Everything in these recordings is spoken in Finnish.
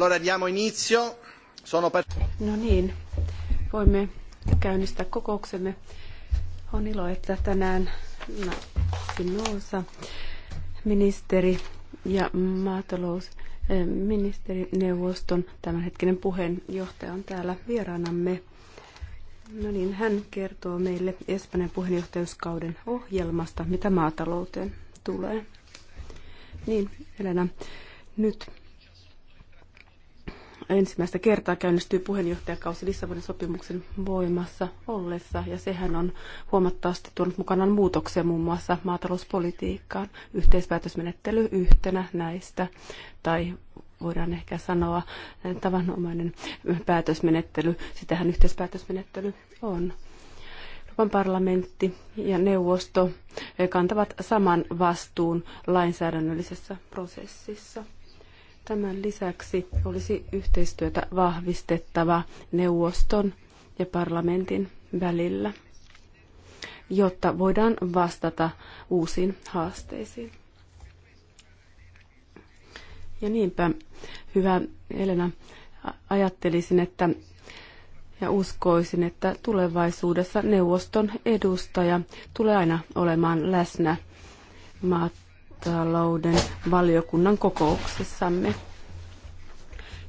Allora diamo inizio. Sono per... No niin, voimme käynnistää kokouksemme. On ilo, että tänään Sinousa, ministeri ja maatalousministerineuvoston tämänhetkinen puheenjohtaja on täällä vieraanamme. No niin, hän kertoo meille Espanjan puheenjohtajuuskauden ohjelmasta, mitä maatalouteen tulee. Niin, Elena, nyt ensimmäistä kertaa käynnistyy puheenjohtajakausi Lissabonin sopimuksen voimassa ollessa, ja sehän on huomattavasti tuonut mukanaan muutoksia muun muassa maatalouspolitiikkaan. Yhteispäätösmenettely yhtenä näistä, tai voidaan ehkä sanoa eh, tavanomainen päätösmenettely, sitähän yhteispäätösmenettely on. Euroopan parlamentti ja neuvosto eh, kantavat saman vastuun lainsäädännöllisessä prosessissa. Tämän lisäksi olisi yhteistyötä vahvistettava neuvoston ja parlamentin välillä, jotta voidaan vastata uusiin haasteisiin. Ja niinpä, hyvä Elena, ajattelisin, että ja uskoisin, että tulevaisuudessa neuvoston edustaja tulee aina olemaan läsnä maat talouden valiokunnan kokouksessamme.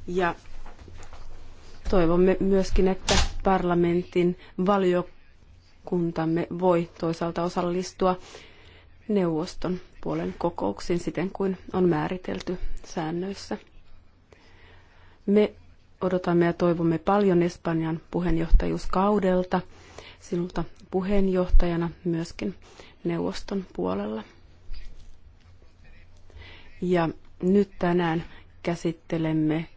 Ja toivomme myöskin, että parlamentin valiokuntamme voi toisaalta osallistua neuvoston puolen kokouksiin siten kuin on määritelty säännöissä. Me odotamme ja toivomme paljon Espanjan puheenjohtajuuskaudelta, sinulta puheenjohtajana myöskin neuvoston puolella. Ja nyt tänään käsittelemme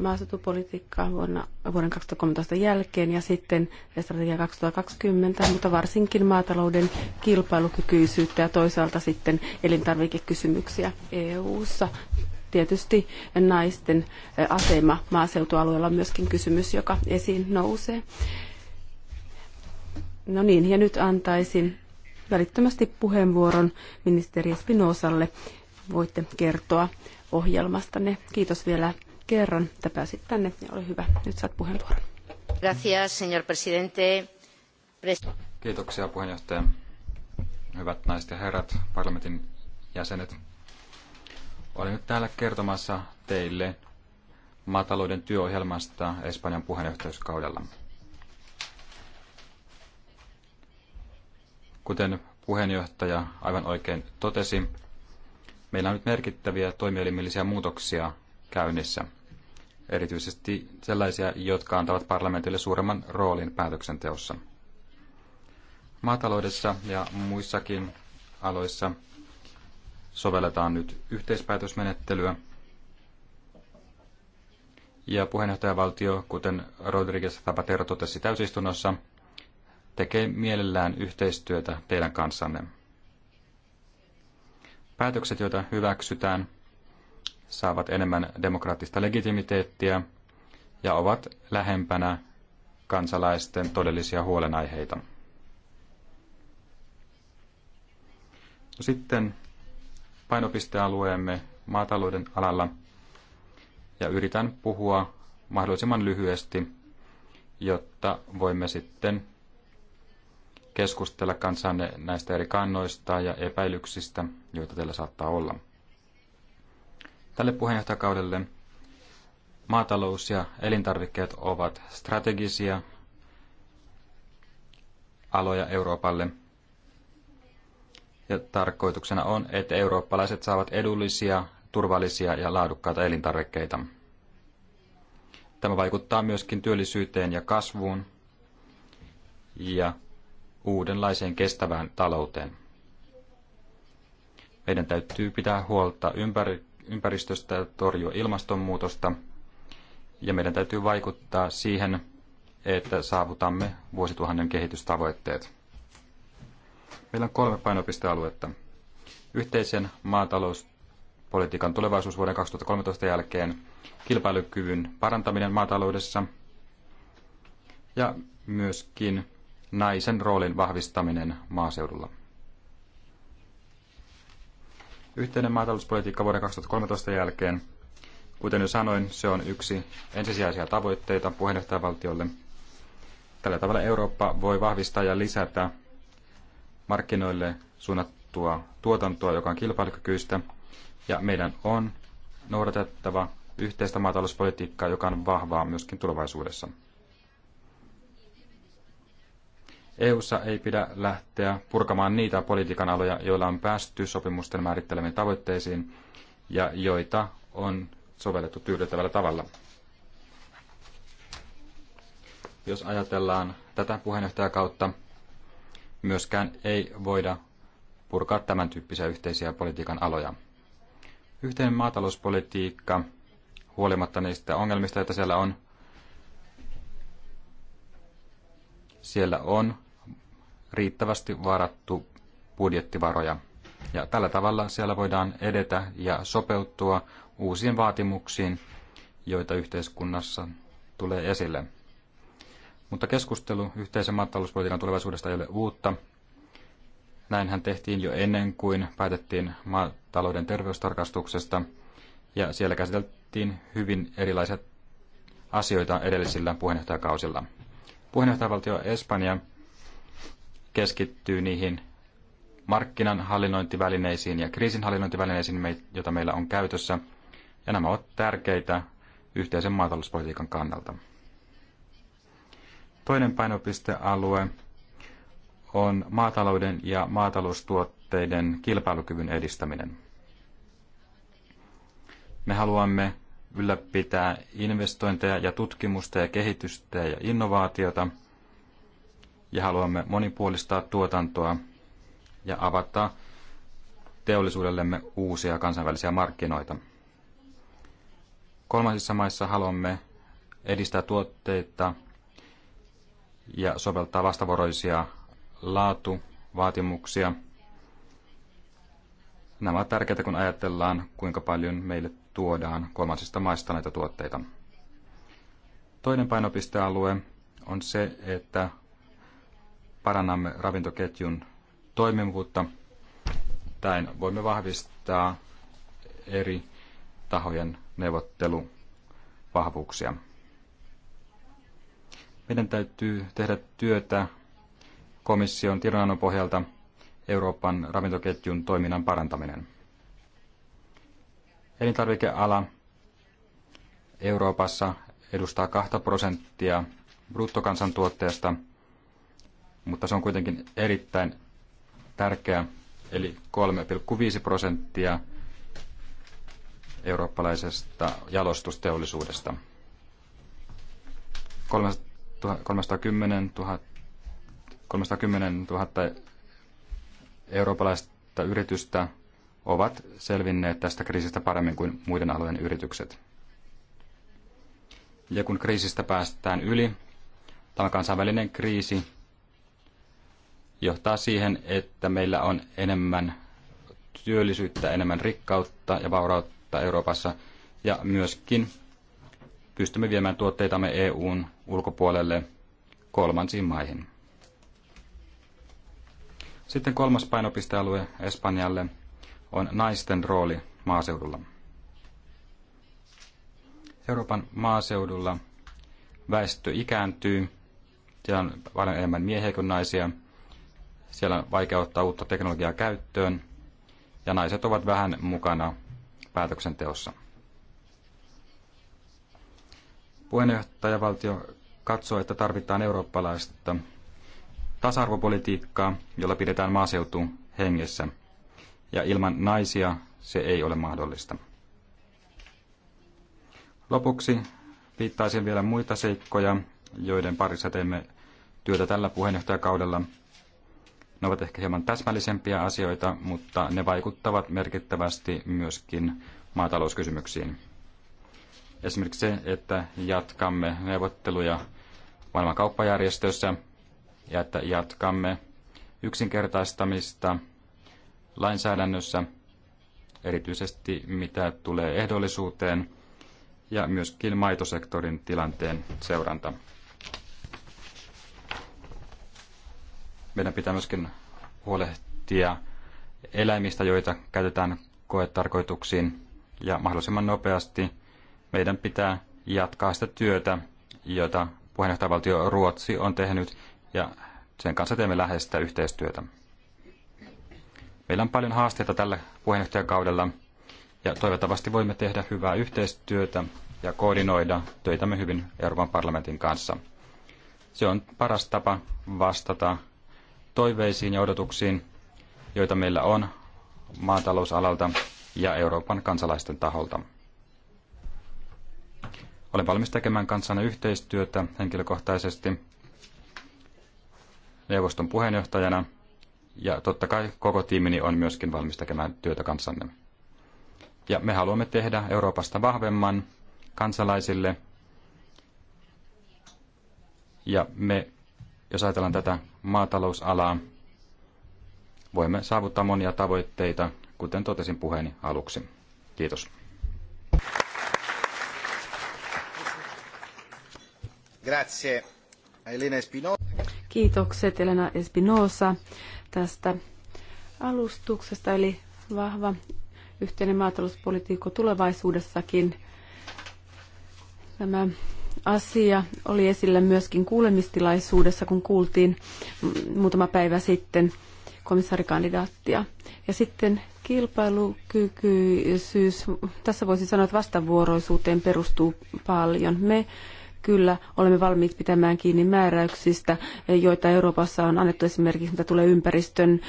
maaseutupolitiikkaa vuonna, vuoden 2013 jälkeen ja sitten strategia 2020, mutta varsinkin maatalouden kilpailukykyisyyttä ja toisaalta sitten elintarvikekysymyksiä EU-ssa. Tietysti naisten asema maaseutualueella on myöskin kysymys, joka esiin nousee. No niin, ja nyt antaisin välittömästi puheenvuoron ministeri Espinosalle. Voitte kertoa ohjelmastanne. Kiitos vielä kerran, että pääsit tänne ja ole hyvä. Nyt saat puheenvuoron. Gracias, señor presidente. Kiitoksia puheenjohtaja. Hyvät naiset ja herrat, parlamentin jäsenet. Olen nyt täällä kertomassa teille maatalouden työohjelmasta Espanjan puheenjohtajuuskaudella. Kuten puheenjohtaja aivan oikein totesi, meillä on nyt merkittäviä toimielimellisiä muutoksia käynnissä, erityisesti sellaisia, jotka antavat parlamentille suuremman roolin päätöksenteossa. Maataloudessa ja muissakin aloissa sovelletaan nyt yhteispäätösmenettelyä. Ja puheenjohtajavaltio, kuten Rodriguez Zapatero totesi täysistunnossa, tekee mielellään yhteistyötä teidän kanssanne. Päätökset, joita hyväksytään, saavat enemmän demokraattista legitimiteettiä ja ovat lähempänä kansalaisten todellisia huolenaiheita. No sitten painopistealueemme maatalouden alalla ja yritän puhua mahdollisimman lyhyesti, jotta voimme sitten keskustella kanssanne näistä eri kannoista ja epäilyksistä, joita teillä saattaa olla. Tälle puheenjohtajakaudelle maatalous ja elintarvikkeet ovat strategisia aloja Euroopalle. Ja tarkoituksena on, että eurooppalaiset saavat edullisia, turvallisia ja laadukkaita elintarvikkeita. Tämä vaikuttaa myöskin työllisyyteen ja kasvuun. Ja uudenlaiseen kestävään talouteen. Meidän täytyy pitää huolta ympäristöstä ja torjua ilmastonmuutosta, ja meidän täytyy vaikuttaa siihen, että saavutamme vuosituhannen kehitystavoitteet. Meillä on kolme painopistealuetta. Yhteisen maatalouspolitiikan tulevaisuus vuoden 2013 jälkeen, kilpailukyvyn parantaminen maataloudessa ja myöskin naisen roolin vahvistaminen maaseudulla. Yhteinen maatalouspolitiikka vuoden 2013 jälkeen. Kuten jo sanoin, se on yksi ensisijaisia tavoitteita puheenjohtajavaltiolle. Tällä tavalla Eurooppa voi vahvistaa ja lisätä markkinoille suunnattua tuotantoa, joka on kilpailukykyistä, ja meidän on noudatettava yhteistä maatalouspolitiikkaa, joka on vahvaa myöskin tulevaisuudessa. EUssa ei pidä lähteä purkamaan niitä politiikan aloja, joilla on päästy sopimusten määrittelemiin tavoitteisiin ja joita on sovellettu tyydyttävällä tavalla. Jos ajatellaan tätä kautta, myöskään ei voida purkaa tämän tyyppisiä yhteisiä politiikan aloja. Yhteinen maatalouspolitiikka, huolimatta niistä ongelmista, että siellä on, siellä on riittävästi varattu budjettivaroja. Ja tällä tavalla siellä voidaan edetä ja sopeutua uusiin vaatimuksiin, joita yhteiskunnassa tulee esille. Mutta keskustelu yhteisen maatalouspolitiikan tulevaisuudesta ei ole uutta. Näinhän tehtiin jo ennen kuin päätettiin maatalouden terveystarkastuksesta, ja siellä käsiteltiin hyvin erilaisia asioita edellisillä puheenjohtajakausilla. Puheenjohtajavaltio Espanja keskittyy niihin markkinan hallinnointivälineisiin ja kriisinhallinnointivälineisiin, joita meillä on käytössä, ja nämä ovat tärkeitä yhteisen maatalouspolitiikan kannalta. Toinen painopistealue on maatalouden ja maataloustuotteiden kilpailukyvyn edistäminen. Me haluamme ylläpitää investointeja ja tutkimusta ja kehitystä ja innovaatiota – ja haluamme monipuolistaa tuotantoa ja avata teollisuudellemme uusia kansainvälisiä markkinoita. Kolmansissa maissa haluamme edistää tuotteita ja soveltaa vastavuoroisia laatuvaatimuksia. Nämä ovat tärkeitä, kun ajatellaan, kuinka paljon meille tuodaan kolmansista maista näitä tuotteita. Toinen painopistealue on se, että parannamme ravintoketjun toimivuutta. Täin voimme vahvistaa eri tahojen neuvotteluvahvuuksia. Meidän täytyy tehdä työtä komission tiedonannon pohjalta Euroopan ravintoketjun toiminnan parantaminen. Elintarvikeala Euroopassa edustaa 2 prosenttia bruttokansantuotteesta – mutta se on kuitenkin erittäin tärkeä, eli 3,5 prosenttia eurooppalaisesta jalostusteollisuudesta. 310 000, 310 000 eurooppalaista yritystä ovat selvinneet tästä kriisistä paremmin kuin muiden alojen yritykset. Ja kun kriisistä päästään yli, tämä kansainvälinen kriisi johtaa siihen, että meillä on enemmän työllisyyttä, enemmän rikkautta ja vaurautta Euroopassa ja myöskin pystymme viemään tuotteitamme EUn ulkopuolelle kolmansiin maihin. Sitten kolmas painopistealue Espanjalle on naisten rooli maaseudulla. Euroopan maaseudulla väestö ikääntyy, siellä on paljon enemmän miehiä kuin naisia – siellä on vaikea ottaa uutta teknologiaa käyttöön ja naiset ovat vähän mukana päätöksenteossa. Puheenjohtajavaltio katsoo, että tarvitaan eurooppalaista tasa-arvopolitiikkaa, jolla pidetään maaseutu hengessä. Ja ilman naisia se ei ole mahdollista. Lopuksi viittaisin vielä muita seikkoja, joiden parissa teemme työtä tällä puheenjohtajakaudella ne ovat ehkä hieman täsmällisempiä asioita, mutta ne vaikuttavat merkittävästi myöskin maatalouskysymyksiin. Esimerkiksi se, että jatkamme neuvotteluja maailman kauppajärjestössä ja että jatkamme yksinkertaistamista lainsäädännössä, erityisesti mitä tulee ehdollisuuteen ja myöskin maitosektorin tilanteen seuranta. Meidän pitää myöskin huolehtia eläimistä, joita käytetään koetarkoituksiin. Ja mahdollisimman nopeasti meidän pitää jatkaa sitä työtä, jota puheenjohtajavaltio Ruotsi on tehnyt, ja sen kanssa teemme läheistä yhteistyötä. Meillä on paljon haasteita tällä puheenjohtajakaudella, ja toivottavasti voimme tehdä hyvää yhteistyötä ja koordinoida töitämme hyvin Euroopan parlamentin kanssa. Se on paras tapa vastata toiveisiin ja odotuksiin, joita meillä on maatalousalalta ja Euroopan kansalaisten taholta. Olen valmis tekemään kanssanne yhteistyötä henkilökohtaisesti neuvoston puheenjohtajana ja totta kai koko tiimini on myöskin valmis tekemään työtä kanssanne. Ja me haluamme tehdä Euroopasta vahvemman kansalaisille ja me jos ajatellaan tätä maatalousalaa, voimme saavuttaa monia tavoitteita, kuten totesin puheeni aluksi. Kiitos. Grazie. Elena Kiitokset Elena Espinosa tästä alustuksesta, eli vahva yhteinen maatalouspolitiikko tulevaisuudessakin. Tämä asia oli esillä myöskin kuulemistilaisuudessa, kun kuultiin muutama päivä sitten komissaarikandidaattia. Ja sitten kilpailukykyisyys, tässä voisi sanoa, että vastavuoroisuuteen perustuu paljon. Me kyllä olemme valmiit pitämään kiinni määräyksistä, joita Euroopassa on annettu esimerkiksi, mitä tulee ympäristön,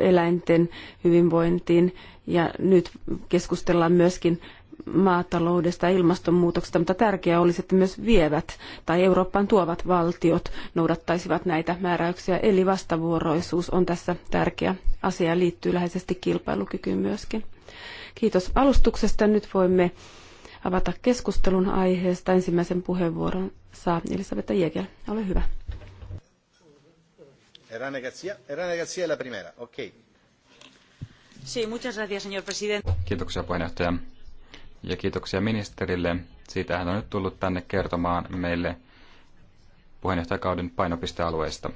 eläinten hyvinvointiin. Ja nyt keskustellaan myöskin maataloudesta ja ilmastonmuutoksesta, mutta tärkeää olisi, että myös vievät tai Eurooppaan tuovat valtiot noudattaisivat näitä määräyksiä. Eli vastavuoroisuus on tässä tärkeä asia ja liittyy läheisesti kilpailukykyyn myöskin. Kiitos alustuksesta. Nyt voimme avata keskustelun aiheesta. Ensimmäisen puheenvuoron saa Elisabetta Jäkel. Ole hyvä. Erana la primera. Okay. Sí, muchas gracias, señor presidente. Kiitoksia puheenjohtaja. Ja kiitoksia ministerille. Siitä hän on nyt tullut tänne kertomaan meille puheenjohtajakauden painopistealueista.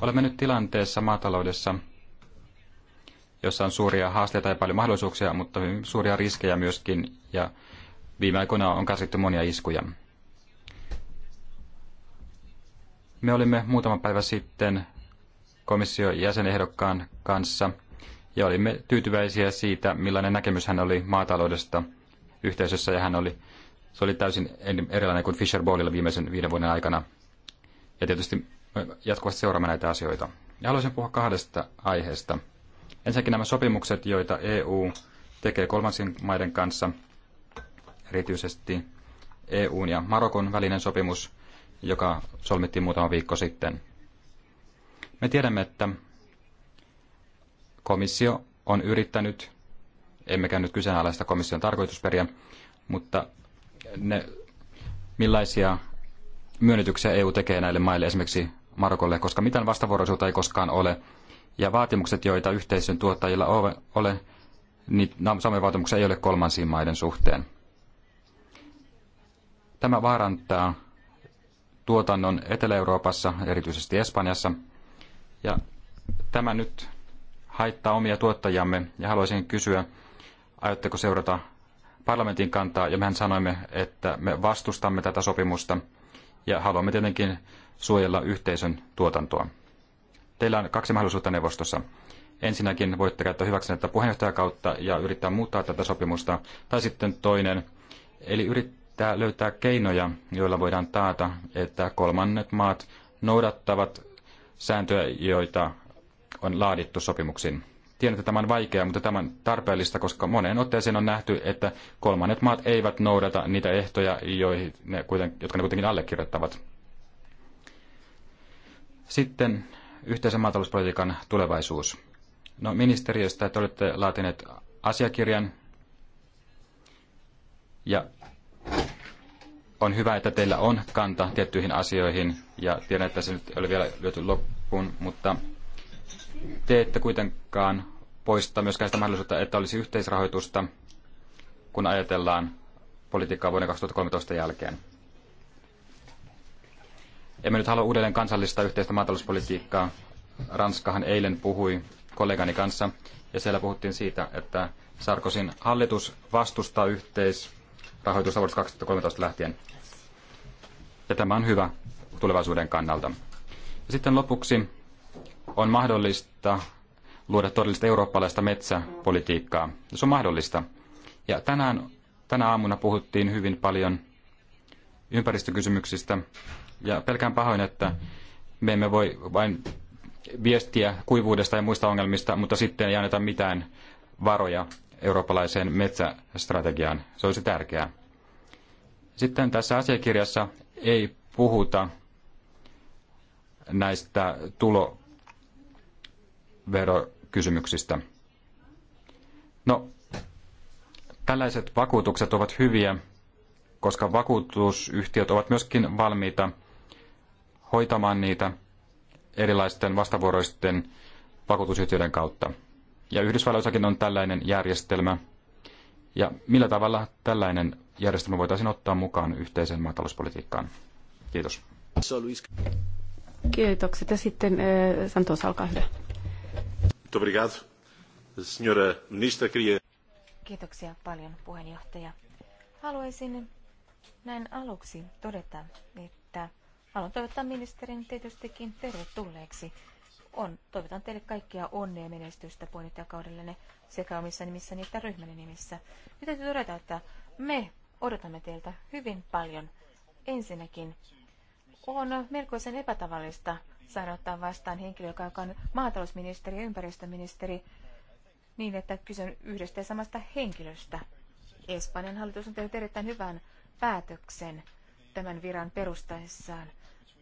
Olemme nyt tilanteessa maataloudessa, jossa on suuria haasteita ja paljon mahdollisuuksia, mutta hyvin suuria riskejä myöskin, ja viime aikoina on käsitty monia iskuja. Me olimme muutama päivä sitten komission jäsenehdokkaan kanssa – ja olimme tyytyväisiä siitä, millainen näkemys hän oli maataloudesta yhteisössä ja hän oli, se oli täysin erilainen kuin Fisher Bowlilla viimeisen viiden vuoden aikana. Ja tietysti jatkuvasti seuraamme näitä asioita. Ja haluaisin puhua kahdesta aiheesta. Ensinnäkin nämä sopimukset, joita EU tekee kolmansien maiden kanssa, erityisesti EUn ja Marokon välinen sopimus, joka solmittiin muutama viikko sitten. Me tiedämme, että Komissio on yrittänyt, emmekä nyt kyseenalaista komission tarkoitusperiä, mutta ne, millaisia myönnytyksiä EU tekee näille maille, esimerkiksi Marokolle, koska mitään vastavuoroisuutta ei koskaan ole. Ja vaatimukset, joita yhteisön tuottajilla ole, ole niin samoja vaatimuksia ei ole kolmansiin maiden suhteen. Tämä vaarantaa tuotannon Etelä-Euroopassa, erityisesti Espanjassa. Ja tämä nyt haittaa omia tuottajamme. Ja haluaisin kysyä, aiotteko seurata parlamentin kantaa? Ja mehän sanoimme, että me vastustamme tätä sopimusta ja haluamme tietenkin suojella yhteisön tuotantoa. Teillä on kaksi mahdollisuutta neuvostossa. Ensinnäkin voitte käyttää hyväksenne tätä kautta ja yrittää muuttaa tätä sopimusta. Tai sitten toinen, eli yrittää löytää keinoja, joilla voidaan taata, että kolmannet maat noudattavat sääntöjä, joita on laadittu sopimuksiin. Tiedän, että tämä on vaikeaa, mutta tämä on tarpeellista, koska moneen otteeseen on nähty, että kolmannet maat eivät noudata niitä ehtoja, ne kuiten, jotka ne kuitenkin allekirjoittavat. Sitten yhteisen maatalouspolitiikan tulevaisuus. No ministeriöstä te olette laatineet asiakirjan ja on hyvä, että teillä on kanta tiettyihin asioihin ja tiedän, että se nyt ei ole vielä lyöty loppuun, mutta te ette kuitenkaan poista myöskään sitä mahdollisuutta, että olisi yhteisrahoitusta, kun ajatellaan politiikkaa vuoden 2013 jälkeen. Emme nyt halua uudelleen kansallista yhteistä maatalouspolitiikkaa. Ranskahan eilen puhui kollegani kanssa, ja siellä puhuttiin siitä, että Sarkosin hallitus vastustaa yhteisrahoitusta vuodesta 2013 lähtien. Ja tämä on hyvä tulevaisuuden kannalta. Ja sitten lopuksi on mahdollista luoda todellista eurooppalaista metsäpolitiikkaa. Se on mahdollista. Ja tänään, tänä aamuna puhuttiin hyvin paljon ympäristökysymyksistä. Ja pelkään pahoin, että me emme voi vain viestiä kuivuudesta ja muista ongelmista, mutta sitten ei anneta mitään varoja eurooppalaiseen metsästrategiaan. Se olisi tärkeää. Sitten tässä asiakirjassa ei puhuta näistä tulo verokysymyksistä. No, tällaiset vakuutukset ovat hyviä, koska vakuutusyhtiöt ovat myöskin valmiita hoitamaan niitä erilaisten vastavuoroisten vakuutusyhtiöiden kautta. Ja Yhdysvalloissakin on tällainen järjestelmä. Ja millä tavalla tällainen järjestelmä voitaisiin ottaa mukaan yhteiseen maatalouspolitiikkaan? Kiitos. Kiitokset. Ja sitten eh, Santos, olkaa hyvä. Kiitoksia paljon puheenjohtaja. Haluaisin näin aluksi todeta, että haluan toivottaa ministerin tietystikin tervetulleeksi. On, toivotan teille kaikkia onnea ja menestystä puheenjohtajakaudellenne sekä omissa nimissäni että ryhmänne nimissä. Nyt täytyy todeta, että me odotamme teiltä hyvin paljon. Ensinnäkin on melkoisen epätavallista saada ottaa vastaan henkilö, joka on maatalousministeri ja ympäristöministeri, niin että kyse on yhdestä ja samasta henkilöstä. Espanjan hallitus on tehnyt erittäin hyvän päätöksen tämän viran perustaessaan.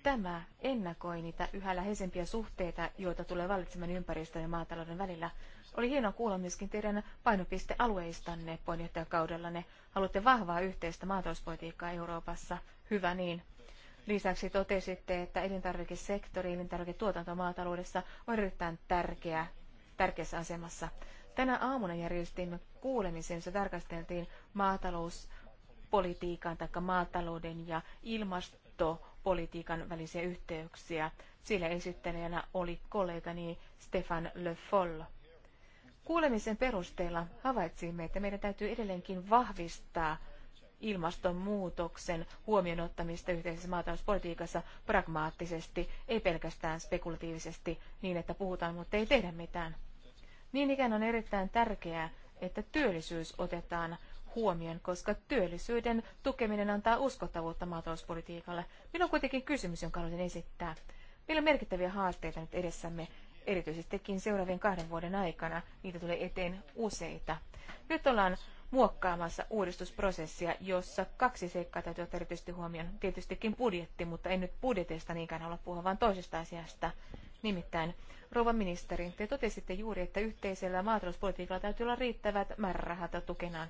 Tämä ennakoi niitä yhä läheisempiä suhteita, joita tulee valitsemaan ympäristön ja maatalouden välillä. Oli hienoa kuulla myöskin teidän painopistealueistanne puheenjohtajakaudellanne. Haluatte vahvaa yhteistä maatalouspolitiikkaa Euroopassa. Hyvä niin. Lisäksi totesitte, että elintarvikesektori, elintarviketuotanto maataloudessa on erittäin tärkeä, tärkeässä asemassa. Tänä aamuna järjestin kuulemisen, jossa tarkasteltiin maatalouspolitiikan tai maatalouden ja ilmastopolitiikan välisiä yhteyksiä. Sillä esittelijänä oli kollegani Stefan Le Foll. Kuulemisen perusteella havaitsimme, että meidän täytyy edelleenkin vahvistaa ilmastonmuutoksen huomioon ottamista yhteisessä maatalouspolitiikassa pragmaattisesti, ei pelkästään spekulatiivisesti niin, että puhutaan, mutta ei tehdä mitään. Niin ikään on erittäin tärkeää, että työllisyys otetaan huomioon, koska työllisyyden tukeminen antaa uskottavuutta maatalouspolitiikalle. Minulla on kuitenkin kysymys, jonka haluaisin esittää. Meillä on merkittäviä haasteita nyt edessämme, erityisestikin seuraavien kahden vuoden aikana. Niitä tulee eteen useita. Nyt ollaan muokkaamassa uudistusprosessia, jossa kaksi seikkaa täytyy ottaa erityisesti huomioon. Tietystikin budjetti, mutta en nyt budjetista niinkään halua puhua, vaan toisesta asiasta. Nimittäin, rouva ministeri, te totesitte juuri, että yhteisellä maatalouspolitiikalla täytyy olla riittävät määrärahat tukenaan.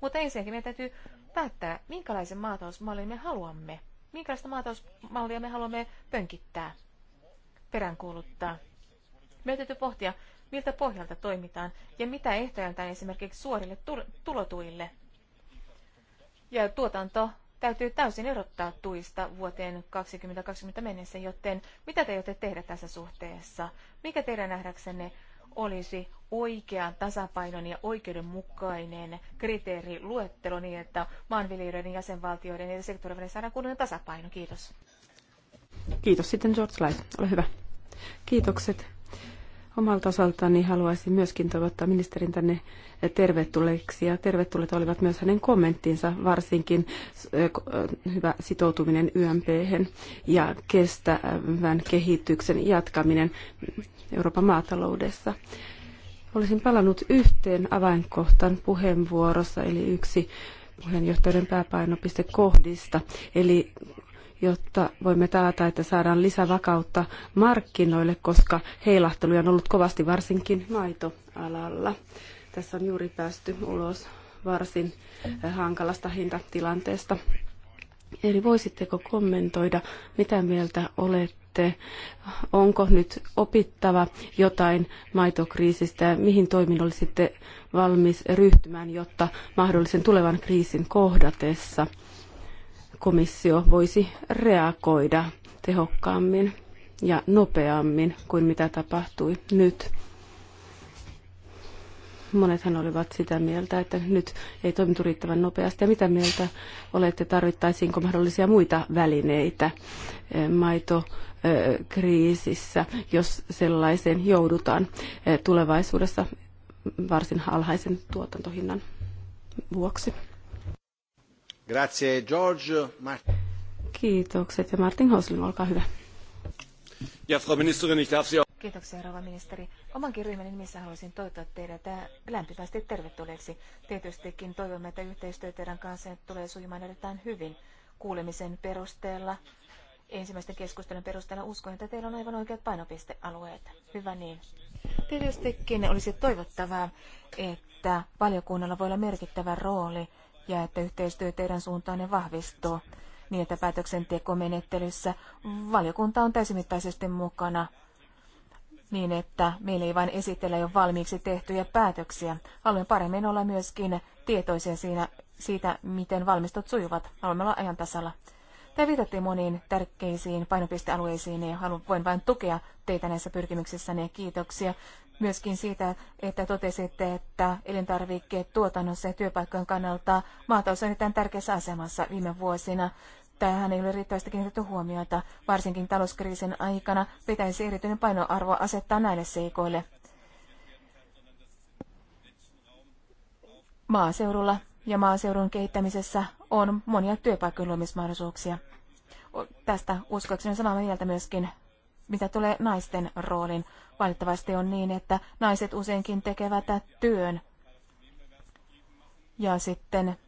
Mutta ensinnäkin meidän täytyy päättää, minkälaisen maatalousmallin me haluamme. Minkälaista maatalousmallia me haluamme pönkittää, peräänkuuluttaa. Meidän täytyy pohtia, miltä pohjalta toimitaan ja mitä ehtoja esimerkiksi suorille tulotuille. Ja tuotanto täytyy täysin erottaa tuista vuoteen 2020 mennessä, joten mitä te aiotte tehdä tässä suhteessa? Mikä teidän nähdäksenne olisi oikean tasapainon ja oikeudenmukainen kriteeri luettelo niin, että maanviljelijöiden, jäsenvaltioiden ja sektorin välillä saadaan kunnon tasapaino? Kiitos. Kiitos sitten George Light. Ole hyvä. Kiitokset Omalta osaltani haluaisin myöskin toivottaa ministerin tänne tervetulleeksi ja tervetulleet olivat myös hänen kommenttinsa, varsinkin hyvä sitoutuminen ymp ja kestävän kehityksen jatkaminen Euroopan maataloudessa. Olisin palannut yhteen avainkohtaan puheenvuorossa, eli yksi pääpainopiste kohdista, eli jotta voimme taata, että saadaan lisävakautta markkinoille, koska heilahteluja on ollut kovasti varsinkin maitoalalla. Tässä on juuri päästy ulos varsin eh, hankalasta hintatilanteesta. Eli voisitteko kommentoida, mitä mieltä olette, onko nyt opittava jotain maitokriisistä ja mihin toimin olisitte valmis ryhtymään, jotta mahdollisen tulevan kriisin kohdatessa komissio voisi reagoida tehokkaammin ja nopeammin kuin mitä tapahtui nyt. Monethan olivat sitä mieltä, että nyt ei toimittu riittävän nopeasti. Ja mitä mieltä olette, tarvittaisiinko mahdollisia muita välineitä eh, maitokriisissä, eh, jos sellaiseen joudutaan eh, tulevaisuudessa varsin alhaisen tuotantohinnan vuoksi? Grazie George. Martin. Kiitokset ja Martin Hoslin, olkaa hyvä. Ja Frau Ministerin, ich darf Sie auch... Kiitoksia, rouva ministeri. Omankin ryhmäni nimissä haluaisin toivottaa teidät lämpimästi tervetulleeksi. Tietystikin toivomme, että yhteistyö teidän kanssa tulee sujumaan erittäin hyvin kuulemisen perusteella. Ensimmäisten keskustelun perusteella uskon, että teillä on aivan oikeat painopistealueet. Hyvä niin. Tietystikin olisi toivottavaa, että valiokunnalla voi olla merkittävä rooli ja että yhteistyö teidän suuntaanne vahvistuu niin, että päätöksentekomenettelyssä valiokunta on täysimittaisesti mukana niin, että meillä ei vain esitellä jo valmiiksi tehtyjä päätöksiä. Haluan paremmin olla myöskin tietoisia siinä, siitä, miten valmistot sujuvat. Haluamme olla ajan tasalla. Te viitatte moniin tärkeisiin painopistealueisiin ja haluan, voin vain tukea teitä näissä pyrkimyksissäni ja kiitoksia myöskin siitä, että totesitte, että elintarvikkeet tuotannossa ja työpaikkojen kannalta maatalous on erittäin tärkeässä asemassa viime vuosina. Tähän ei ole riittävästi kiinnitetty huomiota. Varsinkin talouskriisin aikana pitäisi erityinen painoarvo asettaa näille seikoille. Maaseudulla ja maaseudun kehittämisessä on monia työpaikkojen luomismahdollisuuksia. Tästä uskoakseni samaa mieltä myöskin mitä tulee naisten roolin. Valitettavasti on niin, että naiset useinkin tekevät työn ja sitten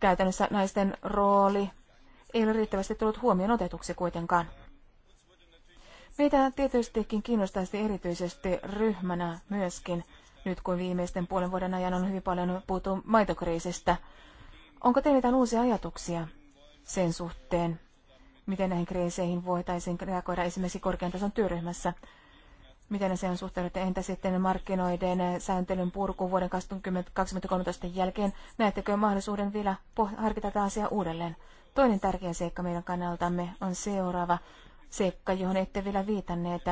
käytännössä naisten rooli ei ole riittävästi tullut huomioon otetuksi kuitenkaan. Meitä tietystikin kiinnostaisi erityisesti ryhmänä myöskin, nyt kun viimeisten puolen vuoden ajan on hyvin paljon puhuttu maitokriisistä. Onko teillä mitään uusia ajatuksia sen suhteen, miten näihin kriiseihin voitaisiin reagoida esimerkiksi korkean tason työryhmässä. Miten se on suhteellut, Entä sitten markkinoiden sääntelyn purku vuoden 2013 jälkeen? Näettekö mahdollisuuden vielä harkita tätä asiaa uudelleen? Toinen tärkeä seikka meidän kannaltamme on seuraava seikka, johon ette vielä viitanneet.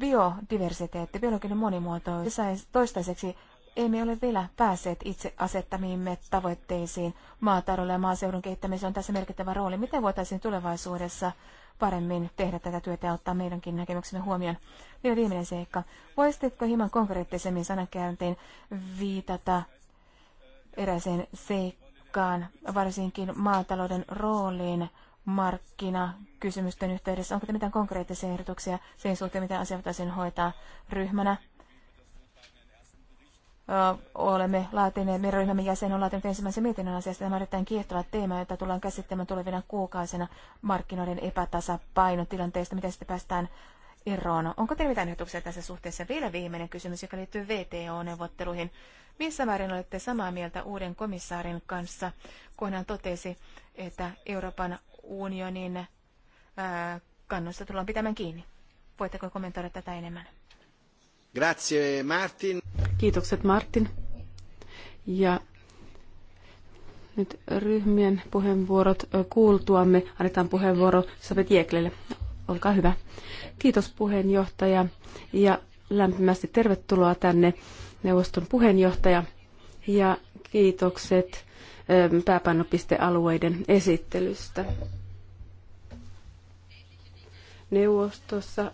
Biodiversiteetti, biologinen monimuotoisuus, toistaiseksi emme ole vielä päässeet itse asettamiimme tavoitteisiin. Maataloudella ja maaseudun kehittämisessä on tässä merkittävä rooli. Miten voitaisiin tulevaisuudessa paremmin tehdä tätä työtä ja ottaa meidänkin näkemyksemme huomioon? Vielä viimeinen seikka. Voisitko hieman konkreettisemmin sanakäyntiin viitata eräiseen seikkaan, varsinkin maatalouden rooliin markkina kysymysten yhteydessä? Onko te mitään konkreettisia ehdotuksia sen suhteen, miten asia voitaisiin hoitaa ryhmänä olemme laatineet, meidän ryhmämme jäsen on laatinut ensimmäisen mietinnön asiasta. Tämä on erittäin kiehtova teema, jota tullaan käsittelemään tulevina kuukausina markkinoiden epätasapainotilanteesta, miten sitten päästään eroon. Onko teillä mitään ehdotuksia tässä suhteessa? Vielä viimeinen kysymys, joka liittyy VTO-neuvotteluihin. Missä määrin olette samaa mieltä uuden komissaarin kanssa, kun hän totesi, että Euroopan unionin ää, kannusta tullaan pitämään kiinni? Voitteko kommentoida tätä enemmän? Grazie Martin. Kiitokset Martin. Ja nyt ryhmien puheenvuorot kuultuamme. Annetaan puheenvuoro Sabet Jeklelle. Olkaa hyvä. Kiitos puheenjohtaja ja lämpimästi tervetuloa tänne neuvoston puheenjohtaja ja kiitokset pääpainopistealueiden esittelystä. Neuvostossa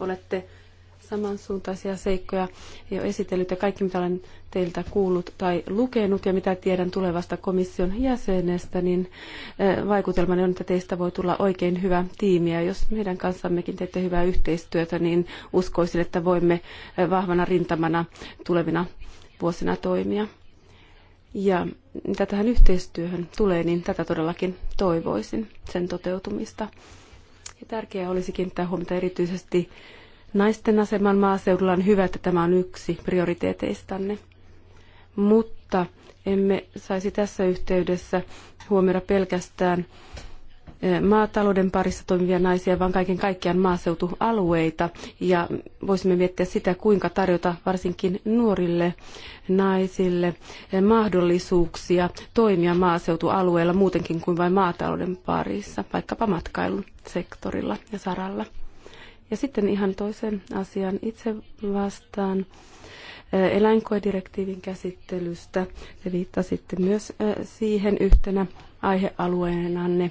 olette samansuuntaisia seikkoja jo esitellyt ja kaikki mitä olen teiltä kuullut tai lukenut ja mitä tiedän tulevasta komission jäsenestä, niin vaikutelmani on, että teistä voi tulla oikein hyvä tiimi ja jos meidän kanssammekin teette hyvää yhteistyötä, niin uskoisin, että voimme vahvana rintamana tulevina vuosina toimia. Ja mitä tähän yhteistyöhön tulee, niin tätä todellakin toivoisin, sen toteutumista. Ja tärkeää olisi kiinnittää huomiota erityisesti Naisten aseman maaseudulla on hyvä, että tämä on yksi prioriteeteistanne. Mutta emme saisi tässä yhteydessä huomioida pelkästään e, maatalouden parissa toimivia naisia, vaan kaiken kaikkiaan maaseutualueita. Ja voisimme miettiä sitä, kuinka tarjota varsinkin nuorille naisille e, mahdollisuuksia toimia maaseutualueella muutenkin kuin vain maatalouden parissa, vaikkapa matkailun sektorilla ja saralla. Ja sitten ihan toisen asian itse vastaan eläinkoedirektiivin käsittelystä. Te viittasitte myös siihen yhtenä aihealueenanne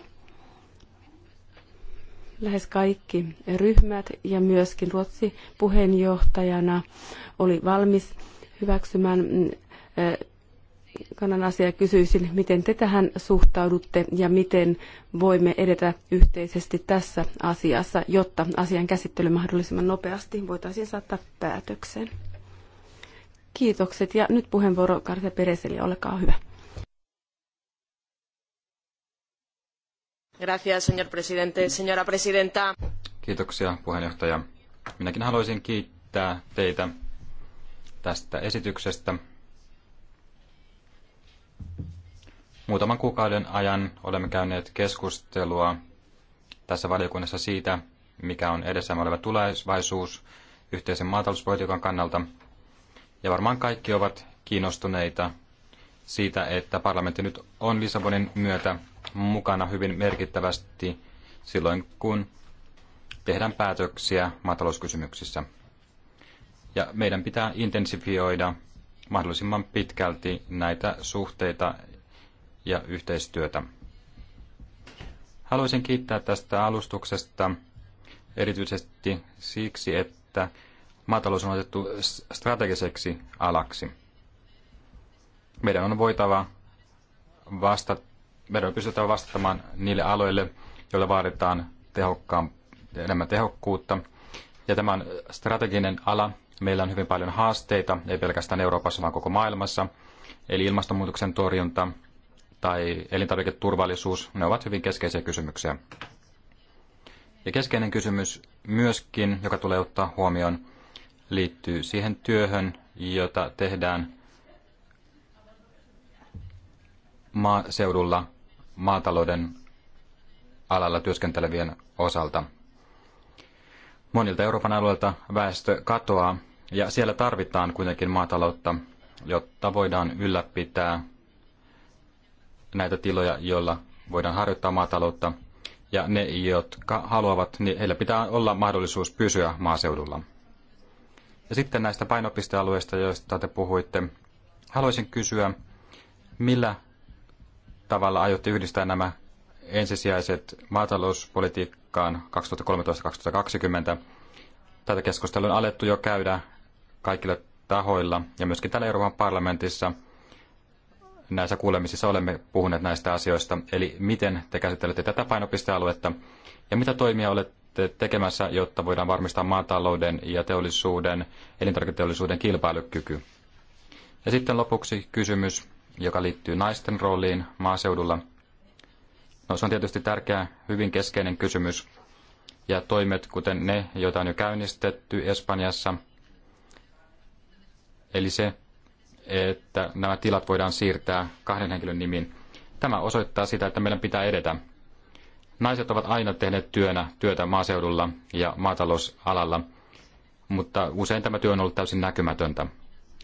lähes kaikki ryhmät ja myöskin Ruotsi puheenjohtajana oli valmis hyväksymään mm, kannan asia ja kysyisin, miten te tähän suhtaudutte ja miten voimme edetä yhteisesti tässä asiassa, jotta asian käsittely mahdollisimman nopeasti voitaisiin saattaa päätökseen. Kiitokset ja nyt puheenvuoro Karse Pereseli, olkaa hyvä. Gracias, señor presidente. Señora presidenta. Kiitoksia, puheenjohtaja. Minäkin haluaisin kiittää teitä tästä esityksestä Muutaman kuukauden ajan olemme käyneet keskustelua tässä valiokunnassa siitä, mikä on edessämme oleva tulevaisuus yhteisen maatalouspolitiikan kannalta. Ja varmaan kaikki ovat kiinnostuneita siitä, että parlamentti nyt on Lissabonin myötä mukana hyvin merkittävästi silloin, kun tehdään päätöksiä maatalouskysymyksissä. Ja meidän pitää intensifioida mahdollisimman pitkälti näitä suhteita ja yhteistyötä. Haluaisin kiittää tästä alustuksesta erityisesti siksi, että maatalous on otettu strategiseksi alaksi. Meidän on voitava vasta, meidän on pystyttävä vastaamaan niille aloille, joilla vaaditaan tehokkaan, enemmän tehokkuutta. Ja tämä on strateginen ala. Meillä on hyvin paljon haasteita, ei pelkästään Euroopassa, vaan koko maailmassa. Eli ilmastonmuutoksen torjunta, tai elintarviketurvallisuus, ne ovat hyvin keskeisiä kysymyksiä. Ja keskeinen kysymys myöskin, joka tulee ottaa huomioon, liittyy siihen työhön, jota tehdään maaseudulla maatalouden alalla työskentelevien osalta. Monilta Euroopan alueilta väestö katoaa ja siellä tarvitaan kuitenkin maataloutta, jotta voidaan ylläpitää näitä tiloja, joilla voidaan harjoittaa maataloutta. Ja ne, jotka haluavat, niin heillä pitää olla mahdollisuus pysyä maaseudulla. Ja sitten näistä painopistealueista, joista te puhuitte, haluaisin kysyä, millä tavalla aiotte yhdistää nämä ensisijaiset maatalouspolitiikkaan 2013-2020. Tätä keskustelua on alettu jo käydä kaikilla tahoilla ja myöskin täällä Euroopan parlamentissa – näissä kuulemisissa olemme puhuneet näistä asioista, eli miten te käsittelette tätä painopistealuetta ja mitä toimia olette tekemässä, jotta voidaan varmistaa maatalouden ja teollisuuden, elintarviketeollisuuden kilpailukyky. Ja sitten lopuksi kysymys, joka liittyy naisten rooliin maaseudulla. No, se on tietysti tärkeä, hyvin keskeinen kysymys. Ja toimet, kuten ne, joita on jo käynnistetty Espanjassa, eli se, että nämä tilat voidaan siirtää kahden henkilön nimiin. Tämä osoittaa sitä, että meidän pitää edetä. Naiset ovat aina tehneet työnä, työtä maaseudulla ja maatalousalalla, mutta usein tämä työ on ollut täysin näkymätöntä.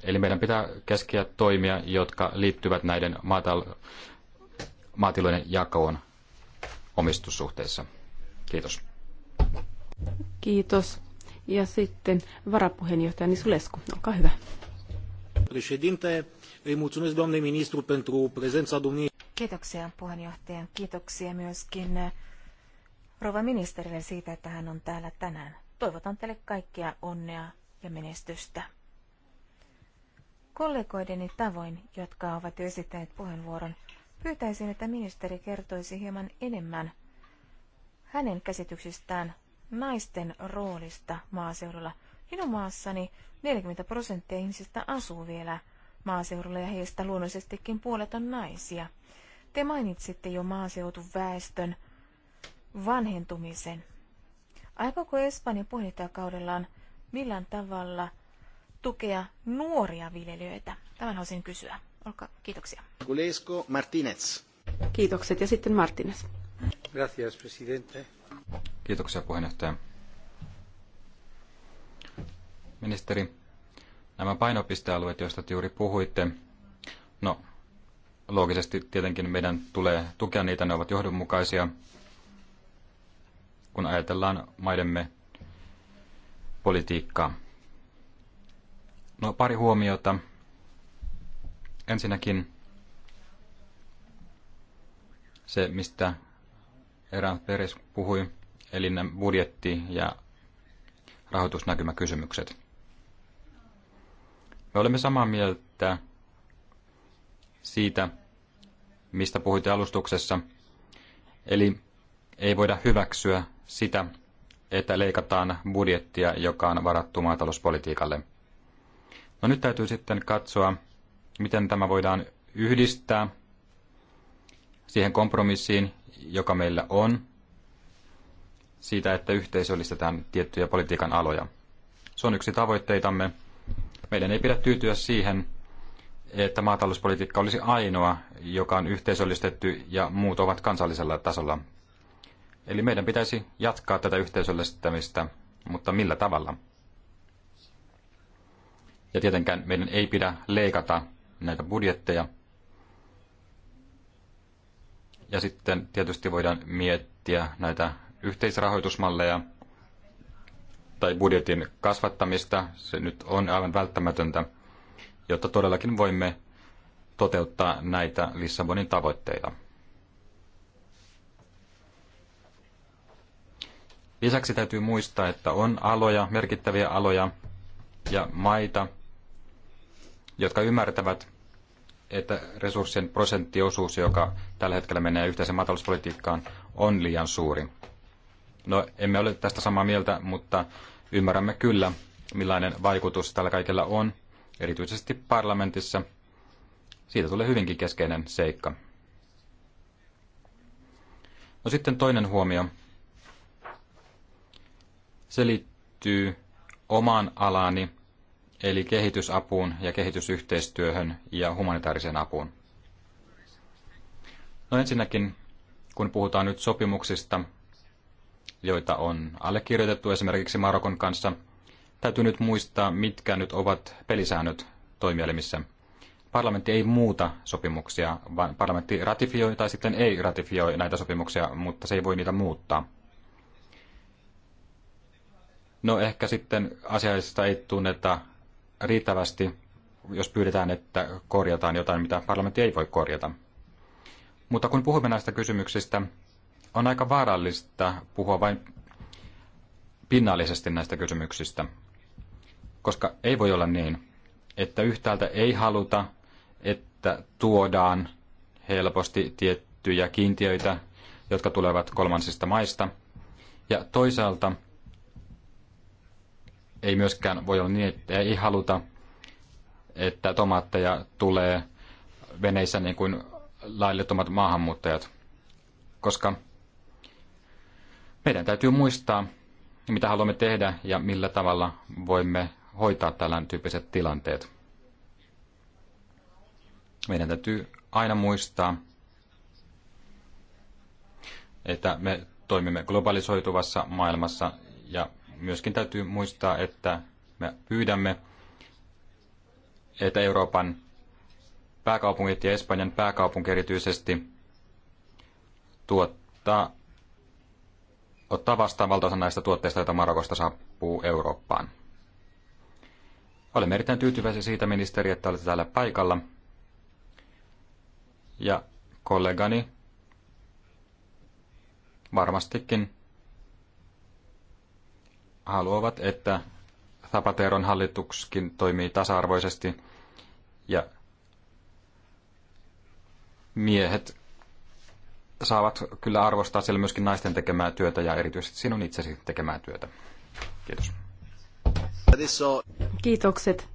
Eli meidän pitää keskiä toimia, jotka liittyvät näiden maatal- maatilojen jakoon omistussuhteissa. Kiitos. Kiitos. Ja sitten varapuheenjohtaja Nisulesku, olkaa hyvä. Președinte, îi mulțumesc doamnei ministru pentru prezența Kiitoksia puheenjohtaja. Kiitoksia myöskin eh, rouva ministerille siitä, että hän on täällä tänään. Toivotan teille kaikkia onnea ja menestystä. Kollegoideni tavoin, jotka ovat esittäneet puheenvuoron, pyytäisin, että ministeri kertoisi hieman enemmän hänen käsityksistään naisten roolista maaseudulla – Minun maassani 40 prosenttia ihmisistä asuu vielä maaseudulla ja heistä luonnollisestikin puolet on naisia. Te mainitsitte jo maaseutuväestön vanhentumisen. Aikooko Espanja puheenjohtajakaudellaan millään tavalla tukea nuoria viljelijöitä? Tämän haluaisin kysyä. Olkaa kiitoksia. Kulesko Martinez. Kiitokset ja sitten Martinez. Gracias, presidente. Kiitoksia puheenjohtaja ministeri. Nämä painopistealueet, joista te juuri puhuitte, no loogisesti tietenkin meidän tulee tukea niitä, ne ovat johdonmukaisia. Kun ajatellaan maidemme politiikkaa. No pari huomiota. Ensinnäkin se, mistä Erään Peres puhui, eli budjetti- ja rahoitusnäkymäkysymykset. Me olemme samaa mieltä siitä, mistä puhuitte alustuksessa. Eli ei voida hyväksyä sitä, että leikataan budjettia, joka on varattu maatalouspolitiikalle. No nyt täytyy sitten katsoa, miten tämä voidaan yhdistää siihen kompromissiin, joka meillä on, siitä, että yhteisöllistetään tiettyjä politiikan aloja. Se on yksi tavoitteitamme meidän ei pidä tyytyä siihen, että maatalouspolitiikka olisi ainoa, joka on yhteisöllistetty ja muut ovat kansallisella tasolla. Eli meidän pitäisi jatkaa tätä yhteisöllistämistä, mutta millä tavalla? Ja tietenkään meidän ei pidä leikata näitä budjetteja. Ja sitten tietysti voidaan miettiä näitä yhteisrahoitusmalleja – tai budjetin kasvattamista. Se nyt on aivan välttämätöntä, jotta todellakin voimme toteuttaa näitä Lissabonin tavoitteita. Lisäksi täytyy muistaa, että on aloja, merkittäviä aloja ja maita, jotka ymmärtävät, että resurssien prosenttiosuus, joka tällä hetkellä menee yhteisen maatalouspolitiikkaan, on liian suuri. No, emme ole tästä samaa mieltä, mutta ymmärrämme kyllä, millainen vaikutus tällä kaikella on, erityisesti parlamentissa. Siitä tulee hyvinkin keskeinen seikka. No sitten toinen huomio. Se liittyy omaan alaani, eli kehitysapuun ja kehitysyhteistyöhön ja humanitaariseen apuun. No ensinnäkin, kun puhutaan nyt sopimuksista joita on allekirjoitettu esimerkiksi Marokon kanssa. Täytyy nyt muistaa, mitkä nyt ovat pelisäännöt toimielimissä. Parlamentti ei muuta sopimuksia, vaan parlamentti ratifioi tai sitten ei ratifioi näitä sopimuksia, mutta se ei voi niitä muuttaa. No ehkä sitten asiallisesta ei tunneta riittävästi, jos pyydetään, että korjataan jotain, mitä parlamentti ei voi korjata. Mutta kun puhumme näistä kysymyksistä, on aika vaarallista puhua vain pinnallisesti näistä kysymyksistä, koska ei voi olla niin, että yhtäältä ei haluta, että tuodaan helposti tiettyjä kiintiöitä, jotka tulevat kolmansista maista, ja toisaalta ei myöskään voi olla niin, että ei haluta, että tomaatteja tulee veneissä niin kuin laillettomat maahanmuuttajat, koska meidän täytyy muistaa, mitä haluamme tehdä ja millä tavalla voimme hoitaa tällainen tyyppiset tilanteet. Meidän täytyy aina muistaa, että me toimimme globalisoituvassa maailmassa ja myöskin täytyy muistaa, että me pyydämme, että Euroopan pääkaupungit ja Espanjan pääkaupunki erityisesti tuottaa ottaa vastaan valtaosa näistä tuotteista, joita Marokosta saapuu Eurooppaan. Olemme erittäin tyytyväisiä siitä, ministeri, että olette täällä paikalla. Ja kollegani varmastikin haluavat, että Zapateron hallitukskin toimii tasa-arvoisesti ja miehet saavat kyllä arvostaa siellä myöskin naisten tekemää työtä ja erityisesti sinun itsesi tekemää työtä. Kiitos. Kiitokset.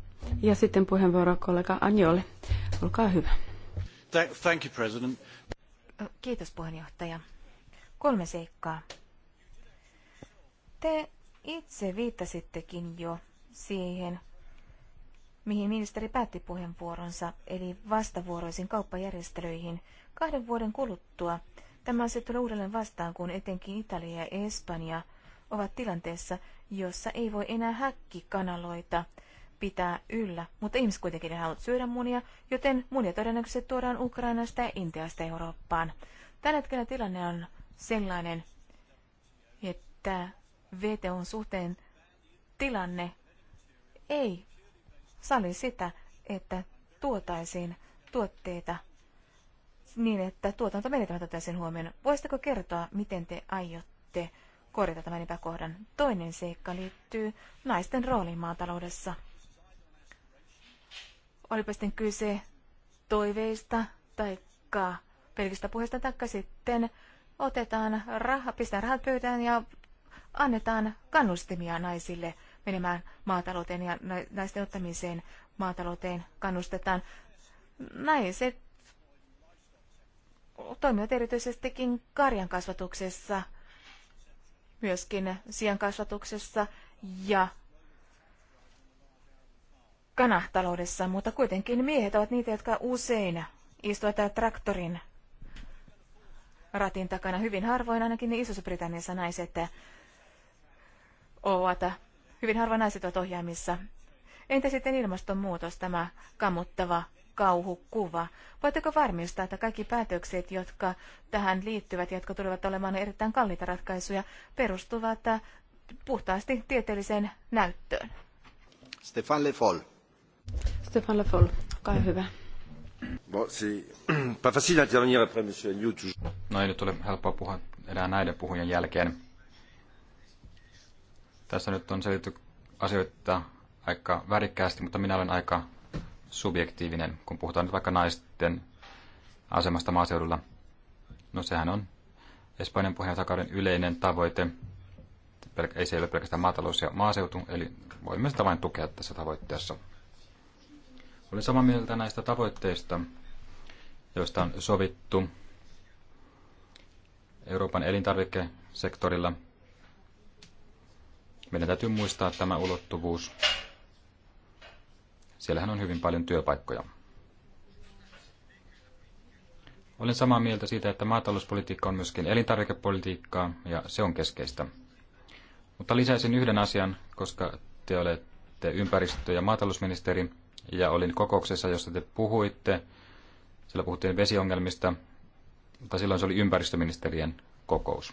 Ja sitten puheenvuoro kollega Anjolle. Olkaa hyvä. Thank you, President. Kiitos puheenjohtaja. Kolme seikkaa. Te itse viittasittekin jo siihen, mihin ministeri päätti puheenvuoronsa, eli vastavuoroisiin kauppajärjestelyihin kahden vuoden kuluttua. Tämä asia tulee uudelleen vastaan, kun etenkin Italia ja Espanja ovat tilanteessa, jossa ei voi enää häkkikanaloita pitää yllä, mutta ihmiset kuitenkin haluavat syödä munia, joten munia todennäköisesti tuodaan Ukrainasta ja Intiasta Eurooppaan. Tällä hetkellä tilanne on sellainen, että VTOn suhteen tilanne ei sallii sitä, että tuotaisiin tuotteita niin, että tuotantomenetelmät otettaisiin huomioon. Voisitteko kertoa, miten te aiotte korjata tämän epäkohdan? Toinen seikka liittyy naisten rooliin maataloudessa. Olipa sitten kyse toiveista tai pelkistä puheista, taikka sitten otetaan raha, pistetään rahat pöytään ja annetaan kannustimia naisille – menemään maatalouteen ja naisten ottamiseen maatalouteen kannustetaan. Naiset toimivat erityisestikin karjan kasvatuksessa, myöskin sian kasvatuksessa ja kanataloudessa, mutta kuitenkin miehet ovat niitä, jotka usein istuvat traktorin ratin takana. Hyvin harvoin ainakin Isossa-Britanniassa naiset ovat Hyvin harva naiset ovat ohjaamissa. Entä sitten ilmastonmuutos, tämä kammottava kauhukuva? Voitteko varmistaa, että kaikki päätökset, jotka tähän liittyvät, jotka tulevat olemaan erittäin kalliita ratkaisuja, perustuvat puhtaasti tieteelliseen näyttöön? Stefan Le Foll. Stefan Le Foll, olkaa hyvä. No ei nyt ole helppoa puhua enää näiden puhujen jälkeen. Tässä nyt on selity asioita aika värikkäästi, mutta minä olen aika subjektiivinen, kun puhutaan nyt vaikka naisten asemasta maaseudulla. No sehän on Espanjan pohjantakauden yleinen tavoite. Ei se ole pelkästään maatalous ja maaseutu, eli voimme sitä vain tukea tässä tavoitteessa. Olen samaa mieltä näistä tavoitteista, joista on sovittu Euroopan elintarvikesektorilla – meidän täytyy muistaa tämä ulottuvuus. Siellähän on hyvin paljon työpaikkoja. Olen samaa mieltä siitä, että maatalouspolitiikka on myöskin elintarvikepolitiikkaa ja se on keskeistä. Mutta lisäisin yhden asian, koska te olette ympäristö- ja maatalousministeri ja olin kokouksessa, jossa te puhuitte. Siellä puhuttiin vesiongelmista, mutta silloin se oli ympäristöministerien kokous.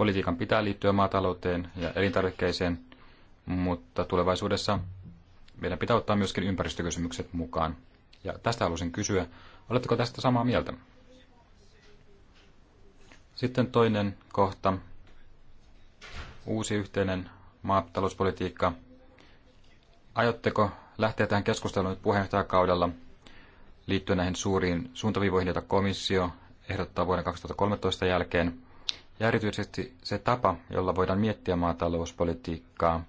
Politiikan pitää liittyä maatalouteen ja elintarvikkeeseen, mutta tulevaisuudessa meidän pitää ottaa myöskin ympäristökysymykset mukaan. Ja tästä halusin kysyä, oletteko tästä samaa mieltä? Sitten toinen kohta, uusi yhteinen maatalouspolitiikka. Aiotteko lähteä tähän keskusteluun nyt puheenjohtajakaudella liittyen näihin suuriin suuntaviivoihin, joita komissio ehdottaa vuoden 2013 jälkeen? Ja erityisesti se tapa, jolla voidaan miettiä maatalouspolitiikkaa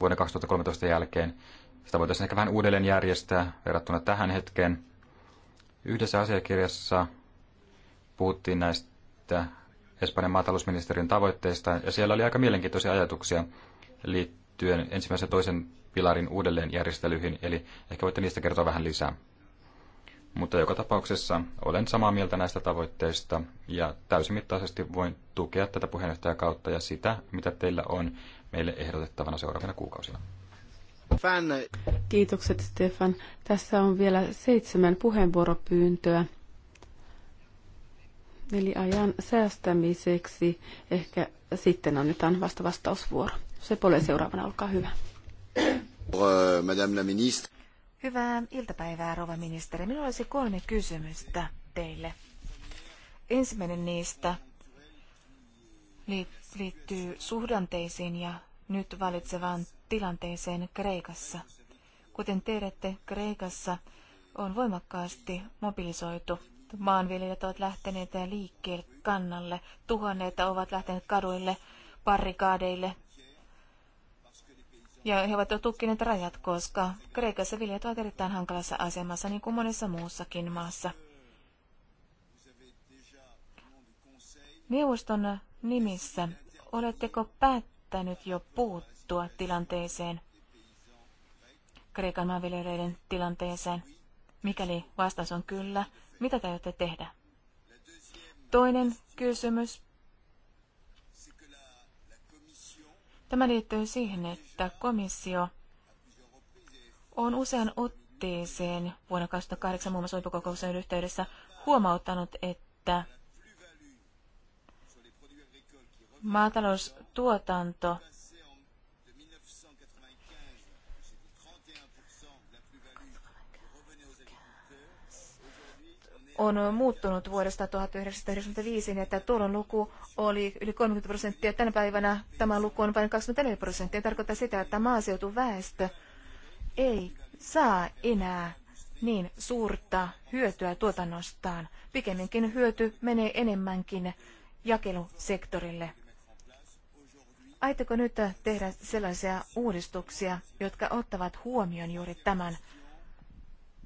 vuoden 2013 jälkeen, sitä voitaisiin ehkä vähän uudelleen järjestää verrattuna tähän hetkeen. Yhdessä asiakirjassa puhuttiin näistä Espanjan maatalousministerin tavoitteista, ja siellä oli aika mielenkiintoisia ajatuksia liittyen ensimmäisen ja toisen pilarin uudelleenjärjestelyihin, eli ehkä voitte niistä kertoa vähän lisää. Mutta joka tapauksessa olen samaa mieltä näistä tavoitteista ja täysimittaisesti voin tukea tätä kautta ja sitä, mitä teillä on meille ehdotettavana seuraavina kuukausina. Kiitokset Stefan. Tässä on vielä seitsemän puheenvuoropyyntöä. Eli ajan säästämiseksi ehkä sitten annetaan vasta vastausvuoro. Sepole seuraavana, olkaa hyvä. Euh, Madame la ministre. Hyvää iltapäivää, rova ministeri. Minulla olisi kolme kysymystä teille. Ensimmäinen niistä liittyy suhdanteisiin ja nyt valitsevaan tilanteeseen Kreikassa. Kuten tiedätte, Kreikassa on voimakkaasti mobilisoitu. Maanviljelijät ovat lähteneet liikkeelle kannalle, tuhanneet ovat lähteneet kaduille, parrikaadeille, ja he ovat jo tukkineet rajat, koska Kreikassa viljat ovat erittäin hankalassa asemassa, niin kuin monessa muussakin maassa. Neuvoston nimissä, oletteko päättänyt jo puuttua tilanteeseen, Kreikan maanviljelijöiden tilanteeseen? Mikäli vastaus on kyllä, mitä te aiotte tehdä? Toinen kysymys Tämä liittyy siihen, että komissio on usean otteeseen vuonna 2008 muun muassa oipukokouksen yhteydessä huomauttanut, että maataloustuotanto on muuttunut vuodesta 1995, niin että tuolloin luku oli yli 30 prosenttia. Tänä päivänä tämä luku on vain 24 prosenttia. Tarkoittaa sitä, että maaseutuväestö ei saa enää niin suurta hyötyä tuotannostaan. Pikemminkin hyöty menee enemmänkin jakelusektorille. Aitteko nyt tehdä sellaisia uudistuksia, jotka ottavat huomioon juuri tämän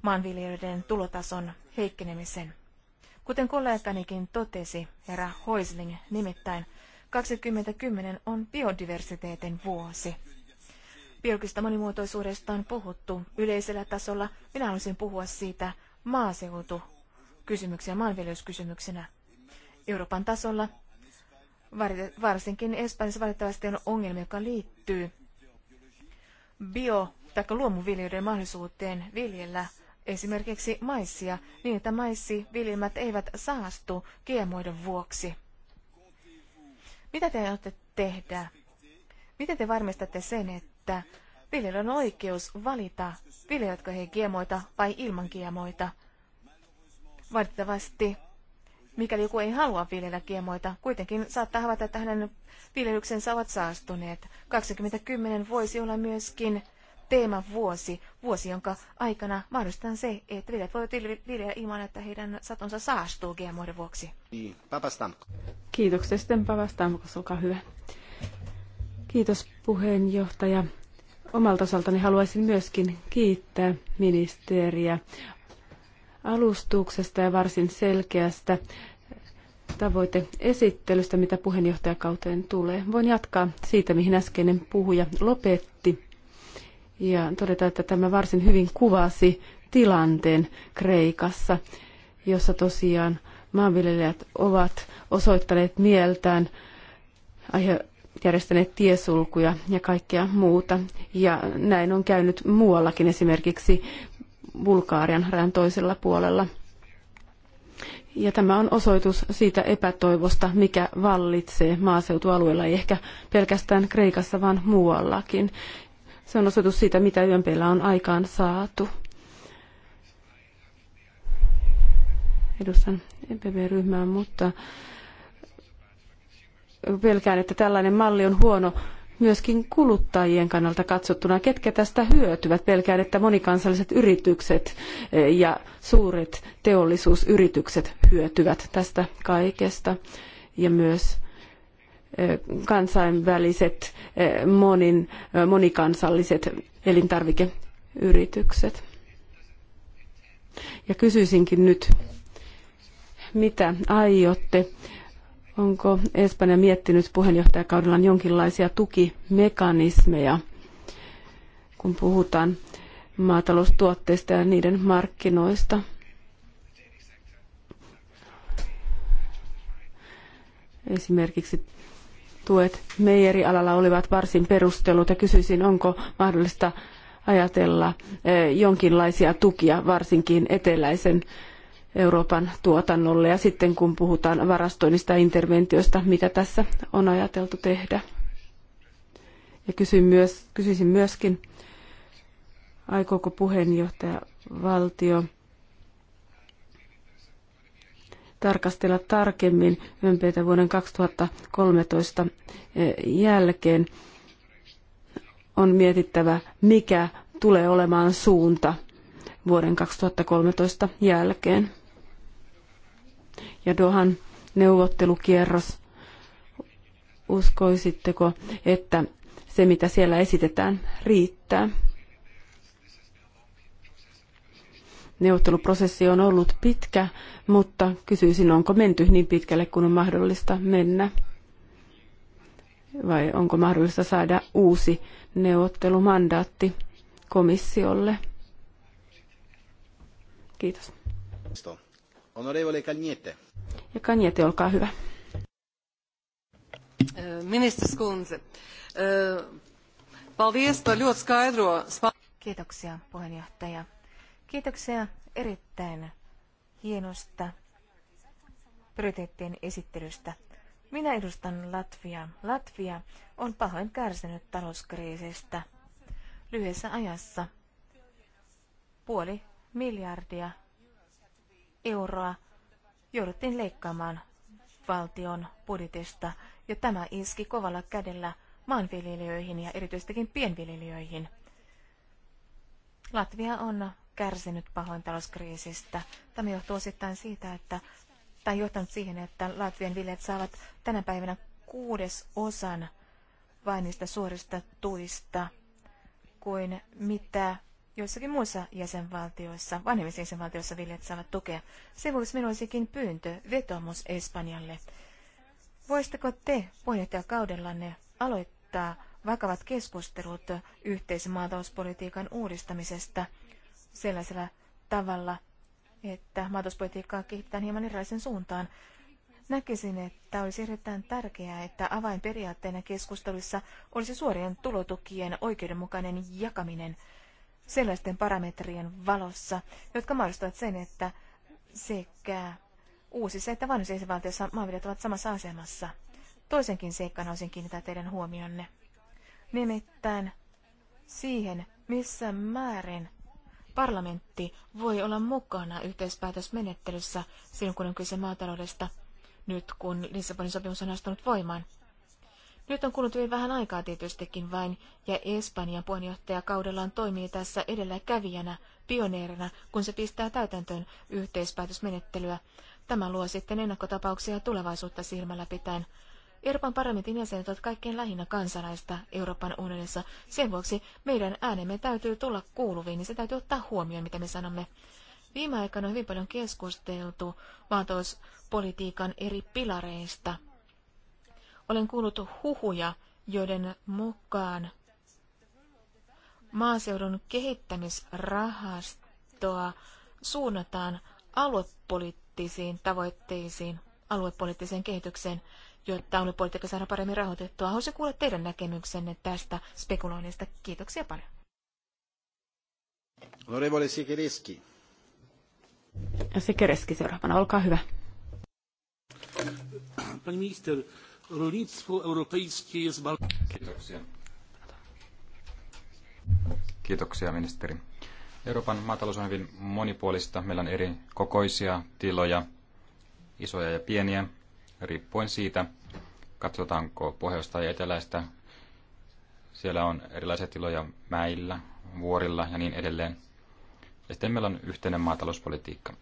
maanviljelijöiden tulotason heikkenemisen. Kuten kolleganikin totesi, herra Hoisling, nimittäin 2010 on biodiversiteetin vuosi. Biologista monimuotoisuudesta on puhuttu yleisellä tasolla. Minä haluaisin puhua siitä maaseutu kysymyksiä maanviljelyskysymyksenä. Euroopan tasolla varsinkin Espanjassa valitettavasti on ongelmia, joka liittyy bio- tai luomuviljelijöiden mahdollisuuteen viljellä esimerkiksi maissia, niin että maissiviljelmät eivät saastu kiemoiden vuoksi. Mitä te aiotte tehdä? Miten te varmistatte sen, että viljelijöillä on oikeus valita, viljelevätkö he kiemoita vai ilman kiemoita? Valitettavasti, mikäli joku ei halua viljellä kiemoita, kuitenkin saattaa havaita, että hänen viljelyksensä ovat saastuneet. 2010 voisi olla myöskin teemavuosi, vuosi, jonka aikana mahdollistetaan se, että viljelijät voivat viljellä ilman, että heidän satonsa saastuu GMOiden vuoksi. Kiitoksia sitten Papastamkos, olkaa hyvä. Kiitos puheenjohtaja. Omalta osaltani haluaisin myöskin kiittää ministeriä alustuksesta ja varsin selkeästä tavoite esittelystä mitä puheenjohtajakauteen tulee. Voin jatkaa siitä, mihin äskeinen puhuja lopetti ja todeta, että tämä varsin hyvin kuvasi tilanteen Kreikassa, jossa tosiaan maanviljelijät ovat osoittaneet mieltään, järjestäneet tiesulkuja ja kaikkea muuta. Ja näin on käynyt muuallakin esimerkiksi Bulgaarian rajan toisella puolella. Ja tämä on osoitus siitä epätoivosta, mikä vallitsee maaseutualueella, ei ehkä pelkästään Kreikassa, vaan muuallakin. Se on osoitus siitä, mitä YMPllä on aikaan saatu. Edustan EPV-ryhmää, mutta pelkään, että tällainen malli on huono myöskin kuluttajien kannalta katsottuna, ketkä tästä hyötyvät. Pelkään, että monikansalliset yritykset ja suuret teollisuusyritykset hyötyvät tästä kaikesta. Ja myös kansainväliset eh, monin, eh, monikansalliset elintarvikeyritykset. Ja kysyisinkin nyt, mitä aiotte? Onko Espanja miettinyt puheenjohtajakaudellaan jonkinlaisia tukimekanismeja, kun puhutaan maataloustuotteista ja niiden markkinoista? Esimerkiksi tuet meijerialalla olivat varsin perustelut ja kysyisin, onko mahdollista ajatella eh, jonkinlaisia tukia varsinkin eteläisen Euroopan tuotannolle ja sitten kun puhutaan varastoinnista ja interventiosta, mitä tässä on ajateltu tehdä. Ja kysyin myös, kysyisin myöskin, aikooko puheenjohtaja valtio tarkastella tarkemmin ympäitä vuoden 2013 eh, jälkeen. On mietittävä, mikä tulee olemaan suunta vuoden 2013 jälkeen. Ja Dohan neuvottelukierros, uskoisitteko, että se mitä siellä esitetään riittää? Neuvotteluprosessi on ollut pitkä, mutta kysyisin, onko menty niin pitkälle kuin on mahdollista mennä? Vai onko mahdollista saada uusi neuvottelumandaatti komissiolle? Kiitos. Onorevole Cagnete. Ja Cagnete, olkaa hyvä. Eh, Minister Skunze, eh, paldies par ļoti skaidro... Kiitoksia, puheenjohtaja. Kiitoksia erittäin hienosta prioriteettien esittelystä. Minä edustan Latvia. Latvia on pahoin kärsinyt talouskriisistä lyhyessä ajassa. Puoli miljardia euroa jouduttiin leikkaamaan valtion budjetista, ja tämä iski kovalla kädellä maanviljelijöihin ja erityisesti pienviljelijöihin. Latvia on kärsinyt pahoin talouskriisistä. Tämä johtuu osittain siitä, että, tai johtanut siihen, että Latvian viljelijät saavat tänä päivänä kuudes osan vain niistä suorista tuista kuin mitä joissakin muissa jäsenvaltioissa, vanhemmissa jäsenvaltioissa viljelijät saavat tukea. Sen vuoksi minulla olisikin pyyntö, vetoomus Espanjalle. Voisitteko te puheenjohtajakaudellanne aloittaa vakavat keskustelut yhteisen maatalouspolitiikan uudistamisesta – sellaisella tavalla, että maatalouspolitiikkaa kehitetään hieman erilaisen suuntaan. Näkisin, että olisi erittäin tärkeää, että avainperiaatteena keskustelussa olisi suorien tulotukien oikeudenmukainen jakaminen sellaisten parametrien valossa, jotka mahdollistavat sen, että sekä uusissa että vanhoissa jäsenvaltioissa maanviljat ovat samassa asemassa. Toisenkin seikkaan olisin kiinnittää teidän huomionne. Nimittäin siihen, missä määrin parlamentti voi olla mukana yhteispäätösmenettelyssä silloin, kun on kyse maataloudesta, nyt kun Lissabonin sopimus on astunut voimaan. Nyt on kulunut hyvin vähän aikaa tietystikin vain, ja Espanjan kaudellaan toimii tässä edelläkävijänä, pioneerina, kun se pistää täytäntöön yhteispäätösmenettelyä. Tämä luo sitten ennakkotapauksia tulevaisuutta silmällä pitäen. Euroopan parlamentin jäsenet ovat kaikkein lähinnä kansalaista Euroopan unionissa. Sen vuoksi meidän äänemme täytyy tulla kuuluviin, niin se täytyy ottaa huomioon, mitä me sanomme. Viime aikoina on hyvin paljon keskusteltu maatalouspolitiikan eri pilareista. Olen kuullut huhuja, joiden mukaan maaseudun kehittämisrahastoa suunnataan aluepoliittisiin tavoitteisiin, aluepoliittiseen kehitykseen jotta aluepolitiikka saada paremmin rahoitettua. Haluaisin kuulla teidän näkemyksenne tästä spekuloinnista. Kiitoksia paljon. Onorevole Sikereski. Sikereski seuraavana, olkaa hyvä. Pani minister, rolnictwo europejskie jest... Kiitoksia. Kiitoksia ministeri. Euroopan maatalous on hyvin monipuolista. Meillä on eri kokoisia tiloja, isoja ja pieniä riippuen siitä, katsotaanko pohjoista ja eteläistä. Siellä on erilaisia tiloja mäillä, vuorilla ja niin edelleen. Ja sitten meillä on yhteinen maatalouspolitiikka.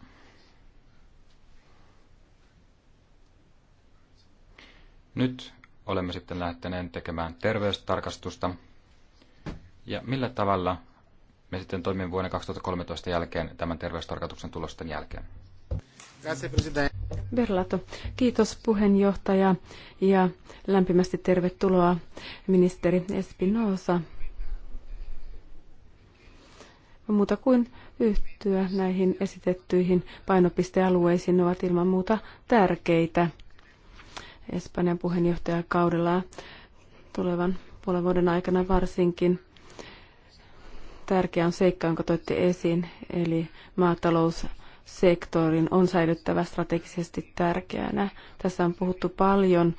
Nyt olemme sitten lähteneet tekemään terveystarkastusta. Ja millä tavalla me sitten toimimme vuoden 2013 jälkeen tämän terveystarkastuksen tulosten jälkeen? Berlato, kiitos puheenjohtaja ja lämpimästi tervetuloa ministeri Espinosa. Muuta kuin yhtyä näihin esitettyihin painopistealueisiin ne ovat ilman muuta tärkeitä Espanjan puheenjohtajakaudella tulevan puolen vuoden aikana varsinkin tärkeä on seikka, jonka toitte esiin, eli maatalous sektorin on säilyttävä strategisesti tärkeänä. Tässä on puhuttu paljon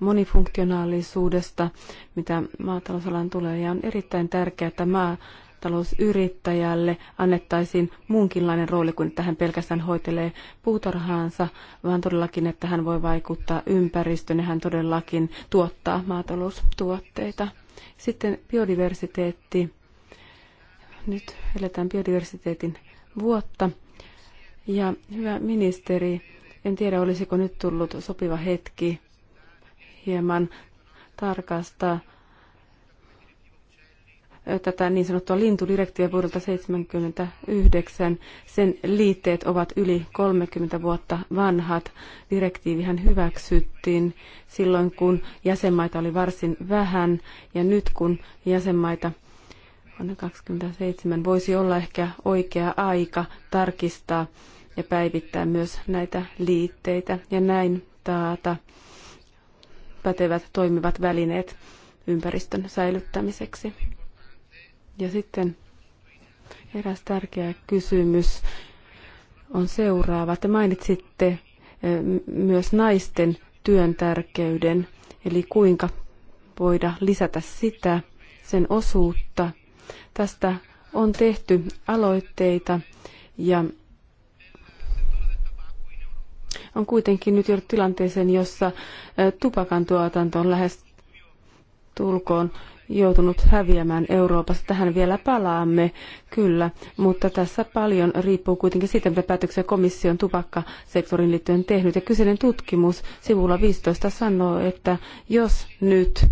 monifunktionaalisuudesta, mitä maatalousalan tulee, ja on erittäin tärkeää, että maatalousyrittäjälle annettaisiin muunkinlainen rooli kuin että hän pelkästään hoitelee puutarhaansa, vaan todellakin, että hän voi vaikuttaa ympäristöön ja hän todellakin tuottaa maataloustuotteita. Sitten biodiversiteetti. Nyt eletään biodiversiteetin vuotta. Ja hyvä ministeri, en tiedä olisiko nyt tullut sopiva hetki hieman tarkastaa tätä niin sanottua lintudirektiä vuodelta 1979. Sen liitteet ovat yli 30 vuotta vanhat. Direktiivihän hyväksyttiin silloin, kun jäsenmaita oli varsin vähän, ja nyt kun jäsenmaita vuonna 2027 voisi olla ehkä oikea aika tarkistaa ja päivittää myös näitä liitteitä ja näin taata pätevät toimivat välineet ympäristön säilyttämiseksi. Ja sitten eräs tärkeä kysymys on seuraava. Te mainitsitte eh, myös naisten työn tärkeyden, eli kuinka voida lisätä sitä, sen osuutta – Tästä on tehty aloitteita ja on kuitenkin nyt jo tilanteeseen, jossa tupakan tuotanto on lähes tulkoon joutunut häviämään Euroopassa. Tähän vielä palaamme, kyllä, mutta tässä paljon riippuu kuitenkin siitä, mitä päätöksiä komission tupakkasektorin liittyen tehnyt. Ja kyseinen tutkimus sivulla 15 sanoo, että jos nyt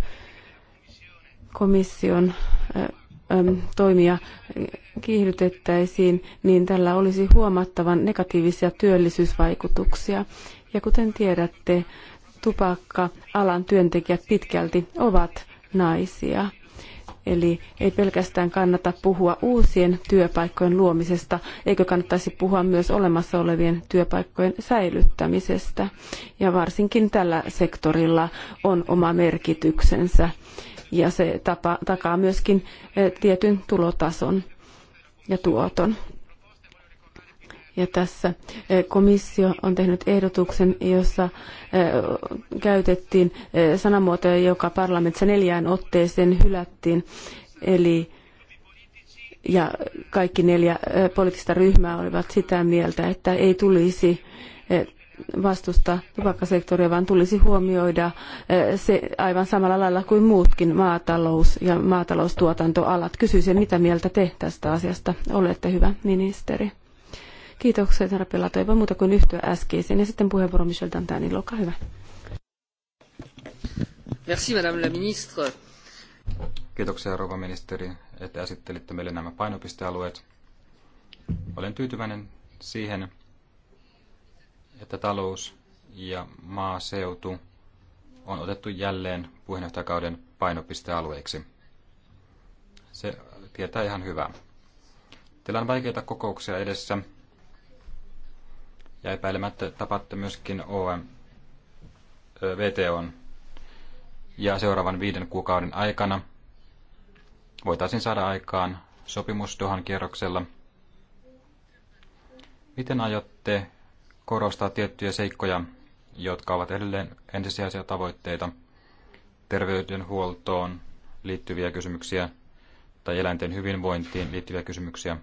komission toimia kiihdytettäisiin, niin tällä olisi huomattavan negatiivisia työllisyysvaikutuksia. Ja kuten tiedätte, tupakka-alan työntekijät pitkälti ovat naisia. Eli ei pelkästään kannata puhua uusien työpaikkojen luomisesta, eikö kannattaisi puhua myös olemassa olevien työpaikkojen säilyttämisestä. Ja varsinkin tällä sektorilla on oma merkityksensä ja se tapa, takaa myöskin eh, tietyn tulotason ja tuoton. Ja tässä eh, komissio on tehnyt ehdotuksen, jossa eh, käytettiin sanamuotoja, joka parlamentissa neljään otteeseen hylättiin. Eli ja kaikki neljä poliittista ryhmää olivat sitä mieltä, että ei tulisi vastusta tupakkasektoria, vaan tulisi huomioida eh, se aivan samalla lailla kuin muutkin maatalous- ja maataloustuotantoalat. Kysyisin, mitä mieltä te tästä asiasta olette, hyvä ministeri. Kiitoksia, herra Pelato. Ei voi muuta kuin yhtyä äskeiseen. Ja sitten puheenvuoro Michel Dantanille. Olkaa hyvä. Merci, madame la ministre. Kiitoksia, rouva ministeri, että esittelitte meille nämä painopistealueet. Olen tyytyväinen siihen, että talous ja maaseutu on otettu jälleen puheenjohtajakauden painopistealueiksi. Se tietää ihan hyvää. Teillä on vaikeita kokouksia edessä ja epäilemättä tapatte myöskin OM, VTOn ja seuraavan viiden kuukauden aikana voitaisiin saada aikaan sopimus Dohan kierroksella. Miten aiotte korostaa tiettyjä seikkoja, jotka ovat edelleen ensisijaisia tavoitteita, terveydenhuoltoon liittyviä kysymyksiä tai eläinten hyvinvointiin liittyviä kysymyksiä.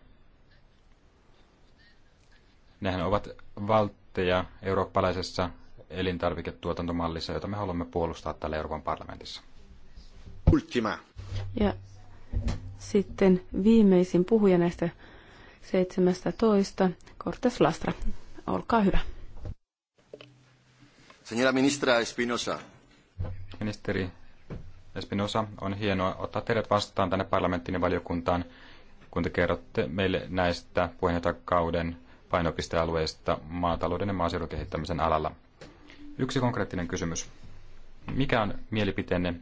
Nehän ovat valtteja eurooppalaisessa elintarviketuotantomallissa, jota me haluamme puolustaa täällä Euroopan parlamentissa. Ultima. Ja sitten viimeisin puhuja näistä 17, Cortes Lastra. Olkaa hyvä. Señora ministra Espinosa. Ministeri Espinosa, on hienoa ottaa teidät vastaan tänne parlamenttiin ja valiokuntaan, kun te kerrotte meille näistä puheenjohtajakauden painopistealueista maatalouden ja maaseudun kehittämisen alalla. Yksi konkreettinen kysymys. Mikä on mielipiteenne?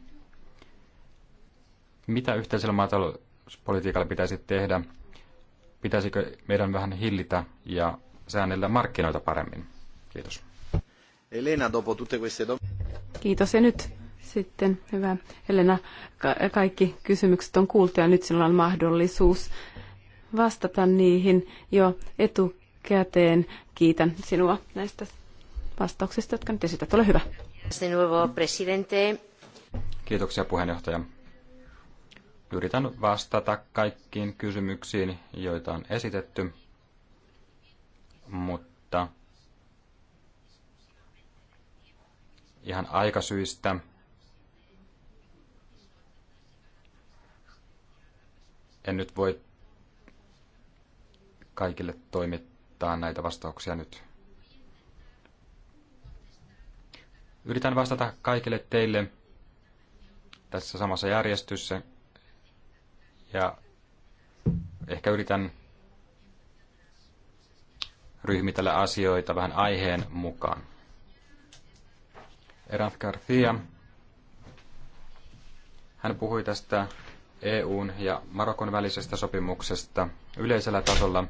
Mitä yhteisellä maatalouspolitiikalla pitäisi tehdä? Pitäisikö meidän vähän hillitä ja säännellä markkinoita paremmin. Kiitos. Elena, dopo tutte queste Kiitos ja nyt sitten, hyvä Elena, ka- kaikki kysymykset on kuultu ja nyt sinulla on mahdollisuus vastata niihin jo etukäteen. Kiitän sinua näistä vastauksista, jotka nyt esität. Ole hyvä. Kiitoksia puheenjohtaja. Yritän vastata kaikkiin kysymyksiin, joita on esitetty mutta ihan aikasyistä en nyt voi kaikille toimittaa näitä vastauksia nyt. Yritän vastata kaikille teille tässä samassa järjestyssä ja ehkä yritän ryhmitellä asioita vähän aiheen mukaan. Erant Garcia, hän puhui tästä EUn ja Marokon välisestä sopimuksesta yleisellä tasolla,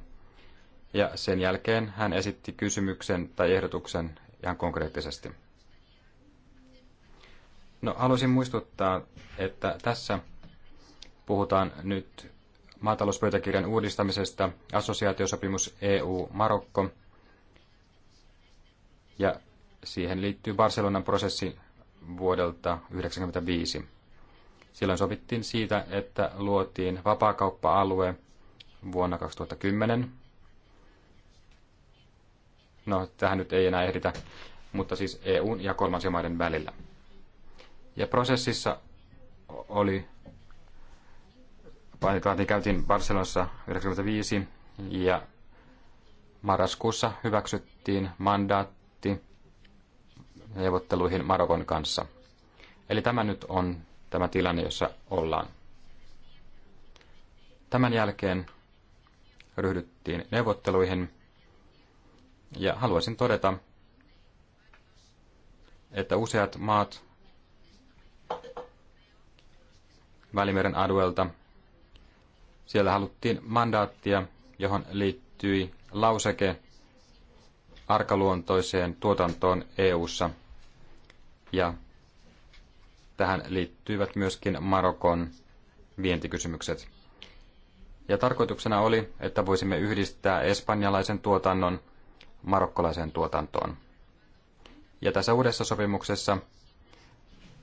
ja sen jälkeen hän esitti kysymyksen tai ehdotuksen ihan konkreettisesti. No, haluaisin muistuttaa, että tässä puhutaan nyt maatalouspöytäkirjan uudistamisesta, assosiaatiosopimus EU-Marokko, ja siihen liittyy Barcelonan prosessi vuodelta 1995. Silloin sovittiin siitä, että luotiin vapaakauppa-alue vuonna 2010. No, tähän nyt ei enää ehditä, mutta siis EUn ja kolmansien maiden välillä. Ja prosessissa oli Paikaati niin käytiin Barcelonassa 1995 ja marraskuussa hyväksyttiin mandaatti neuvotteluihin Marokon kanssa. Eli tämä nyt on tämä tilanne, jossa ollaan. Tämän jälkeen ryhdyttiin neuvotteluihin ja haluaisin todeta, että useat maat Välimeren alueelta siellä haluttiin mandaattia, johon liittyi lauseke arkaluontoiseen tuotantoon EU:ssa ja tähän liittyivät myöskin Marokon vientikysymykset. Ja tarkoituksena oli, että voisimme yhdistää espanjalaisen tuotannon marokkolaiseen tuotantoon. Ja tässä uudessa sopimuksessa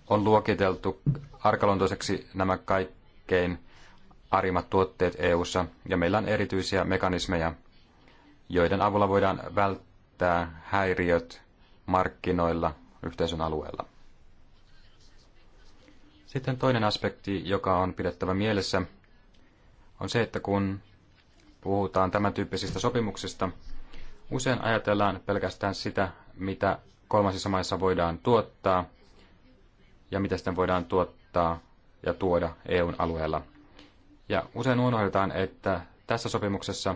on luokiteltu arkaluontoiseksi nämä kaikkein arimmat tuotteet EU:ssa ja meillä on erityisiä mekanismeja, joiden avulla voidaan välttää häiriöt markkinoilla yhteisön alueella. Sitten toinen aspekti, joka on pidettävä mielessä, on se, että kun puhutaan tämän tyyppisistä sopimuksista, usein ajatellaan pelkästään sitä, mitä kolmansissa maissa voidaan tuottaa ja mitä sitten voidaan tuottaa ja tuoda EUn alueella. Ja usein unohdetaan, että tässä sopimuksessa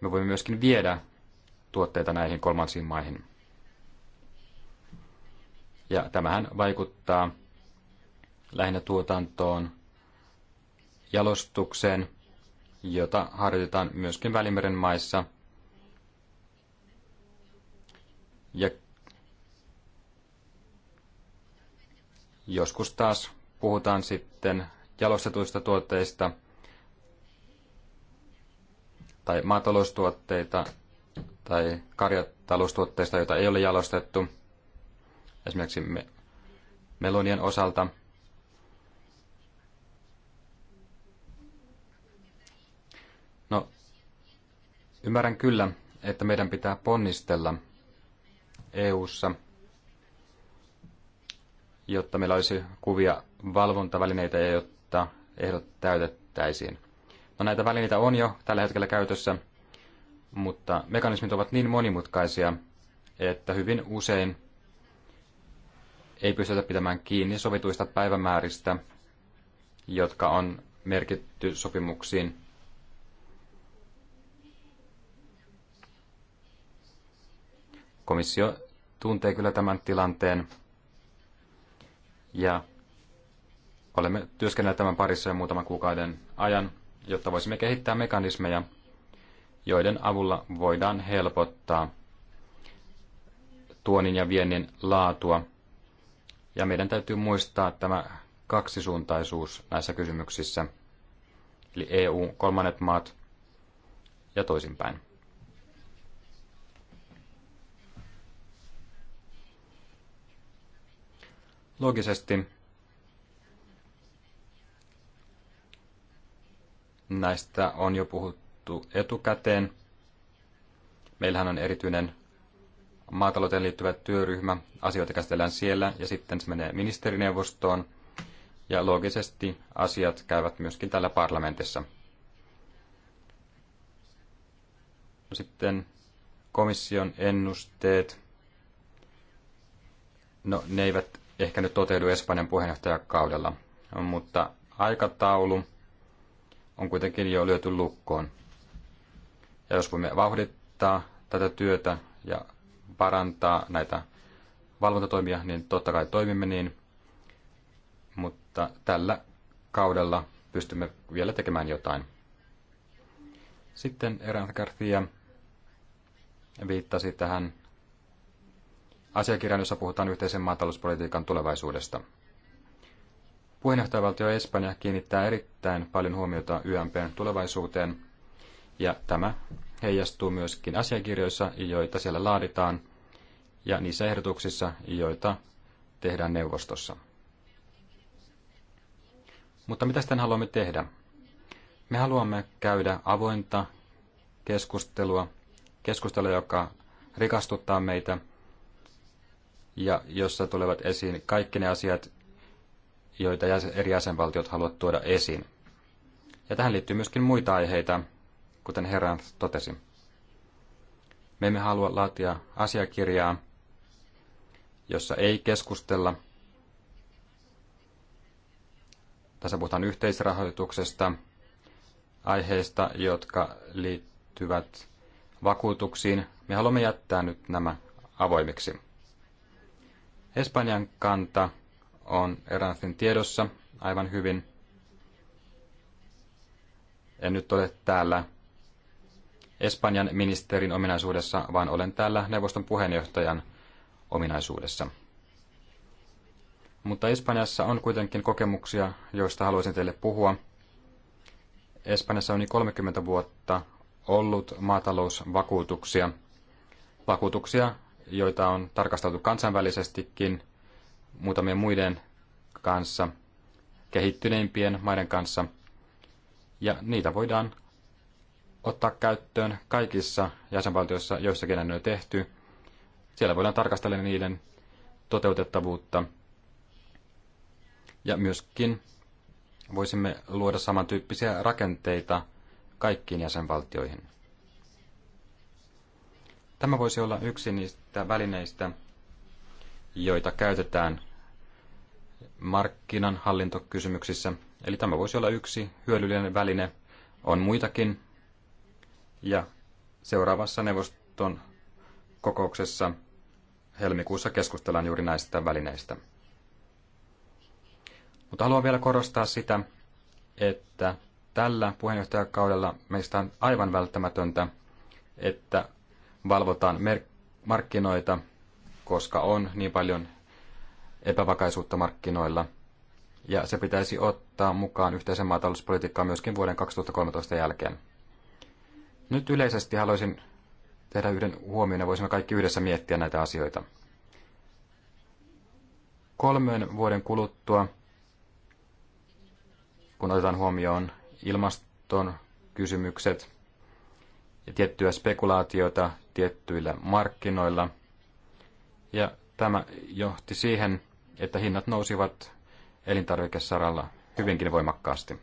me voimme myöskin viedä tuotteita näihin kolmansiin maihin. Ja tämähän vaikuttaa lähinnä tuotantoon, jalostukseen, jota harjoitetaan myöskin Välimeren maissa. Ja joskus taas puhutaan sitten jalostetuista tuotteista tai maataloustuotteita tai karjataloustuotteista, joita ei ole jalostettu, esimerkiksi me, melonien osalta. No, ymmärrän kyllä, että meidän pitää ponnistella EU:ssa, jotta meillä olisi kuvia valvontavälineitä ja jotta jotta ehdot täytettäisiin. No näitä välineitä on jo tällä hetkellä käytössä, mutta mekanismit ovat niin monimutkaisia, että hyvin usein ei pystytä pitämään kiinni sovituista päivämääristä, jotka on merkitty sopimuksiin. Komissio tuntee kyllä tämän tilanteen ja Olemme työskennelleet tämän parissa jo muutaman kuukauden ajan, jotta voisimme kehittää mekanismeja, joiden avulla voidaan helpottaa tuonin ja viennin laatua. Ja meidän täytyy muistaa tämä kaksisuuntaisuus näissä kysymyksissä, eli EU, kolmannet maat ja toisinpäin. Logisesti Näistä on jo puhuttu etukäteen. Meillähän on erityinen maatalouteen liittyvä työryhmä. Asioita käsitellään siellä ja sitten se menee ministerineuvostoon. Ja loogisesti asiat käyvät myöskin täällä parlamentissa. No sitten komission ennusteet. No, ne eivät ehkä nyt toteudu Espanjan puheenjohtajakaudella, mutta aikataulu – on kuitenkin jo lyöty lukkoon. Ja jos voimme vauhdittaa tätä työtä ja parantaa näitä valvontatoimia, niin totta kai toimimme niin. Mutta tällä kaudella pystymme vielä tekemään jotain. Sitten Erant Garcia viittasi tähän asiakirjaan, jossa puhutaan yhteisen maatalouspolitiikan tulevaisuudesta – Puheenjohtajavaltio Espanja kiinnittää erittäin paljon huomiota YMPn tulevaisuuteen, ja tämä heijastuu myöskin asiakirjoissa, joita siellä laaditaan, ja niissä ehdotuksissa, joita tehdään neuvostossa. Mutta mitä sitten haluamme tehdä? Me haluamme käydä avointa keskustelua, keskustelua, joka rikastuttaa meitä ja jossa tulevat esiin kaikki ne asiat, joita eri jäsenvaltiot haluavat tuoda esiin. Ja tähän liittyy myöskin muita aiheita, kuten herran totesi. Me emme halua laatia asiakirjaa, jossa ei keskustella. Tässä puhutaan yhteisrahoituksesta, aiheista, jotka liittyvät vakuutuksiin. Me haluamme jättää nyt nämä avoimiksi. Espanjan kanta on Ernstin tiedossa aivan hyvin. En nyt ole täällä Espanjan ministerin ominaisuudessa, vaan olen täällä neuvoston puheenjohtajan ominaisuudessa. Mutta Espanjassa on kuitenkin kokemuksia, joista haluaisin teille puhua. Espanjassa on yli 30 vuotta ollut maatalousvakuutuksia. Vakuutuksia, joita on tarkasteltu kansainvälisestikin muutamien muiden kanssa, kehittyneimpien maiden kanssa, ja niitä voidaan ottaa käyttöön kaikissa jäsenvaltioissa, joissakin on tehty. Siellä voidaan tarkastella niiden toteutettavuutta. Ja myöskin voisimme luoda samantyyppisiä rakenteita kaikkiin jäsenvaltioihin. Tämä voisi olla yksi niistä välineistä, joita käytetään markkinanhallintokysymyksissä Eli tämä voisi olla yksi hyödyllinen väline. On muitakin. Ja seuraavassa neuvoston kokouksessa helmikuussa keskustellaan juuri näistä välineistä. Mutta haluan vielä korostaa sitä, että tällä puheenjohtajakaudella meistä on aivan välttämätöntä, että valvotaan markkinoita, koska on niin paljon epävakaisuutta markkinoilla. Ja se pitäisi ottaa mukaan yhteisen maatalouspolitiikkaan myöskin vuoden 2013 jälkeen. Nyt yleisesti haluaisin tehdä yhden huomioon ja voisimme kaikki yhdessä miettiä näitä asioita. Kolmen vuoden kuluttua, kun otetaan huomioon ilmaston kysymykset ja tiettyä spekulaatiota tiettyillä markkinoilla, ja tämä johti siihen, että hinnat nousivat elintarvikesaralla hyvinkin voimakkaasti.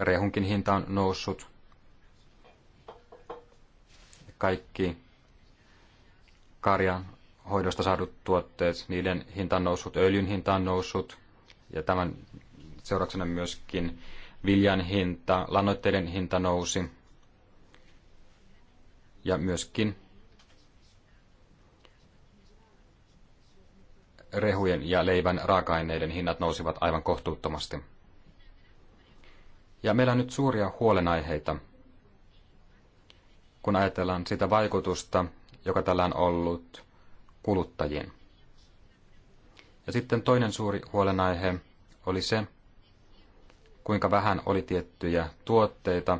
Rehunkin hinta on noussut. Kaikki karjan hoidosta saadut tuotteet, niiden hinta on noussut, öljyn hinta on noussut ja tämän seurauksena myöskin viljan hinta, lannoitteiden hinta nousi ja myöskin rehujen ja leivän raaka-aineiden hinnat nousivat aivan kohtuuttomasti. Ja meillä on nyt suuria huolenaiheita, kun ajatellaan sitä vaikutusta, joka tällä on ollut kuluttajiin. Ja sitten toinen suuri huolenaihe oli se, kuinka vähän oli tiettyjä tuotteita,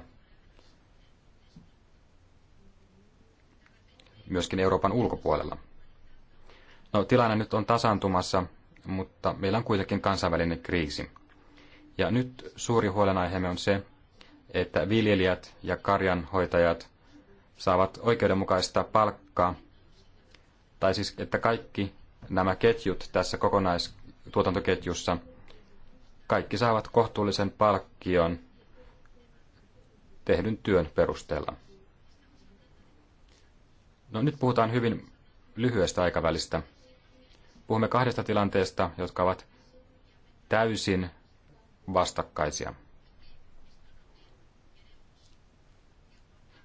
myöskin Euroopan ulkopuolella. No, tilanne nyt on tasantumassa, mutta meillä on kuitenkin kansainvälinen kriisi. Ja nyt suuri huolenaiheemme on se, että viljelijät ja karjanhoitajat saavat oikeudenmukaista palkkaa, tai siis että kaikki nämä ketjut tässä kokonaistuotantoketjussa, kaikki saavat kohtuullisen palkkion tehdyn työn perusteella. No nyt puhutaan hyvin lyhyestä aikavälistä, Puhumme kahdesta tilanteesta, jotka ovat täysin vastakkaisia.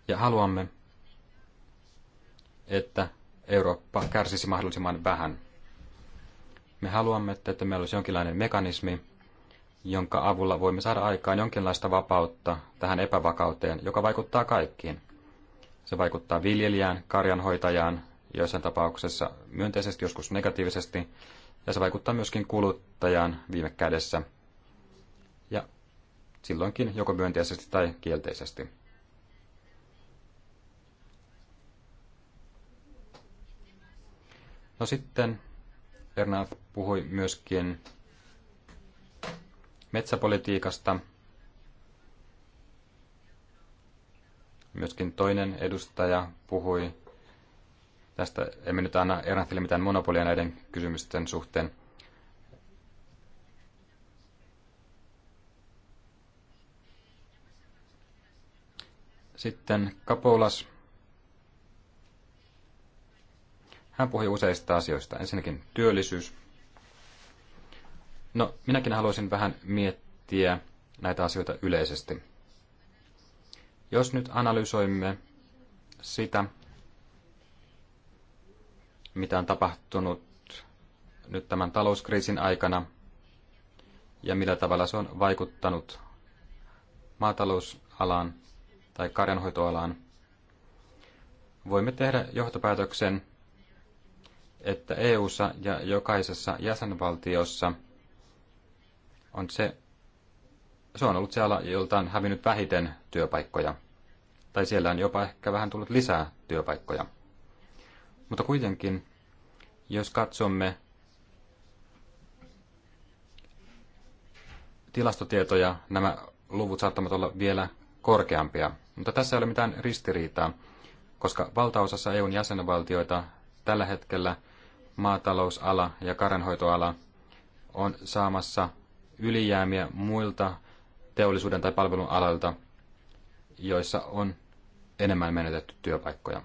Ja haluamme, että Eurooppa kärsisi mahdollisimman vähän. Me haluamme, että meillä olisi jonkinlainen mekanismi, jonka avulla voimme saada aikaan jonkinlaista vapautta tähän epävakauteen, joka vaikuttaa kaikkiin. Se vaikuttaa viljelijään, karjanhoitajaan, joissain tapauksessa myönteisesti, joskus negatiivisesti, ja se vaikuttaa myöskin kuluttajaan viime kädessä, ja silloinkin joko myönteisesti tai kielteisesti. No sitten Bernard puhui myöskin metsäpolitiikasta. Myöskin toinen edustaja puhui Tästä emme nyt anna Erantille mitään monopolia näiden kysymysten suhteen. Sitten Kapolas. Hän puhui useista asioista. Ensinnäkin työllisyys. No, minäkin haluaisin vähän miettiä näitä asioita yleisesti. Jos nyt analysoimme sitä, mitä on tapahtunut nyt tämän talouskriisin aikana ja millä tavalla se on vaikuttanut maatalousalaan tai karjanhoitoalaan, voimme tehdä johtopäätöksen, että EU:ssa ja jokaisessa jäsenvaltiossa on se, se on ollut se ala, jolta on hävinnyt vähiten työpaikkoja. Tai siellä on jopa ehkä vähän tullut lisää työpaikkoja. Mutta kuitenkin, jos katsomme tilastotietoja, nämä luvut saattavat olla vielä korkeampia. Mutta tässä ei ole mitään ristiriitaa, koska valtaosassa EUn jäsenvaltioita tällä hetkellä maatalousala ja karenhoitoala on saamassa ylijäämiä muilta teollisuuden tai palvelun aloilta, joissa on enemmän menetetty työpaikkoja.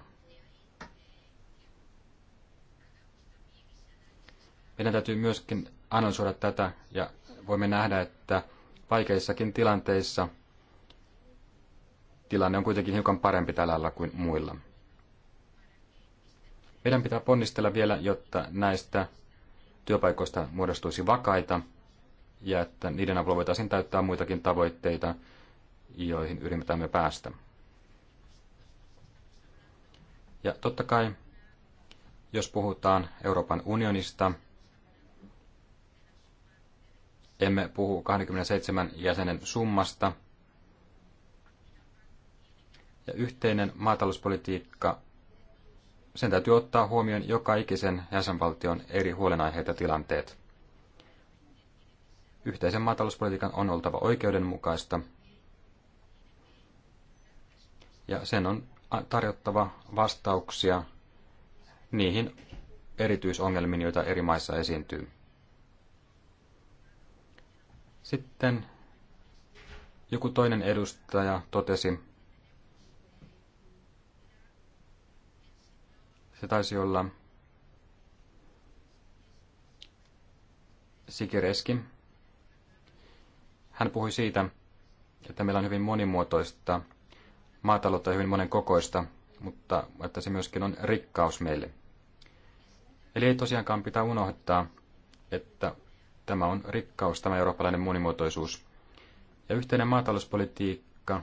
Meidän täytyy myöskin analysoida tätä ja voimme nähdä, että vaikeissakin tilanteissa tilanne on kuitenkin hiukan parempi tällä alalla kuin muilla. Meidän pitää ponnistella vielä, jotta näistä työpaikoista muodostuisi vakaita ja että niiden avulla voitaisiin täyttää muitakin tavoitteita, joihin yritämme päästä. Ja totta kai, jos puhutaan Euroopan unionista, emme puhu 27 jäsenen summasta. Ja yhteinen maatalouspolitiikka, sen täytyy ottaa huomioon joka ikisen jäsenvaltion eri huolenaiheet ja tilanteet. Yhteisen maatalouspolitiikan on oltava oikeudenmukaista ja sen on tarjottava vastauksia niihin erityisongelmiin, joita eri maissa esiintyy. Sitten joku toinen edustaja totesi, se taisi olla Sikireski. Hän puhui siitä, että meillä on hyvin monimuotoista maataloutta ja hyvin monen kokoista, mutta että se myöskin on rikkaus meille. Eli ei tosiaankaan pitää unohtaa, että Tämä on rikkaus, tämä eurooppalainen monimuotoisuus. Ja yhteinen maatalouspolitiikka,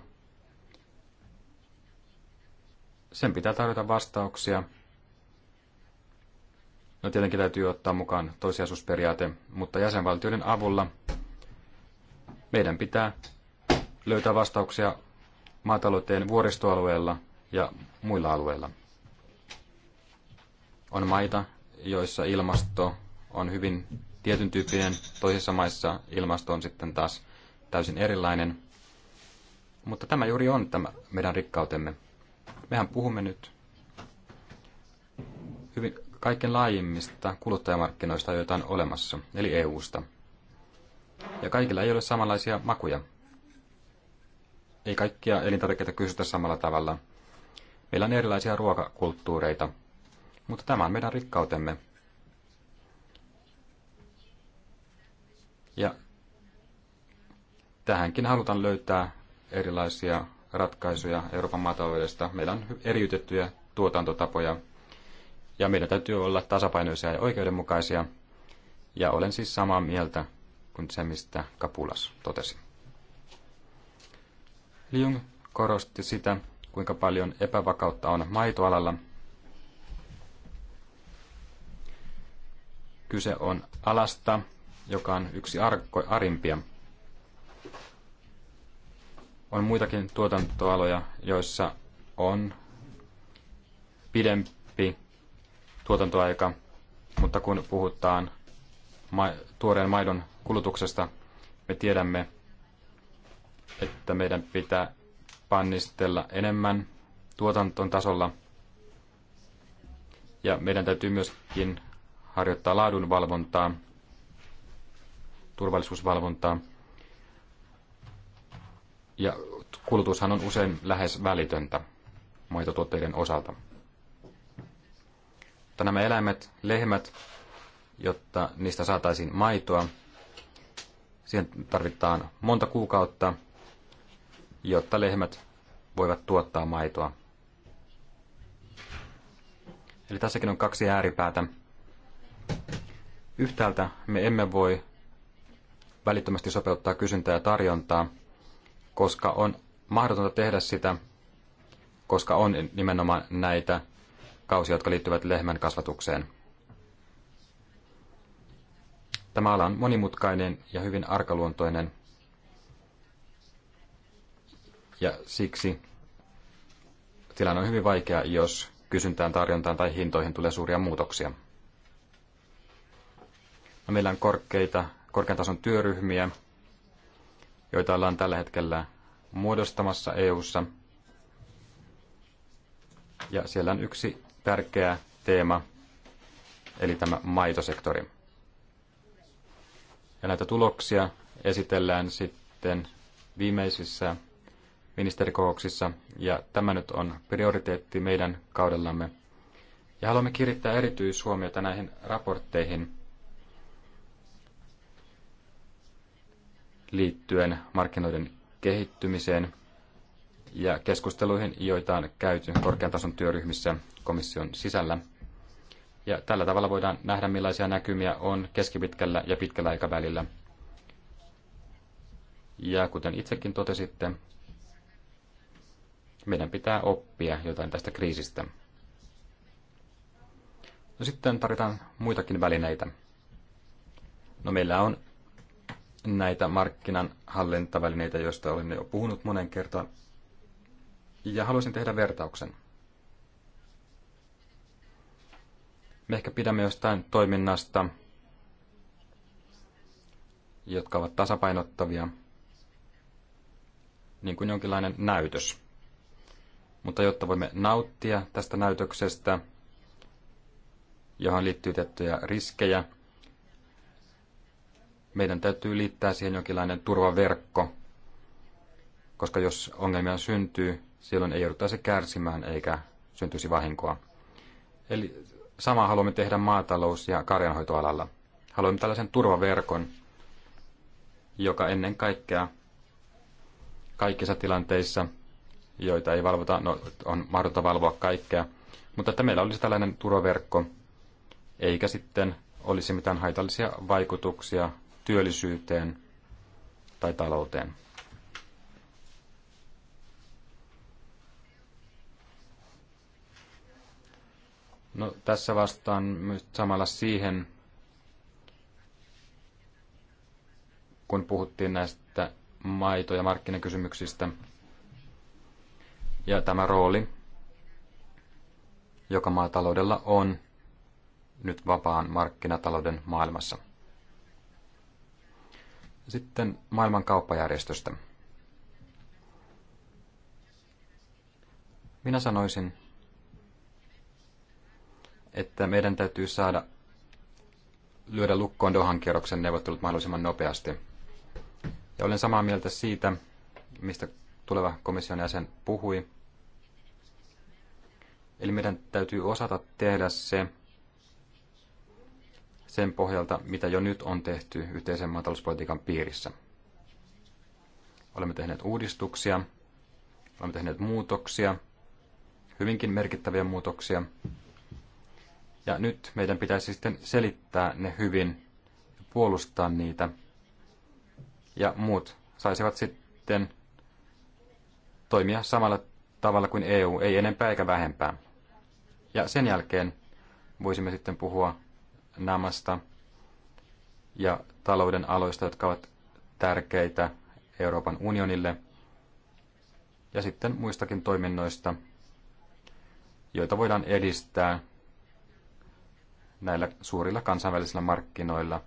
sen pitää tarjota vastauksia. No tietenkin täytyy ottaa mukaan toisiasuusperiaate, mutta jäsenvaltioiden avulla meidän pitää löytää vastauksia maatalouteen vuoristoalueella ja muilla alueilla. On maita, joissa ilmasto on hyvin tietyn tyyppinen, toisissa maissa ilmasto on sitten taas täysin erilainen. Mutta tämä juuri on tämä meidän rikkautemme. Mehän puhumme nyt hyvin kaiken laajimmista kuluttajamarkkinoista, joita on olemassa, eli EU-sta. Ja kaikilla ei ole samanlaisia makuja. Ei kaikkia elintarvikkeita kysytä samalla tavalla. Meillä on erilaisia ruokakulttuureita, mutta tämä on meidän rikkautemme – Ja tähänkin halutaan löytää erilaisia ratkaisuja Euroopan maataloudesta. Meillä on eriytettyjä tuotantotapoja ja meidän täytyy olla tasapainoisia ja oikeudenmukaisia. Ja olen siis samaa mieltä kuin se, mistä Kapulas totesi. Liung korosti sitä, kuinka paljon epävakautta on maitoalalla. Kyse on alasta, joka on yksi arkko, arimpia. On muitakin tuotantoaloja, joissa on pidempi tuotantoaika, mutta kun puhutaan ma- tuoreen maidon kulutuksesta, me tiedämme, että meidän pitää pannistella enemmän tuotanton tasolla. Ja meidän täytyy myöskin harjoittaa laadunvalvontaa turvallisuusvalvontaa. Ja kulutushan on usein lähes välitöntä maitotuotteiden osalta. Mutta nämä eläimet, lehmät, jotta niistä saataisiin maitoa, siihen tarvitaan monta kuukautta, jotta lehmät voivat tuottaa maitoa. Eli tässäkin on kaksi ääripäätä. Yhtäältä me emme voi välittömästi sopeuttaa kysyntää ja tarjontaa, koska on mahdotonta tehdä sitä, koska on nimenomaan näitä kausia, jotka liittyvät lehmän kasvatukseen. Tämä ala on monimutkainen ja hyvin arkaluontoinen, ja siksi tilanne on hyvin vaikea, jos kysyntään, tarjontaan tai hintoihin tulee suuria muutoksia. No, meillä on korkeita korkean tason työryhmiä, joita ollaan tällä hetkellä muodostamassa EU:ssa. Ja siellä on yksi tärkeä teema, eli tämä maitosektori. Ja näitä tuloksia esitellään sitten viimeisissä ministerikokouksissa, ja tämä nyt on prioriteetti meidän kaudellamme. Ja haluamme kiinnittää erityishuomiota näihin raportteihin, liittyen markkinoiden kehittymiseen ja keskusteluihin, joita on käyty korkean tason työryhmissä komission sisällä. Ja tällä tavalla voidaan nähdä, millaisia näkymiä on keskipitkällä ja pitkällä aikavälillä. Ja kuten itsekin totesitte, meidän pitää oppia jotain tästä kriisistä. No sitten tarvitaan muitakin välineitä. No meillä on näitä markkinan hallintavälineitä, joista olen jo puhunut monen kertaan. Ja haluaisin tehdä vertauksen. Me ehkä pidämme jostain toiminnasta, jotka ovat tasapainottavia, niin kuin jonkinlainen näytös. Mutta jotta voimme nauttia tästä näytöksestä, johon liittyy tiettyjä riskejä, meidän täytyy liittää siihen jonkinlainen turvaverkko, koska jos ongelmia syntyy, silloin ei jouduttaisi kärsimään eikä syntyisi vahinkoa. Eli sama haluamme tehdä maatalous- ja karjanhoitoalalla. Haluamme tällaisen turvaverkon, joka ennen kaikkea kaikissa tilanteissa, joita ei valvota, no, on mahdotonta valvoa kaikkea, mutta että meillä olisi tällainen turvaverkko, eikä sitten olisi mitään haitallisia vaikutuksia työllisyyteen tai talouteen. No, tässä vastaan myös samalla siihen, kun puhuttiin näistä maito- ja markkinakysymyksistä ja tämä rooli, joka maataloudella on nyt vapaan markkinatalouden maailmassa. Sitten maailman kauppajärjestöstä. Minä sanoisin, että meidän täytyy saada lyödä lukkoon Dohan kierroksen neuvottelut mahdollisimman nopeasti. Ja olen samaa mieltä siitä, mistä tuleva komission jäsen puhui. Eli meidän täytyy osata tehdä se, sen pohjalta, mitä jo nyt on tehty yhteisen maatalouspolitiikan piirissä. Olemme tehneet uudistuksia, olemme tehneet muutoksia, hyvinkin merkittäviä muutoksia. Ja nyt meidän pitäisi sitten selittää ne hyvin puolustaa niitä. Ja muut saisivat sitten toimia samalla tavalla kuin EU, ei enempää eikä vähempää. Ja sen jälkeen voisimme sitten puhua Namasta ja talouden aloista, jotka ovat tärkeitä Euroopan unionille, ja sitten muistakin toiminnoista, joita voidaan edistää näillä suurilla kansainvälisillä markkinoilla,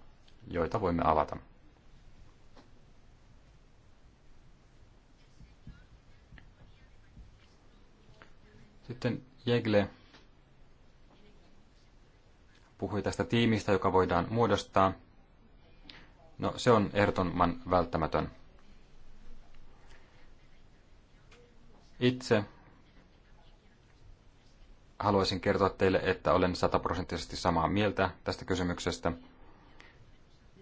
joita voimme avata. Sitten Jegle puhui tästä tiimistä, joka voidaan muodostaa. No, se on ehdottoman välttämätön. Itse haluaisin kertoa teille, että olen sataprosenttisesti samaa mieltä tästä kysymyksestä.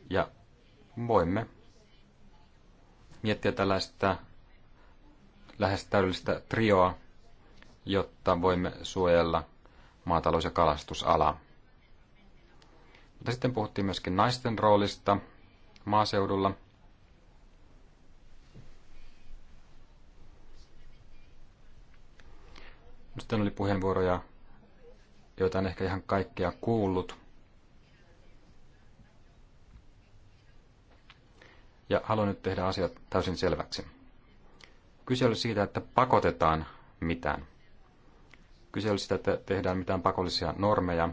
Ja voimme miettiä tällaista lähes täydellistä trioa, jotta voimme suojella maatalous- ja kalastusalaa. Mutta sitten puhuttiin myöskin naisten roolista maaseudulla. Sitten oli puheenvuoroja, joita en ehkä ihan kaikkea kuullut. Ja haluan nyt tehdä asiat täysin selväksi. Kyse oli siitä, että pakotetaan mitään. Kyse oli siitä, että tehdään mitään pakollisia normeja,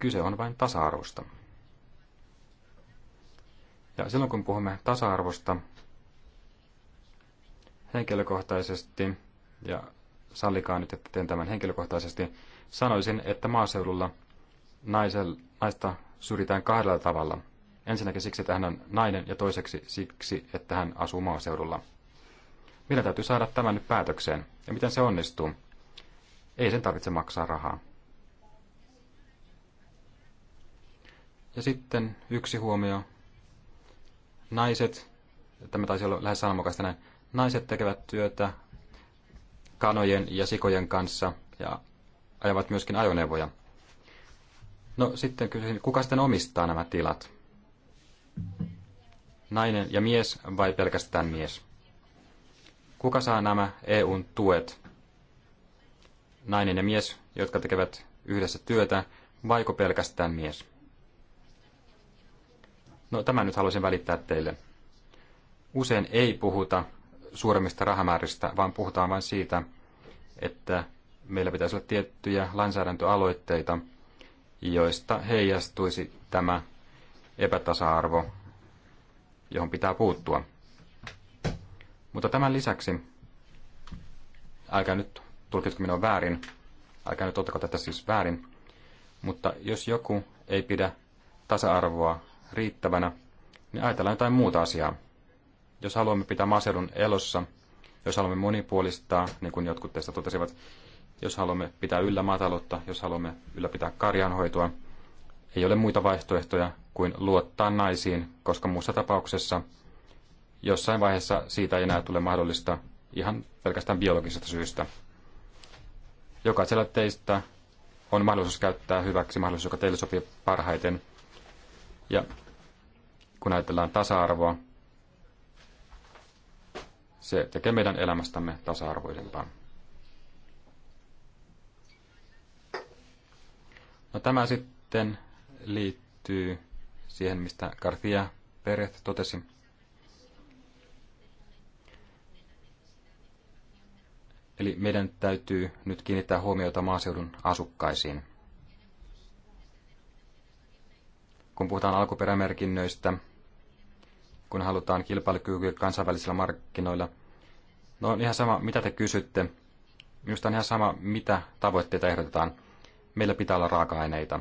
Kyse on vain tasa-arvosta. Ja silloin kun puhumme tasa-arvosta henkilökohtaisesti, ja sallikaa nyt, että teen tämän henkilökohtaisesti, sanoisin, että maaseudulla naisel, naista syrjitään kahdella tavalla. Ensinnäkin siksi, että hän on nainen ja toiseksi siksi, että hän asuu maaseudulla. Meidän täytyy saada tämä nyt päätökseen. Ja miten se onnistuu? Ei sen tarvitse maksaa rahaa. Ja sitten yksi huomio. Naiset, tämä taisi olla lähes sanomakaista näin, naiset tekevät työtä kanojen ja sikojen kanssa ja ajavat myöskin ajoneuvoja. No sitten kysyin, kuka sitten omistaa nämä tilat? Nainen ja mies vai pelkästään mies? Kuka saa nämä EUn tuet? Nainen ja mies, jotka tekevät yhdessä työtä, vaiko pelkästään mies? No tämä nyt haluaisin välittää teille. Usein ei puhuta suuremmista rahamääristä, vaan puhutaan vain siitä, että meillä pitäisi olla tiettyjä lainsäädäntöaloitteita, joista heijastuisi tämä epätasa-arvo, johon pitää puuttua. Mutta tämän lisäksi, älkää nyt tulkitko minua väärin, älkää nyt ottako tätä siis väärin, mutta jos joku ei pidä tasa-arvoa riittävänä, niin ajatellaan jotain muuta asiaa. Jos haluamme pitää maaseudun elossa, jos haluamme monipuolistaa, niin kuin jotkut teistä totesivat, jos haluamme pitää yllä maataloutta, jos haluamme ylläpitää karjanhoitoa, ei ole muita vaihtoehtoja kuin luottaa naisiin, koska muussa tapauksessa jossain vaiheessa siitä ei enää tule mahdollista ihan pelkästään biologisesta syystä. Jokaisella teistä on mahdollisuus käyttää hyväksi mahdollisuus, joka teille sopii parhaiten. Ja kun ajatellaan tasa-arvoa, se tekee meidän elämästämme tasa-arvoisempaa. No, tämä sitten liittyy siihen, mistä Garcia Perez totesi. Eli meidän täytyy nyt kiinnittää huomiota maaseudun asukkaisiin. kun puhutaan alkuperämerkinnöistä, kun halutaan kilpailukykyä kansainvälisillä markkinoilla. No on ihan sama, mitä te kysytte. Minusta on ihan sama, mitä tavoitteita ehdotetaan. Meillä pitää olla raaka-aineita.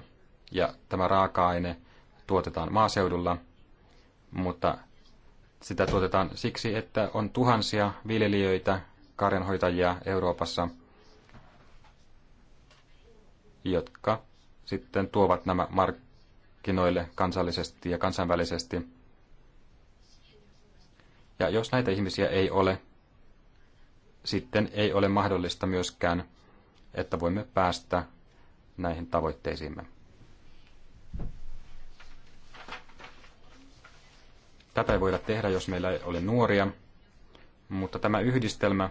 Ja tämä raaka-aine tuotetaan maaseudulla, mutta sitä tuotetaan siksi, että on tuhansia viljelijöitä, karjanhoitajia Euroopassa, jotka sitten tuovat nämä mark- markkinoille kansallisesti ja kansainvälisesti. Ja jos näitä ihmisiä ei ole, sitten ei ole mahdollista myöskään, että voimme päästä näihin tavoitteisiimme. Tätä ei voida tehdä, jos meillä ei ole nuoria, mutta tämä yhdistelmä,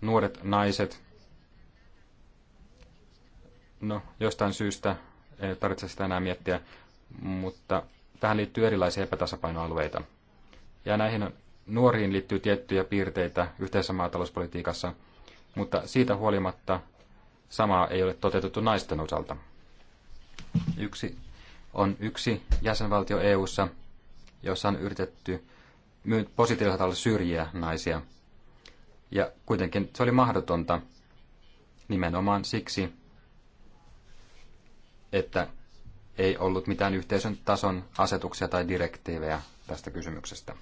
nuoret naiset, no jostain syystä ei tarvitse sitä enää miettiä, mutta tähän liittyy erilaisia epätasapainoalueita. Ja näihin nuoriin liittyy tiettyjä piirteitä yhteisessä maatalouspolitiikassa, mutta siitä huolimatta samaa ei ole toteutettu naisten osalta. Yksi on yksi jäsenvaltio EU:ssa, jossa on yritetty positiivisella tavalla syrjiä naisia. Ja kuitenkin se oli mahdotonta nimenomaan siksi, että ei ollut mitään yhteisön tason asetuksia tai direktiivejä tästä kysymyksestä.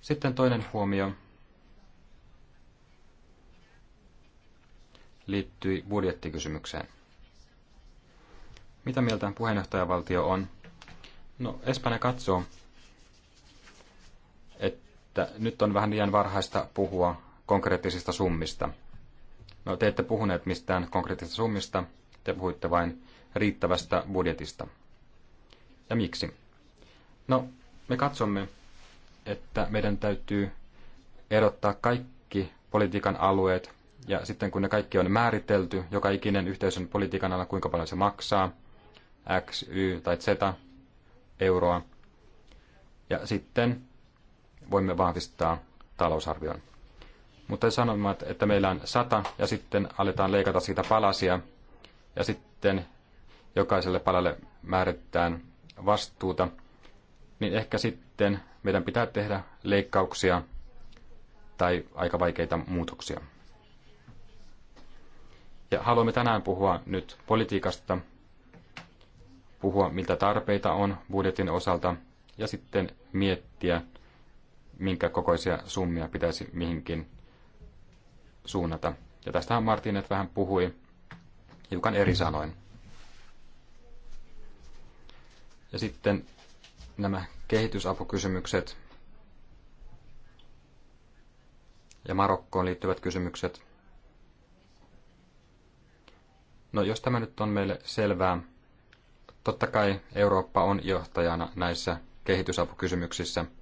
Sitten toinen huomio liittyi budjettikysymykseen. Mitä mieltä puheenjohtajavaltio on? No, Espanja katsoo, että nyt on vähän liian varhaista puhua konkreettisista summista – No te ette puhuneet mistään konkreettisista summista, te puhuitte vain riittävästä budjetista. Ja miksi? No, me katsomme, että meidän täytyy erottaa kaikki politiikan alueet, ja sitten kun ne kaikki on määritelty, joka ikinen yhteisön politiikan ala, kuinka paljon se maksaa, X, Y tai Z euroa, ja sitten voimme vahvistaa talousarvion. Mutta he sanovat, että meillä on sata ja sitten aletaan leikata siitä palasia ja sitten jokaiselle palalle määritetään vastuuta, niin ehkä sitten meidän pitää tehdä leikkauksia tai aika vaikeita muutoksia. Ja haluamme tänään puhua nyt politiikasta, puhua mitä tarpeita on budjetin osalta ja sitten miettiä, minkä kokoisia summia pitäisi mihinkin suunnata. Ja tästähän Martinet vähän puhui hiukan eri sanoin. Ja sitten nämä kehitysapukysymykset ja Marokkoon liittyvät kysymykset. No jos tämä nyt on meille selvää, totta kai Eurooppa on johtajana näissä kehitysapukysymyksissä –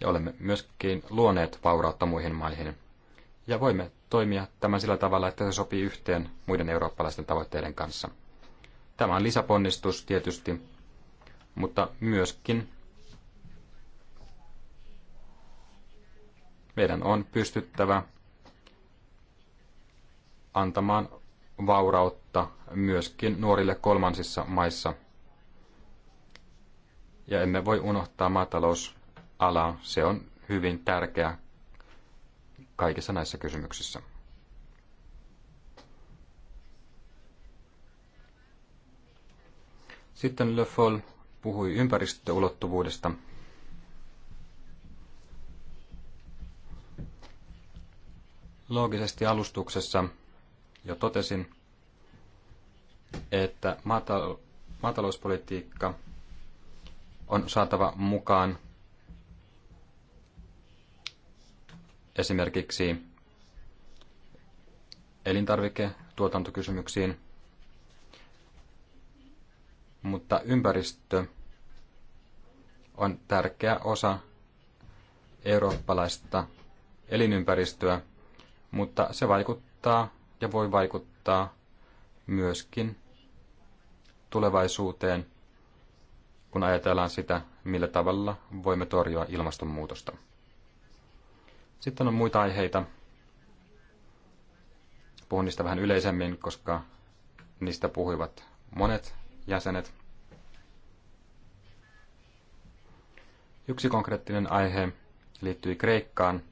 ja olemme myöskin luoneet vaurautta muihin maihin. Ja voimme toimia tämän sillä tavalla, että se sopii yhteen muiden eurooppalaisten tavoitteiden kanssa. Tämä on lisäponnistus tietysti, mutta myöskin meidän on pystyttävä antamaan vaurautta myöskin nuorille kolmansissa maissa. Ja emme voi unohtaa maatalous ala, se on hyvin tärkeä kaikissa näissä kysymyksissä. Sitten Le Foll puhui ympäristöulottuvuudesta. Loogisesti alustuksessa jo totesin, että maatalouspolitiikka on saatava mukaan esimerkiksi elintarviketuotantokysymyksiin, mutta ympäristö on tärkeä osa eurooppalaista elinympäristöä, mutta se vaikuttaa ja voi vaikuttaa myöskin tulevaisuuteen, kun ajatellaan sitä, millä tavalla voimme torjua ilmastonmuutosta. Sitten on muita aiheita. Puhun niistä vähän yleisemmin, koska niistä puhuivat monet jäsenet. Yksi konkreettinen aihe liittyi Kreikkaan.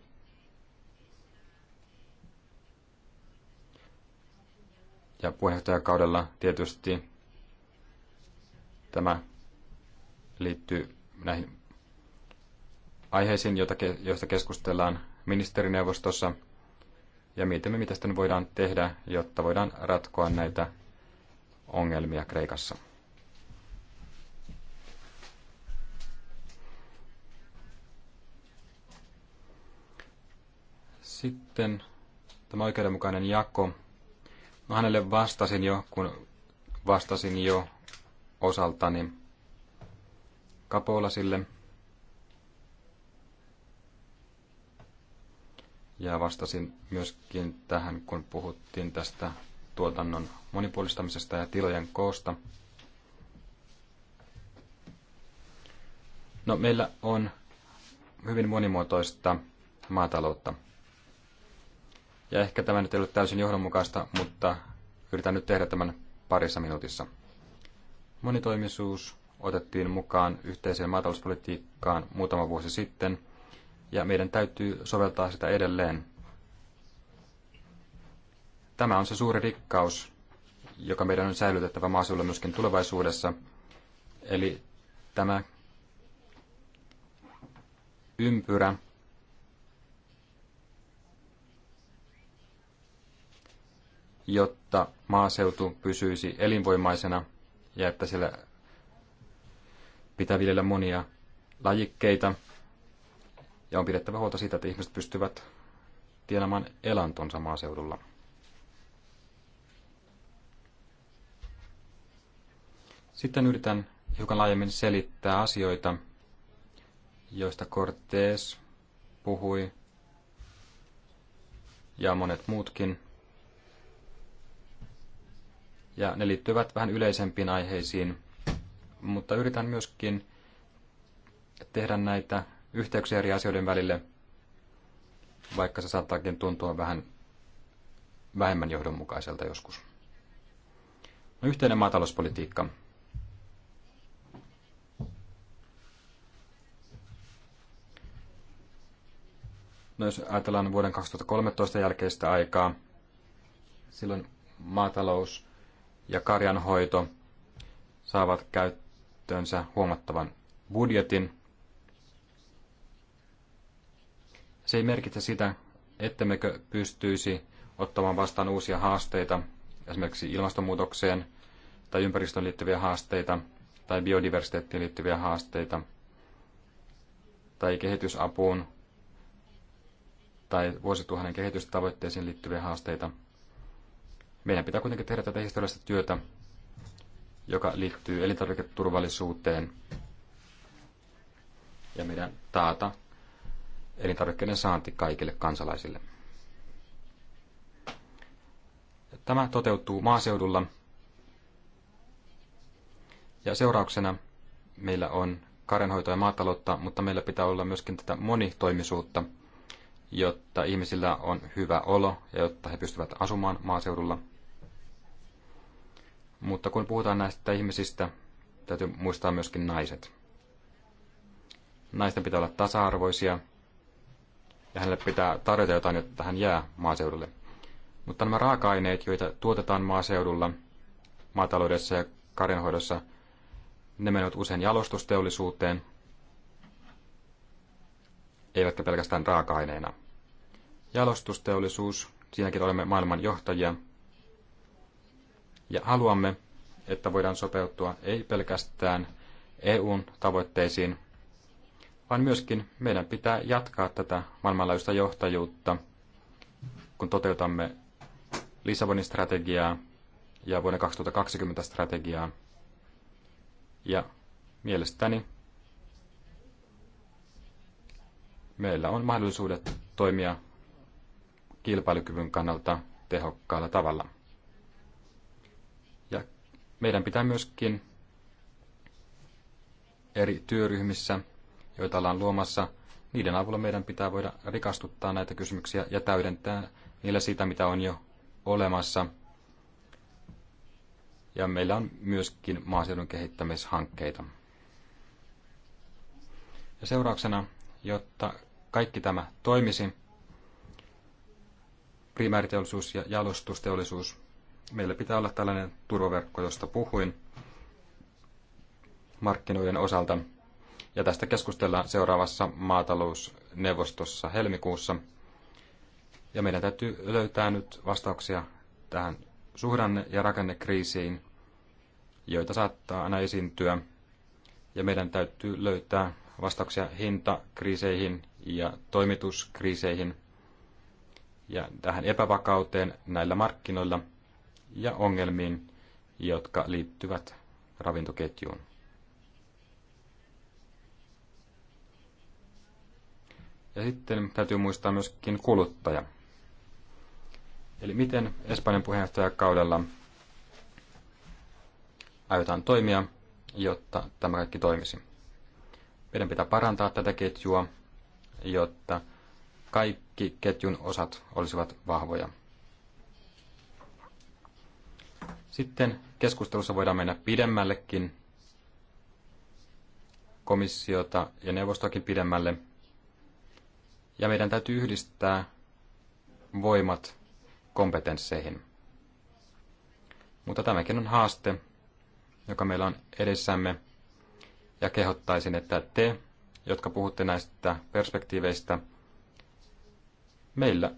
Ja puheenjohtajakaudella tietysti tämä liittyy näihin aiheisiin, joista keskustellaan ministerineuvostossa, ja mietimme, mitä sitten voidaan tehdä, jotta voidaan ratkoa näitä ongelmia Kreikassa. Sitten tämä oikeudenmukainen jako. No hänelle vastasin jo, kun vastasin jo osaltani Kapolasille. ja vastasin myöskin tähän, kun puhuttiin tästä tuotannon monipuolistamisesta ja tilojen koosta. No, meillä on hyvin monimuotoista maataloutta. Ja ehkä tämä nyt ei ole täysin johdonmukaista, mutta yritän nyt tehdä tämän parissa minuutissa. Monitoimisuus otettiin mukaan yhteiseen maatalouspolitiikkaan muutama vuosi sitten – ja meidän täytyy soveltaa sitä edelleen. Tämä on se suuri rikkaus, joka meidän on säilytettävä maaseudulla myöskin tulevaisuudessa. Eli tämä ympyrä, jotta maaseutu pysyisi elinvoimaisena ja että siellä pitää viljellä monia lajikkeita – ja on pidettävä huolta siitä, että ihmiset pystyvät tienamaan elantonsa maaseudulla. Sitten yritän hiukan laajemmin selittää asioita, joista Cortés puhui ja monet muutkin. Ja ne liittyvät vähän yleisempiin aiheisiin, mutta yritän myöskin tehdä näitä yhteyksiä eri asioiden välille, vaikka se saattaakin tuntua vähän vähemmän johdonmukaiselta joskus. No, yhteinen maatalouspolitiikka. No, jos ajatellaan vuoden 2013 jälkeistä aikaa, silloin maatalous ja karjanhoito saavat käyttöönsä huomattavan budjetin Se ei merkitse sitä, ettemmekö pystyisi ottamaan vastaan uusia haasteita, esimerkiksi ilmastonmuutokseen tai ympäristöön liittyviä haasteita tai biodiversiteettiin liittyviä haasteita tai kehitysapuun tai vuosituhannen kehitystavoitteisiin liittyviä haasteita. Meidän pitää kuitenkin tehdä tätä historiallista työtä, joka liittyy elintarviketurvallisuuteen ja meidän taata elintarvikkeiden saanti kaikille kansalaisille. Tämä toteutuu maaseudulla ja seurauksena meillä on karenhoito ja maataloutta, mutta meillä pitää olla myöskin tätä monitoimisuutta, jotta ihmisillä on hyvä olo ja jotta he pystyvät asumaan maaseudulla. Mutta kun puhutaan näistä ihmisistä, täytyy muistaa myöskin naiset. Naisten pitää olla tasa-arvoisia ja hänelle pitää tarjota jotain, jotta hän jää maaseudulle. Mutta nämä raaka-aineet, joita tuotetaan maaseudulla, maataloudessa ja karjanhoidossa, ne menevät usein jalostusteollisuuteen, eivätkä pelkästään raaka-aineena. Jalostusteollisuus, siinäkin olemme maailman johtajia, ja haluamme, että voidaan sopeutua ei pelkästään EUn tavoitteisiin, vaan myöskin meidän pitää jatkaa tätä maailmanlaajuista johtajuutta, kun toteutamme Lissabonin strategiaa ja vuoden 2020 strategiaa. Ja mielestäni meillä on mahdollisuudet toimia kilpailukyvyn kannalta tehokkaalla tavalla. Ja meidän pitää myöskin eri työryhmissä joita ollaan luomassa, niiden avulla meidän pitää voida rikastuttaa näitä kysymyksiä ja täydentää niillä sitä, mitä on jo olemassa. Ja meillä on myöskin maaseudun kehittämishankkeita. Ja seurauksena, jotta kaikki tämä toimisi, primääriteollisuus ja jalostusteollisuus, meillä pitää olla tällainen turvaverkko, josta puhuin markkinoiden osalta – ja tästä keskustellaan seuraavassa maatalousneuvostossa helmikuussa. Ja meidän täytyy löytää nyt vastauksia tähän suhdanne- ja rakennekriisiin, joita saattaa aina esiintyä. Ja meidän täytyy löytää vastauksia hintakriiseihin ja toimituskriiseihin ja tähän epävakauteen näillä markkinoilla ja ongelmiin, jotka liittyvät ravintoketjuun. Ja sitten täytyy muistaa myöskin kuluttaja. Eli miten Espanjan puheenjohtajakaudella aiotaan toimia, jotta tämä kaikki toimisi. Meidän pitää parantaa tätä ketjua, jotta kaikki ketjun osat olisivat vahvoja. Sitten keskustelussa voidaan mennä pidemmällekin komissiota ja neuvostokin pidemmälle ja meidän täytyy yhdistää voimat kompetensseihin. Mutta tämäkin on haaste, joka meillä on edessämme, ja kehottaisin, että te, jotka puhutte näistä perspektiiveistä, meillä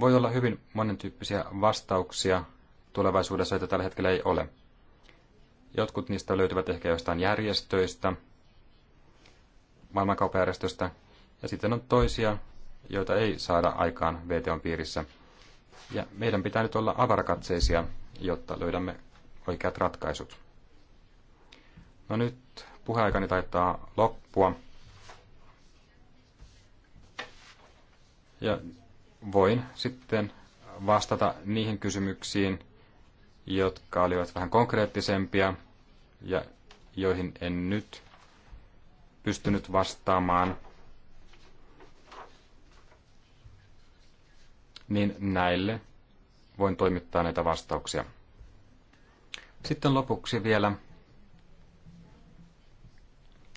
voi olla hyvin monentyyppisiä vastauksia tulevaisuudessa, joita tällä hetkellä ei ole. Jotkut niistä löytyvät ehkä jostain järjestöistä, maailmankauppajärjestöstä, ja sitten on toisia, joita ei saada aikaan VTOn piirissä. Ja meidän pitää nyt olla avarakatseisia, jotta löydämme oikeat ratkaisut. No nyt puheaikani taitaa loppua. Ja voin sitten vastata niihin kysymyksiin, jotka olivat vähän konkreettisempia ja joihin en nyt pystynyt vastaamaan niin näille voin toimittaa näitä vastauksia. Sitten lopuksi vielä,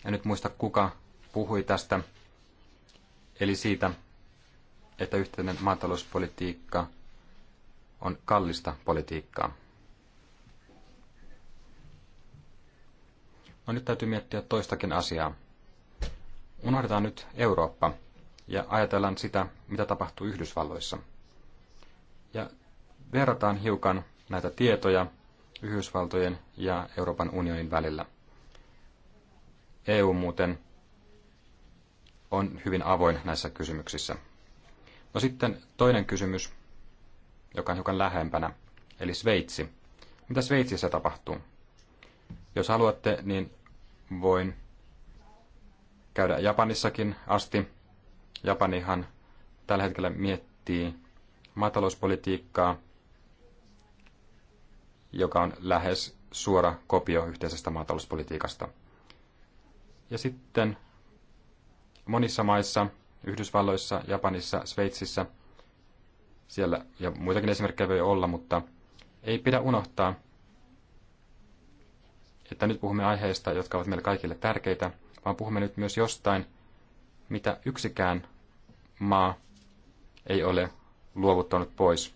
en nyt muista kuka puhui tästä, eli siitä, että yhteinen maatalouspolitiikka on kallista politiikkaa. No nyt täytyy miettiä toistakin asiaa. Unohdetaan nyt Eurooppa ja ajatellaan sitä, mitä tapahtuu Yhdysvalloissa – ja verrataan hiukan näitä tietoja Yhdysvaltojen ja Euroopan unionin välillä. EU muuten on hyvin avoin näissä kysymyksissä. No sitten toinen kysymys, joka on hiukan lähempänä, eli Sveitsi. Mitä Sveitsissä tapahtuu? Jos haluatte, niin voin käydä Japanissakin asti. Japanihan tällä hetkellä miettii maatalouspolitiikkaa, joka on lähes suora kopio yhteisestä maatalouspolitiikasta. Ja sitten monissa maissa, Yhdysvalloissa, Japanissa, Sveitsissä, siellä, ja muitakin esimerkkejä voi olla, mutta ei pidä unohtaa, että nyt puhumme aiheista, jotka ovat meille kaikille tärkeitä, vaan puhumme nyt myös jostain, mitä yksikään maa ei ole luovuttanut pois,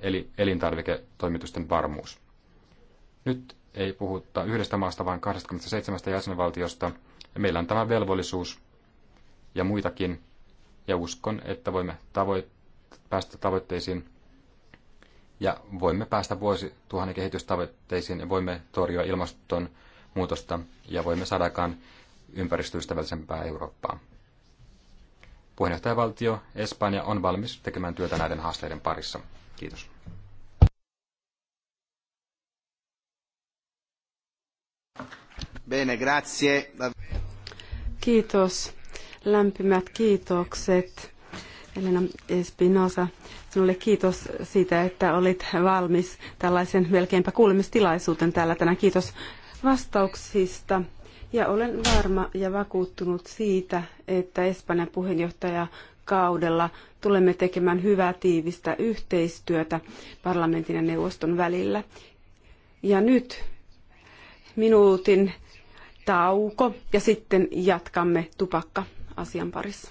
eli elintarviketoimitusten varmuus. Nyt ei puhuta yhdestä maasta, vaan 27 jäsenvaltiosta, ja meillä on tämä velvollisuus ja muitakin, ja uskon, että voimme tavoit- päästä tavoitteisiin ja voimme päästä vuosituhannen kehitystavoitteisiin ja voimme torjua ilmastonmuutosta ja voimme saadaakaan ympäristöystävällisempää Eurooppaa. Puheenjohtajavaltio Espanja on valmis tekemään työtä näiden haasteiden parissa. Kiitos. Bene, grazie. Kiitos. Lämpimät kiitokset. Elena Espinosa, sinulle kiitos siitä, että olit valmis tällaisen melkeinpä kuulemistilaisuuteen täällä tänään. Kiitos vastauksista. Ja olen varma ja vakuuttunut siitä, että Espanjan puheenjohtaja kaudella tulemme tekemään hyvää tiivistä yhteistyötä parlamentin ja neuvoston välillä. Ja nyt minuutin tauko ja sitten jatkamme tupakka-asian parissa.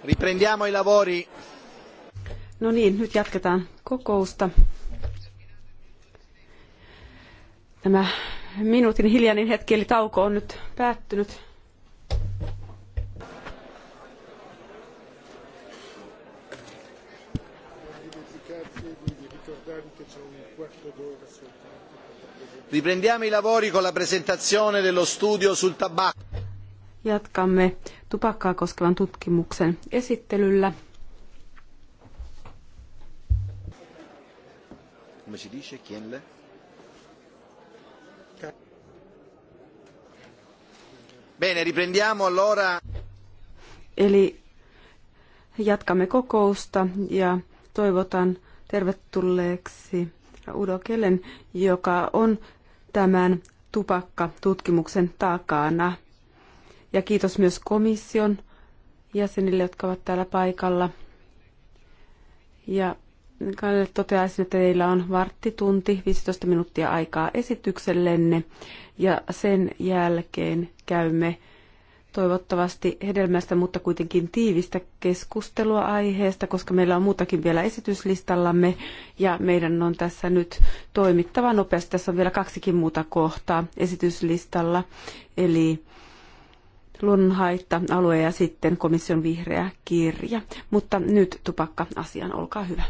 Riprendiamo i lavori. No niin, nyt jatketaan kokousta. Tämä minuutin hiljainen hetki, eli tauko on nyt päättynyt. Riprendiamo i lavori con la presentazione dello studio sul tabacco. Jatkamme tupakkaa koskevan tutkimuksen esittelyllä. Bene, riprendiamo allora. Eli jatkamme kokousta ja toivotan tervetulleeksi Udo Kellen, joka on tämän tupakkatutkimuksen takana. Ja kiitos myös komission jäsenille, jotka ovat täällä paikalla. Ja kaikille toteaisin, että teillä on varttitunti, 15 minuuttia aikaa esityksellenne ja sen jälkeen käymme toivottavasti hedelmästä, mutta kuitenkin tiivistä keskustelua aiheesta, koska meillä on muutakin vielä esityslistallamme ja meidän on tässä nyt toimittava nopeasti. Tässä on vielä kaksikin muuta kohtaa esityslistalla, eli luonnonhaitta-alue ja sitten komission vihreä kirja. Mutta nyt tupakka-asian, olkaa hyvä.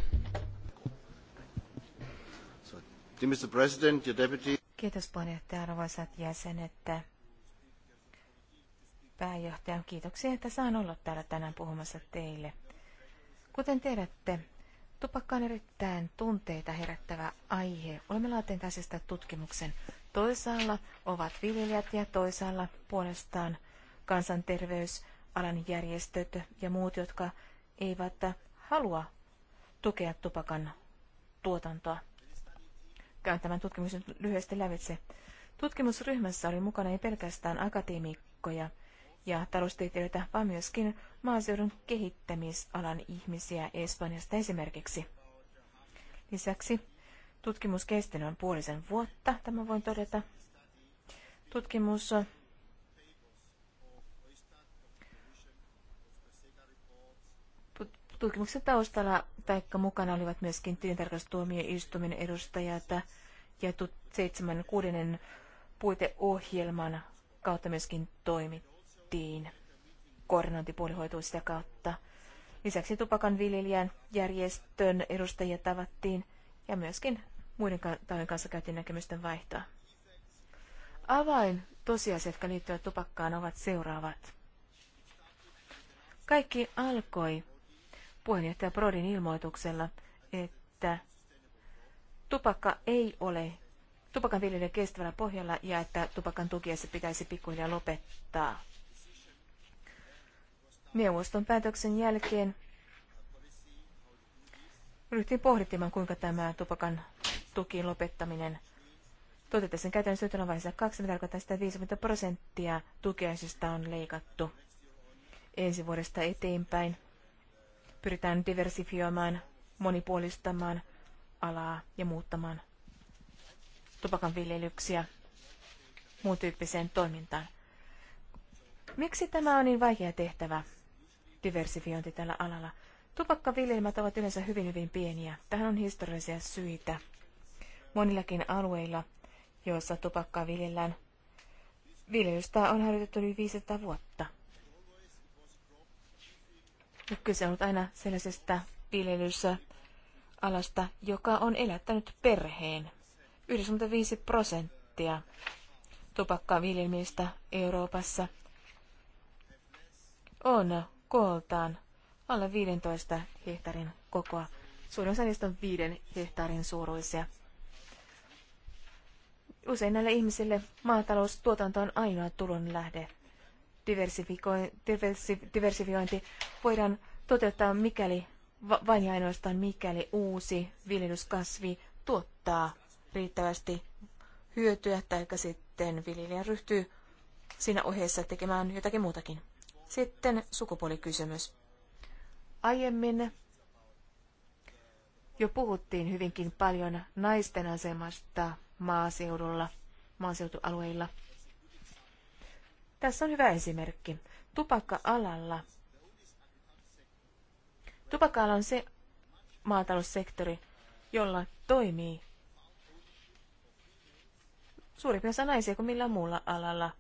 Kiitos puheenjohtaja, arvoisat jäsenet. Pääjohtaja, kiitoksia, että saan olla täällä tänään puhumassa teille. Kuten tiedätte, tupakka on erittäin tunteita herättävä aihe. Olemme laatineet asiasta tutkimuksen. Toisaalla ovat viljelijät ja toisaalla puolestaan – kansanterveysalan järjestöt ja muut, jotka eivät halua tukea tupakan tuotantoa. Käyn tämän tutkimuksen lyhyesti lävitse. Tutkimusryhmässä oli mukana ei pelkästään akateemikkoja ja taloustieteilijöitä, vaan myöskin maaseudun kehittämisalan ihmisiä Espanjasta esimerkiksi. Lisäksi tutkimus kesti noin puolisen vuotta, tämä voin todeta. Tutkimus Tutkimuksen taustalla taikka mukana olivat myöskin tilintarkastustuomioistuimen edustajat ja seitsemän kuudennen puiteohjelman kautta myöskin toimittiin. Koordinointipuoli hoituu sitä kautta. Lisäksi tupakan viljelijän järjestön edustajia tavattiin ja myöskin muiden tahojen kanssa käytiin näkemysten vaihtoa. Avain tosiasiat, jotka liittyvät tupakkaan, ovat seuraavat. Kaikki alkoi puheenjohtaja Brodin ilmoituksella, että tupakka ei ole tupakan viljely kestävällä pohjalla ja että tupakan tukiessa pitäisi pikkuhiljaa lopettaa. Neuvoston päätöksen jälkeen ryhtiin pohdittamaan, kuinka tämä tupakan tukiin lopettaminen toteutetaan sen käytännössä yhtenä vaiheessa 20 50 prosenttia tukiaisista on leikattu ensi vuodesta eteenpäin pyritään diversifioimaan, monipuolistamaan alaa ja muuttamaan tupakan viljelyksiä muun tyyppiseen toimintaan. Miksi tämä on niin vaikea tehtävä, diversifiointi tällä alalla? Tupakkaviljelmät ovat yleensä hyvin hyvin pieniä. Tähän on historiallisia syitä. Monillakin alueilla, joissa tupakkaa viljellään, viljelystä on harjoitettu yli 500 vuotta. Kyse on aina sellaisesta viljelyssä alasta, joka on elättänyt perheen. 95 prosenttia tupakkaviljelmistä Euroopassa on kooltaan alle 15 hehtaarin kokoa. Suurin osa niistä on 5 hehtaarin suuruisia. Usein näille ihmisille maataloustuotanto on ainoa lähde diversifiointi voidaan toteuttaa mikäli, vain ja ainoastaan mikäli uusi viljelyskasvi tuottaa riittävästi hyötyä tai sitten viljelijä ryhtyy siinä ohjeessa tekemään jotakin muutakin. Sitten sukupuolikysymys. Aiemmin jo puhuttiin hyvinkin paljon naisten asemasta maaseudulla, maaseutualueilla – tässä on hyvä esimerkki. Tupakka-alalla. Tupakka-ala on se maataloussektori, jolla toimii Suurimpia osa naisia kuin millään muulla alalla.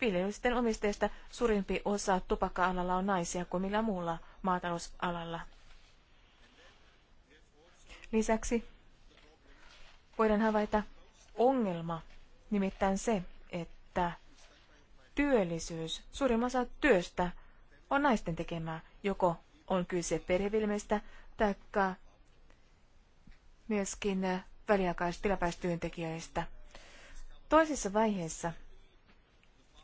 Viljelysten omistajista suurimpi osa tupakka-alalla on naisia kuin millään muulla maatalousalalla. Lisäksi voidaan havaita ongelma, nimittäin se, että Työllisyys, suurin osa työstä on naisten tekemää, joko on kyse perhevilmeistä tai myöskin äh, väliaikaistilapäistyöntekijöistä. Toisessa vaiheessa,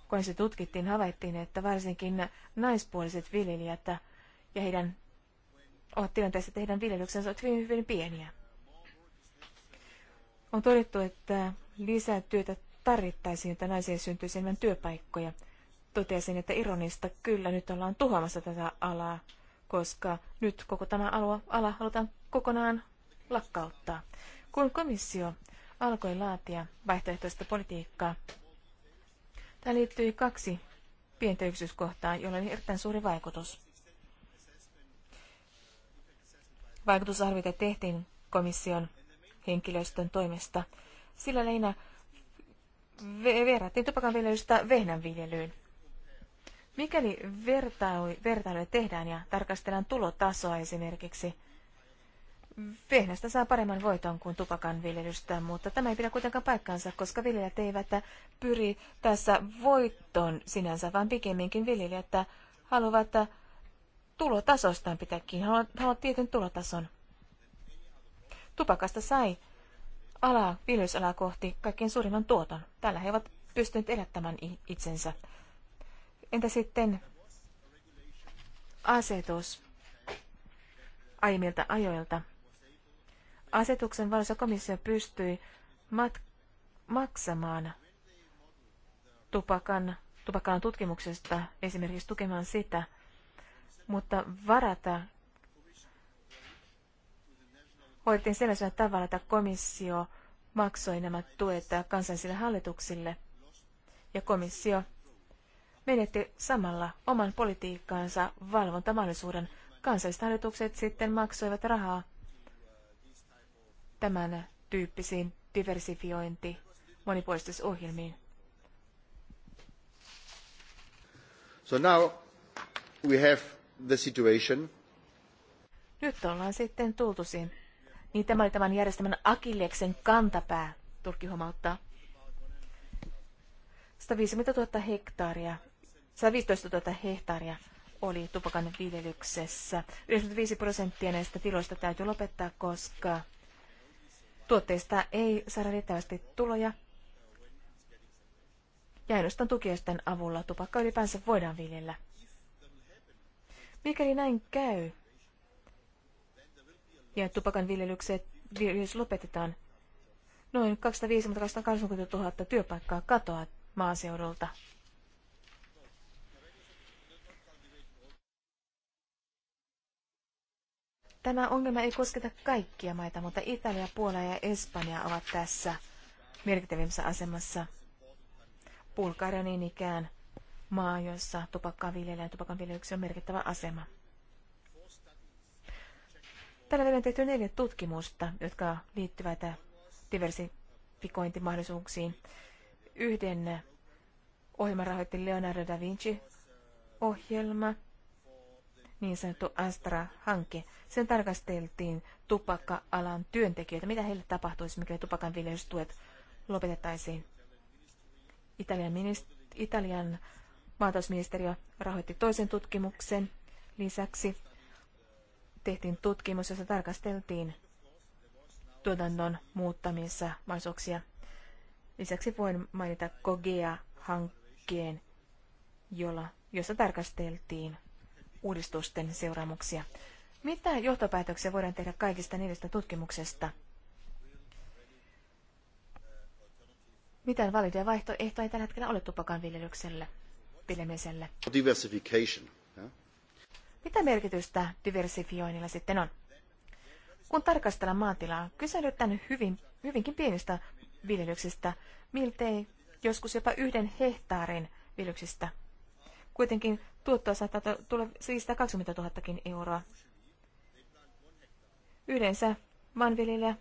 kun se tutkittiin, havaittiin, että varsinkin naispuoliset viljelijät ja heidän ovat tilanteessa, että heidän viljelyksensä ovat hyvin, hyvin pieniä. On todettu, että lisää työtä tarvittaisiin, että naisia syntyisi enemmän työpaikkoja. Totesin, että ironista kyllä nyt ollaan tuhoamassa tätä alaa, koska nyt koko tämä alue, ala halutaan kokonaan lakkauttaa. Kun komissio alkoi laatia vaihtoehtoista politiikkaa, tämä liittyi kaksi pientä yksityiskohtaa, joilla oli erittäin suuri vaikutus. Vaikutusarvioita tehtiin komission henkilöstön toimesta. Sillä leinä verrattiin tupakanviljelystä vehnänviljelyyn. Mikäli vertailuja tehdään ja tarkastellaan tulotasoa esimerkiksi, vehnästä saa paremman voiton kuin tupakan viljelystä, mutta tämä ei pidä kuitenkaan paikkaansa, koska viljelijät eivät pyri tässä voittoon sinänsä, vaan pikemminkin viljelijät haluavat tulotasostaan pitääkin, haluavat tietyn tulotason. Tupakasta sai alaa, viljelysalaa kohti kaikkein suurimman tuoton. Tällä he ovat pystyneet elättämään itsensä. Entä sitten asetus aiemmilta ajoilta? Asetuksen valossa komissio pystyi mat- maksamaan tupakan, tupakan tutkimuksesta esimerkiksi tukemaan sitä, mutta varata hoidettiin sellaisella tavalla, että komissio maksoi nämä tuet kansallisille hallituksille. Ja komissio menetti samalla oman politiikkaansa valvontamahdollisuuden. Kansalliset hallitukset sitten maksoivat rahaa tämän tyyppisiin diversifiointi monipuolistusohjelmiin. So now we have the situation. Nyt ollaan sitten tultu siihen niin tämä oli tämän järjestelmän Akilleksen kantapää, Turkki huomauttaa. 150 000 hektaaria, 115 000 hehtaaria oli tupakan viljelyksessä. 95 prosenttia näistä tiloista täytyy lopettaa, koska tuotteista ei saada riittävästi tuloja. Ja ainoastaan tukiesten avulla tupakka ylipäänsä voidaan viljellä. Mikäli näin käy, ja tupakan viljelykset lopetetaan. Noin 250 000 työpaikkaa katoaa maaseudulta. Tämä ongelma ei kosketa kaikkia maita, mutta Italia, Puola ja Espanja ovat tässä merkittävimmässä asemassa. Bulgaria niin ikään maa, jossa tupakkaa viljellään ja tupakan on merkittävä asema. Tällä välillä on tehty neljä tutkimusta, jotka liittyvät diversifikointimahdollisuuksiin. Yhden ohjelman rahoitti Leonardo da Vinci-ohjelma, niin sanottu Astra-hanke. Sen tarkasteltiin tupakka-alan työntekijöitä, mitä heille tapahtuisi, mikäli tupakan viljelystuet lopetettaisiin. Italian, ministeri, Italian maatalousministeriö rahoitti toisen tutkimuksen lisäksi tehtiin tutkimus, jossa tarkasteltiin tuotannon muuttamissa mahdollisuuksia. Lisäksi voin mainita Kogea-hankkeen, jolla, jossa tarkasteltiin uudistusten seuraamuksia. Mitä johtopäätöksiä voidaan tehdä kaikista niistä tutkimuksesta? Mitään validia vaihtoehtoja ei tällä hetkellä ole tupakan viljelykselle, viljelemiselle. Diversification. Mitä merkitystä diversifioinnilla sitten on? Kun tarkastellaan maatilaa, kyselytään hyvin, hyvinkin pienistä viljelyksistä, miltei joskus jopa yhden hehtaarin viljelyksistä. Kuitenkin tuottoa saattaa tulla 520 000 euroa. Yleensä maanviljelijä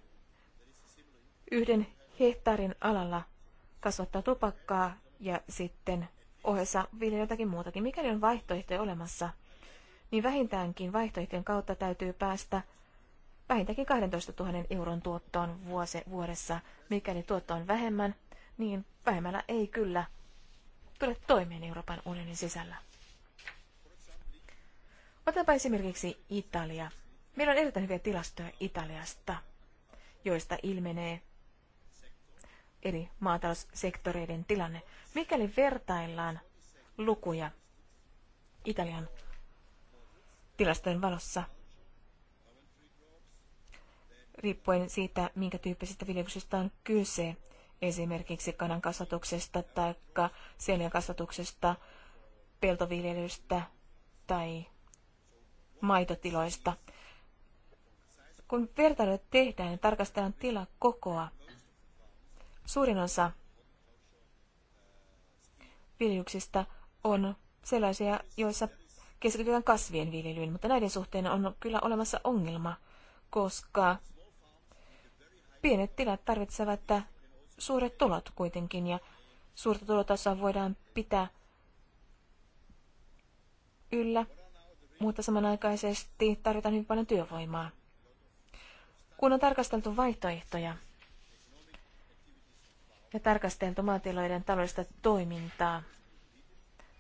yhden hehtaarin alalla kasvattaa tupakkaa ja sitten ohessa viljelee jotakin muutakin, mikäli on vaihtoehtoja olemassa – niin vähintäänkin vaihtoehtojen kautta täytyy päästä vähintäänkin 12 000 euron tuottoon vuose, vuodessa. Mikäli tuotto on vähemmän, niin vähemmällä ei kyllä tule toimeen Euroopan unionin sisällä. Otetaanpa esimerkiksi Italia. Meillä on erittäin hyviä tilastoja Italiasta, joista ilmenee eri maataloussektoreiden tilanne. Mikäli vertaillaan lukuja Italian tilastojen valossa. Riippuen siitä, minkä tyyppisestä viljelyksestä on kyse, esimerkiksi kanan kasvatuksesta tai sienien kasvatuksesta, peltoviljelystä tai maitotiloista. Kun vertailut tehdään, niin tarkastellaan tilakokoa. Suurin osa viljelyksistä on sellaisia, joissa keskitytään kasvien viljelyyn, mutta näiden suhteen on kyllä olemassa ongelma, koska pienet tilat tarvitsevat suuret tulot kuitenkin ja suurta tulotasoa voidaan pitää yllä, mutta samanaikaisesti tarvitaan hyvin paljon työvoimaa. Kun on tarkasteltu vaihtoehtoja ja tarkasteltu maatiloiden taloudellista toimintaa,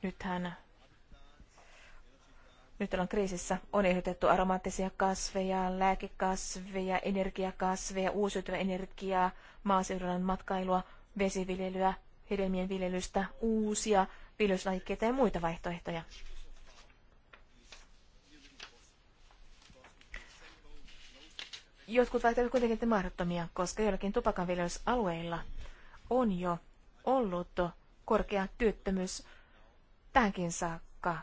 nythän nyt ollaan kriisissä, on ehdotettu aromaattisia kasveja, lääkekasveja, energiakasveja, uusiutuvaa energiaa, maaseudun matkailua, vesiviljelyä, hedelmien viljelystä, uusia viljelyslajikkeita ja muita vaihtoehtoja. Jotkut vaihtoehdot kuitenkin ovat mahdottomia, koska joillakin tupakanviljelysalueilla on jo ollut korkea työttömyys tähänkin saakka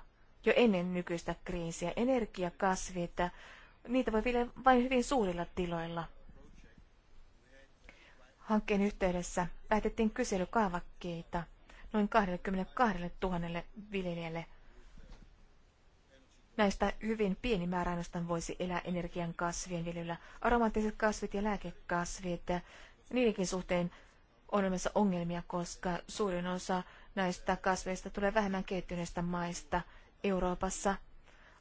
jo ennen nykyistä kriisiä. Energiakasvit, niitä voi viljellä vain hyvin suurilla tiloilla. Hankkeen yhteydessä päätettiin kyselykaavakkeita noin 22 000 viljelijälle. Näistä hyvin pieni määrä ainoastaan voisi elää energian kasvien viljelyllä. Aromaattiset kasvit ja lääkekasvit, niidenkin suhteen on olemassa ongelmia, koska suurin osa näistä kasveista tulee vähemmän kehittyneistä maista – Euroopassa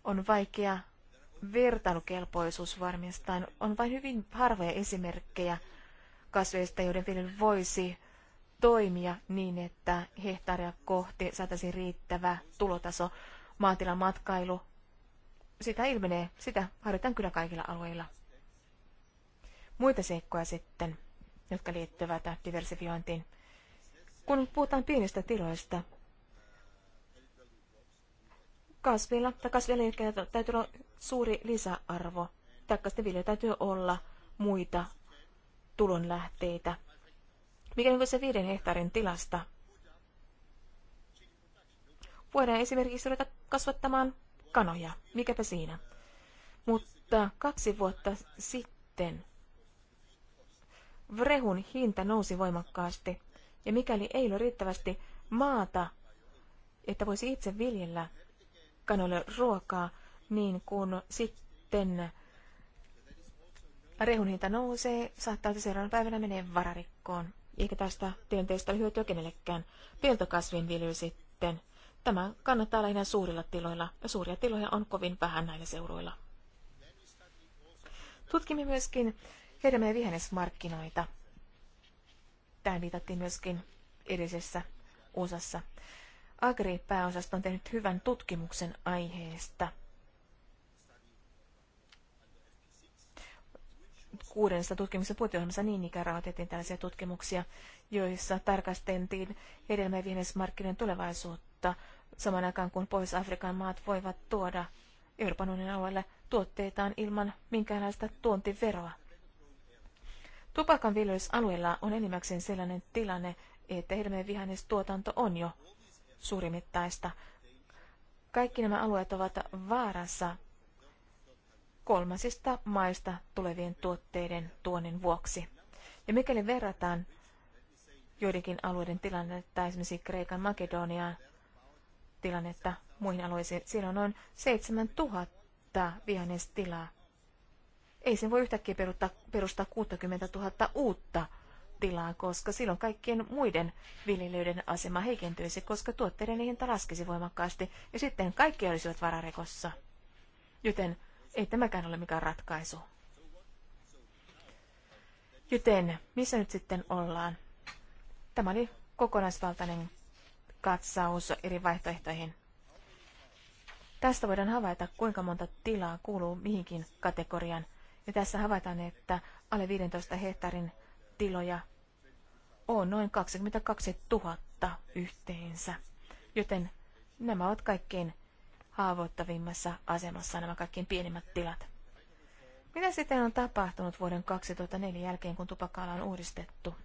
on vaikea vertailukelpoisuus varmistaa. On vain hyvin harvoja esimerkkejä kasveista, joiden viljely voisi toimia niin, että hehtaaria kohti saataisiin riittävä tulotaso. Maatilan matkailu, sitä ilmenee, sitä harjoitetaan kyllä kaikilla alueilla. Muita seikkoja sitten, jotka liittyvät diversifiointiin. Kun puhutaan pienistä tiloista, kasvilla tai kasvilla täytyy olla suuri lisäarvo. tai sitten viljellä täytyy olla muita tulonlähteitä. Mikä on se viiden hehtaarin tilasta? Voidaan esimerkiksi ruveta kasvattamaan kanoja, mikäpä siinä. Mutta kaksi vuotta sitten vrehun hinta nousi voimakkaasti, ja mikäli ei ole riittävästi maata, että voisi itse viljellä kanoille ruokaa, niin kun sitten rehun hinta nousee, saattaa, että seuraavana päivänä menee vararikkoon. Eikä tästä tilanteesta ole hyötyä kenellekään. Peltokasvien viljely sitten. Tämä kannattaa lähinnä suurilla tiloilla, ja suuria tiloja on kovin vähän näillä seuroilla. Tutkimme myöskin hedelmä- ja vihannesmarkkinoita. Tähän viitattiin myöskin edellisessä osassa. Agri-pääosasto on tehnyt hyvän tutkimuksen aiheesta. 600 tutkimuksen puutiohjelmassa niin ikään rahoitettiin tällaisia tutkimuksia, joissa tarkasteltiin hedelmä- ja tulevaisuutta saman aikaan, kun Pohjois-Afrikan maat voivat tuoda Euroopan unionin alueelle tuotteitaan ilman minkäänlaista tuontiveroa. Tupakan viljelysalueella on enimmäkseen sellainen tilanne, että hedelmä- ja vihannestuotanto on jo suurimittaista. Kaikki nämä alueet ovat vaarassa kolmasista maista tulevien tuotteiden tuonnin vuoksi. Ja mikäli verrataan joidenkin alueiden tilannetta, esimerkiksi Kreikan Makedonian tilannetta muihin alueisiin, siellä on noin 7000 vihannestilaa. Ei sen voi yhtäkkiä perustaa, perustaa 60 000 uutta tilaa, koska silloin kaikkien muiden viljelijöiden asema heikentyisi, koska tuotteiden hinta laskisi voimakkaasti ja sitten kaikki olisivat vararekossa. Joten ei tämäkään ole mikään ratkaisu. Joten missä nyt sitten ollaan? Tämä oli kokonaisvaltainen katsaus eri vaihtoehtoihin. Tästä voidaan havaita, kuinka monta tilaa kuuluu mihinkin kategoriaan. Ja tässä havaitaan, että alle 15 hehtaarin tiloja on noin 22 000 yhteensä, joten nämä ovat kaikkein haavoittavimmassa asemassa nämä kaikkein pienimmät tilat. Mitä sitten on tapahtunut vuoden 2004 jälkeen, kun tupakkaala on uudistettu?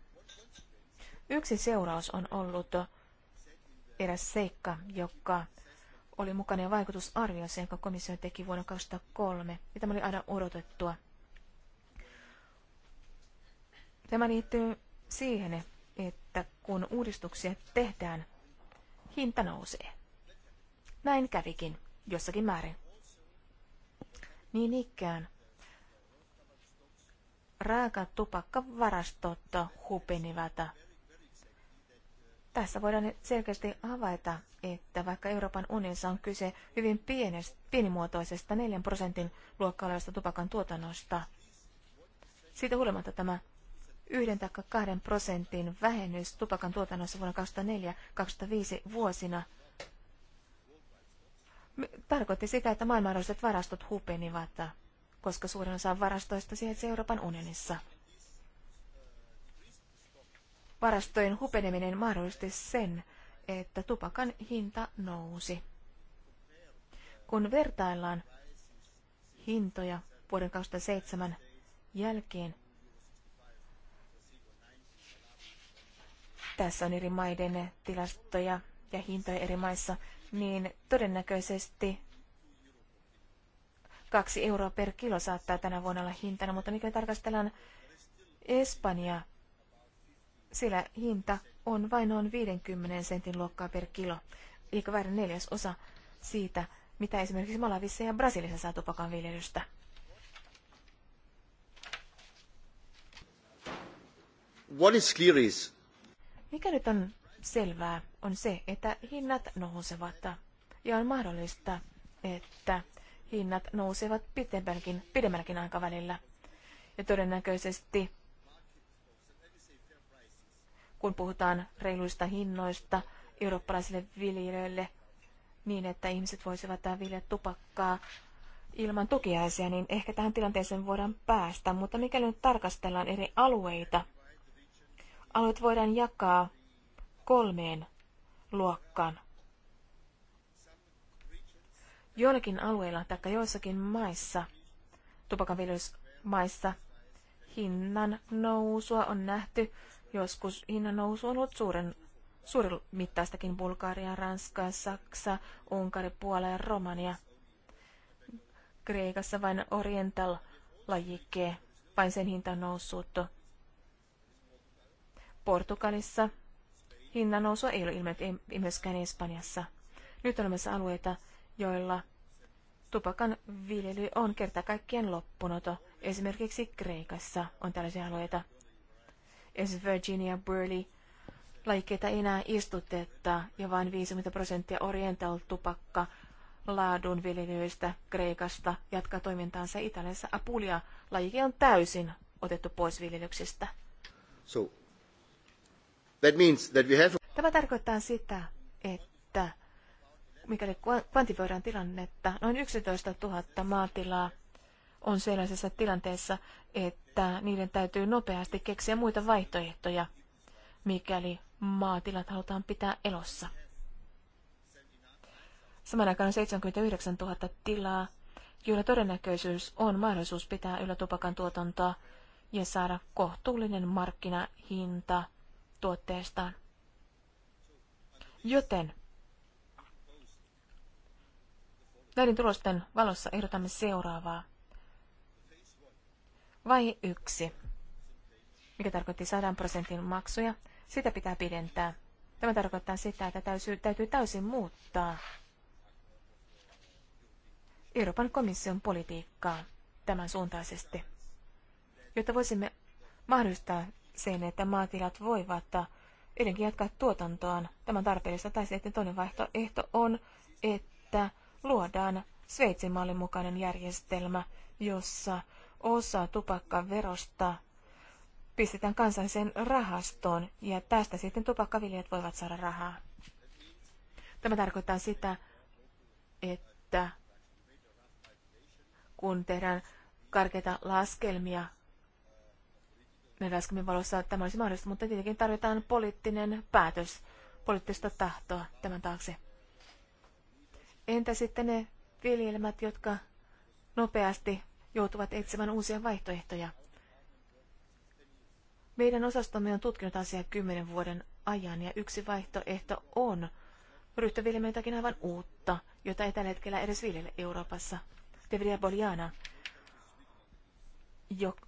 Yksi seuraus on ollut eräs seikka, joka oli mukana ja vaikutusarviossa, jonka komissio teki vuonna 2003, ja tämä oli aina odotettua. Tämä liittyy siihen, että kun uudistuksia tehdään, hinta nousee. Näin kävikin jossakin määrin. Niin ikään raaka tupakkavarastot hupenivat. Tässä voidaan selkeästi havaita, että vaikka Euroopan unionissa on kyse hyvin pienestä, pienimuotoisesta 4 prosentin luokkaa olevasta tupakan tuotannosta, siitä huolimatta tämä yhden tai kahden prosentin vähennys tupakan tuotannossa vuonna 2004-2005 vuosina tarkoitti sitä, että maailmanlaajuiset varastot hupenivat, koska suurin osa varastoista sijaitsi Euroopan unionissa. Varastojen hupeneminen mahdollisti sen, että tupakan hinta nousi. Kun vertaillaan hintoja vuoden 2007 jälkeen tässä on eri maiden tilastoja ja hintoja eri maissa, niin todennäköisesti kaksi euroa per kilo saattaa tänä vuonna olla hintana, mutta mikä tarkastellaan Espanjaa, sillä hinta on vain noin 50 sentin luokkaa per kilo, eikä väärin neljäs osa siitä, mitä esimerkiksi Malavissa ja Brasilissa saa tupakan viljelystä. What is clear is mikä nyt on selvää, on se, että hinnat nousevat ja on mahdollista, että hinnat nousevat pidemmälläkin, pidemmälläkin aikavälillä. Ja todennäköisesti, kun puhutaan reiluista hinnoista eurooppalaisille viljelijöille, niin että ihmiset voisivat viljellä tupakkaa ilman tukiaisia, niin ehkä tähän tilanteeseen voidaan päästä. Mutta mikäli nyt tarkastellaan eri alueita, Alueet voidaan jakaa kolmeen luokkaan. Joillakin alueilla tai joissakin maissa, tupakanviljelysmaissa, hinnan nousua on nähty. Joskus hinnan nousu on ollut suuren, suuren mittaistakin Bulgaria, Ranska, Saksa, Unkari, Puola ja Romania. Kreikassa vain Oriental-lajikkeen, vain sen hinta on noussut Portugalissa hinnan nousua ei ole ilmennyt myöskään Espanjassa. Nyt on myös alueita, joilla tupakan viljely on kerta kaikkien loppunut. Esimerkiksi Kreikassa on tällaisia alueita. Es Virginia Burley Laikkeita ei enää istutetta ja vain 50 prosenttia Oriental-tupakka laadun viljelijöistä Kreikasta jatkaa toimintaansa Italiassa. Apulia lajike on täysin otettu pois viljelyksestä. So, That means that we have... Tämä tarkoittaa sitä, että mikäli kvantifioidaan tilannetta, noin 11 000 maatilaa on sellaisessa tilanteessa, että niiden täytyy nopeasti keksiä muita vaihtoehtoja, mikäli maatilat halutaan pitää elossa. Samaan aikaan on 79 000 tilaa, joilla todennäköisyys on mahdollisuus pitää yllä tupakan tuotantoa ja saada kohtuullinen markkinahinta – tuotteestaan. Joten näiden tulosten valossa ehdotamme seuraavaa. Vai yksi, mikä tarkoitti 100 prosentin maksuja, sitä pitää pidentää. Tämä tarkoittaa sitä, että täytyy, täytyy täysin muuttaa Euroopan komission politiikkaa tämän suuntaisesti, jotta voisimme mahdollistaa sen, että maatilat voivat edelleenkin jatkaa tuotantoaan. tämän tarpeellista. Tai sitten toinen vaihtoehto on, että luodaan Sveitsin mallin mukainen järjestelmä, jossa osa tupakkaverosta pistetään kansalliseen rahastoon ja tästä sitten tupakkaviljelijät voivat saada rahaa. Tämä tarkoittaa sitä, että kun tehdään karkeita laskelmia me laskumme valossa tämä olisi mahdollista, mutta tietenkin tarvitaan poliittinen päätös, poliittista tahtoa tämän taakse. Entä sitten ne viljelmät, jotka nopeasti joutuvat etsimään uusia vaihtoehtoja? Meidän osastomme on tutkinut asiaa kymmenen vuoden ajan ja yksi vaihtoehto on ryhtyä jotakin aivan uutta, jota ei tällä hetkellä edes viljele Euroopassa. Devria Boliana, joka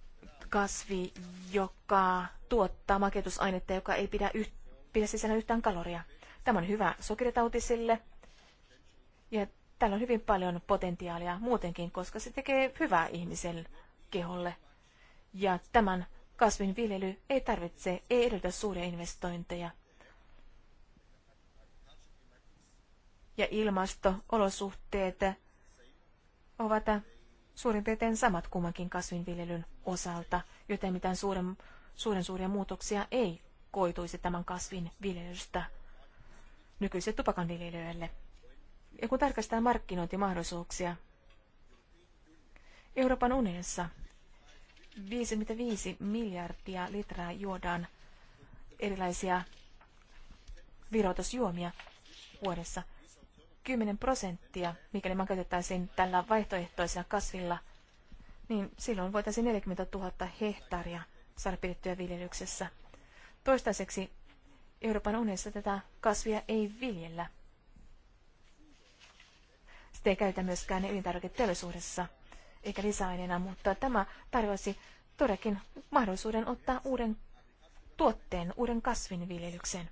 kasvi, joka tuottaa maketusainetta, joka ei pidä, yht, pidä sisällä yhtään kaloria. Tämä on hyvä sokeritautisille ja täällä on hyvin paljon potentiaalia muutenkin, koska se tekee hyvää ihmisen keholle. Ja tämän kasvin viljely ei tarvitse, ei edellytä suuria investointeja. Ja ilmasto, olosuhteet ovat suurin piirtein samat kummankin kasvinviljelyn osalta, joten mitään suuren, suuren suuria muutoksia ei koituisi tämän kasvin viljelystä nykyisille tupakanviljelijöille. Ja kun tarkastetaan markkinointimahdollisuuksia, Euroopan unionissa 55 miljardia litraa juodaan erilaisia virotusjuomia vuodessa. 10 prosenttia, mikäli mä tällä vaihtoehtoisella kasvilla, niin silloin voitaisiin 40 000 hehtaaria saada pidettyä viljelyksessä. Toistaiseksi Euroopan unessa tätä kasvia ei viljellä. Sitä ei käytä myöskään elintarviketeollisuudessa eikä lisäaineena, mutta tämä tarjoaisi todellakin mahdollisuuden ottaa uuden tuotteen, uuden kasvin viljelykseen.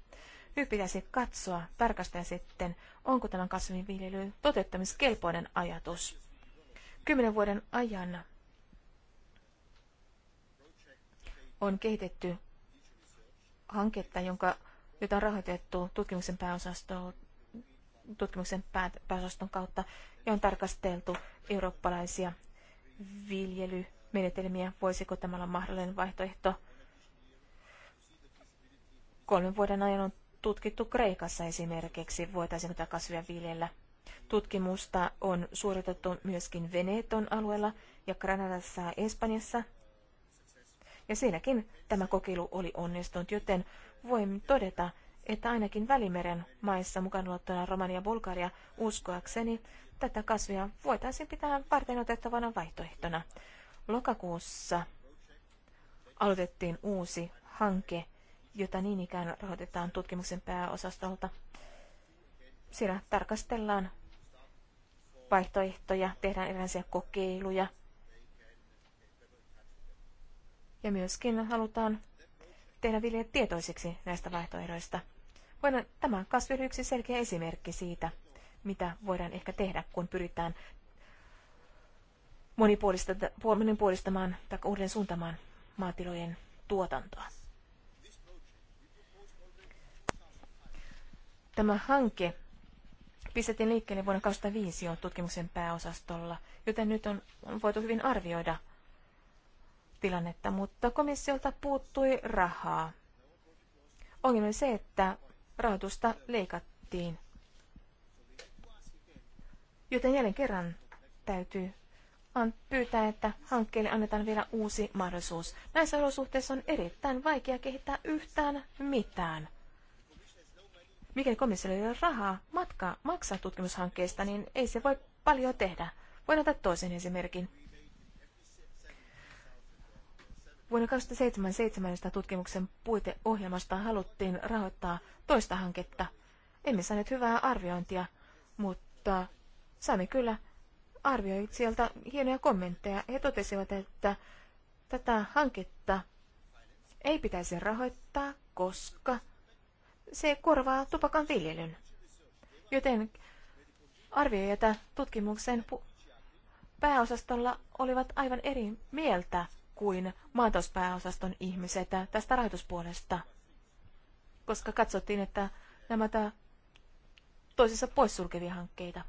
Nyt pitäisi katsoa, tarkastaa sitten, onko tämän kasvinviljelyn toteuttamiskelpoinen ajatus. Kymmenen vuoden ajan on kehitetty hanketta, jonka, jota on rahoitettu tutkimuksen pääosastoon tutkimuksen pääosaston kautta ja on tarkasteltu eurooppalaisia viljelymenetelmiä. Voisiko tämä olla mahdollinen vaihtoehto? Kolmen vuoden ajan on tutkittu Kreikassa esimerkiksi, voitaisiinko tätä kasvia viljellä. Tutkimusta on suoritettu myöskin Veneton alueella ja Granadassa ja Espanjassa. Ja siinäkin tämä kokeilu oli onnistunut, joten voimme todeta, että ainakin Välimeren maissa mukaan luottuna Romania ja Bulgaria uskoakseni tätä kasvia voitaisiin pitää varten otettavana vaihtoehtona. Lokakuussa aloitettiin uusi hanke, jota niin ikään rahoitetaan tutkimuksen pääosastolta. Siellä tarkastellaan vaihtoehtoja, tehdään erilaisia kokeiluja. Ja myöskin halutaan tehdä viljelijät tietoisiksi näistä vaihtoehdoista. Voidaan, tämä on kasvi yksi selkeä esimerkki siitä, mitä voidaan ehkä tehdä, kun pyritään monipuolistamaan tai uuden suuntamaan maatilojen tuotantoa. Tämä hanke pistettiin liikkeelle vuonna 2005 jo tutkimuksen pääosastolla, joten nyt on, on voitu hyvin arvioida tilannetta, mutta komissiolta puuttui rahaa. Ongelma oli se, että rahoitusta leikattiin. Joten jälleen kerran täytyy pyytää, että hankkeelle annetaan vielä uusi mahdollisuus. Näissä olosuhteissa on erittäin vaikea kehittää yhtään mitään – Mikäli komissiolla ei ole rahaa matka maksaa tutkimushankkeista, niin ei se voi paljon tehdä. Voin ottaa toisen esimerkin. Vuonna 2007 tutkimuksen puiteohjelmasta haluttiin rahoittaa toista hanketta. Emme saaneet hyvää arviointia, mutta saimme kyllä sieltä hienoja kommentteja. He totesivat, että tätä hanketta ei pitäisi rahoittaa, koska se korvaa tupakan viljelyn. Joten arvioijat tutkimuksen pääosastolla olivat aivan eri mieltä kuin maatalouspääosaston ihmiset tästä rahoituspuolesta, koska katsottiin, että nämä tää toisissa poissulkevia hankkeita.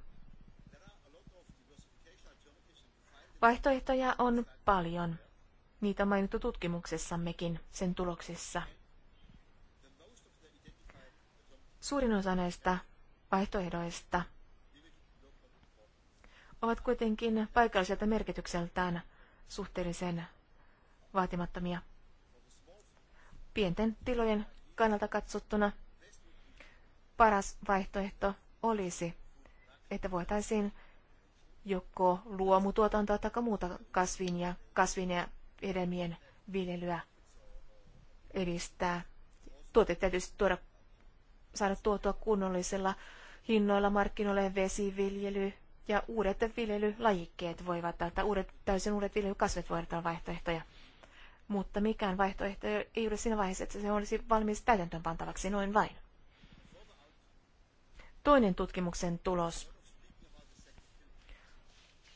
Vaihtoehtoja on paljon. Niitä on mainittu tutkimuksessammekin sen tuloksissa. Suurin osa näistä vaihtoehdoista ovat kuitenkin paikalliselta merkitykseltään suhteellisen vaatimattomia. Pienten tilojen kannalta katsottuna paras vaihtoehto olisi, että voitaisiin joko luomutuotantoa tai muuta kasvin ja, kasvin ja hedelmien viljelyä edistää. Tuotteet täytyisi tuoda saada tuotua kunnollisilla hinnoilla markkinoille vesiviljely ja uudet viljelylajikkeet voivat, tai uudet, täysin uudet viljelykasvet voivat olla vaihtoehtoja. Mutta mikään vaihtoehto ei ole siinä vaiheessa, että se olisi valmis täytäntöön pantavaksi noin vain. Toinen tutkimuksen tulos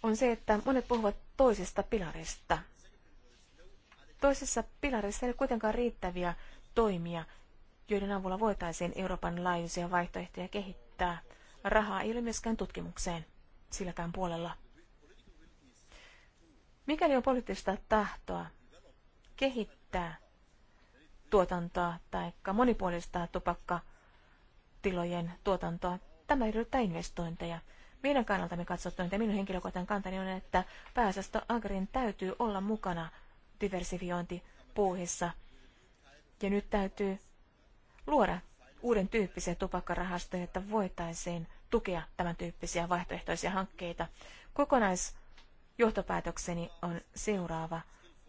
on se, että monet puhuvat toisesta pilarista. Toisessa pilarissa ei ole kuitenkaan riittäviä toimia, joiden avulla voitaisiin Euroopan laajuisia vaihtoehtoja kehittää. Rahaa ei ole myöskään tutkimukseen silläkään puolella. Mikäli on poliittista tahtoa kehittää tuotantoa tai monipuolistaa tupakkatilojen tuotantoa, tämä edellyttää investointeja. Meidän kannaltamme katsottuna, että minun henkilökohtainen kantani on, että pääsästö Agrin täytyy olla mukana diversifiointipuuhissa. Ja nyt täytyy luoda uuden tyyppisiä tupakkarahastoja, että voitaisiin tukea tämän tyyppisiä vaihtoehtoisia hankkeita. Kokonaisjohtopäätökseni on seuraava.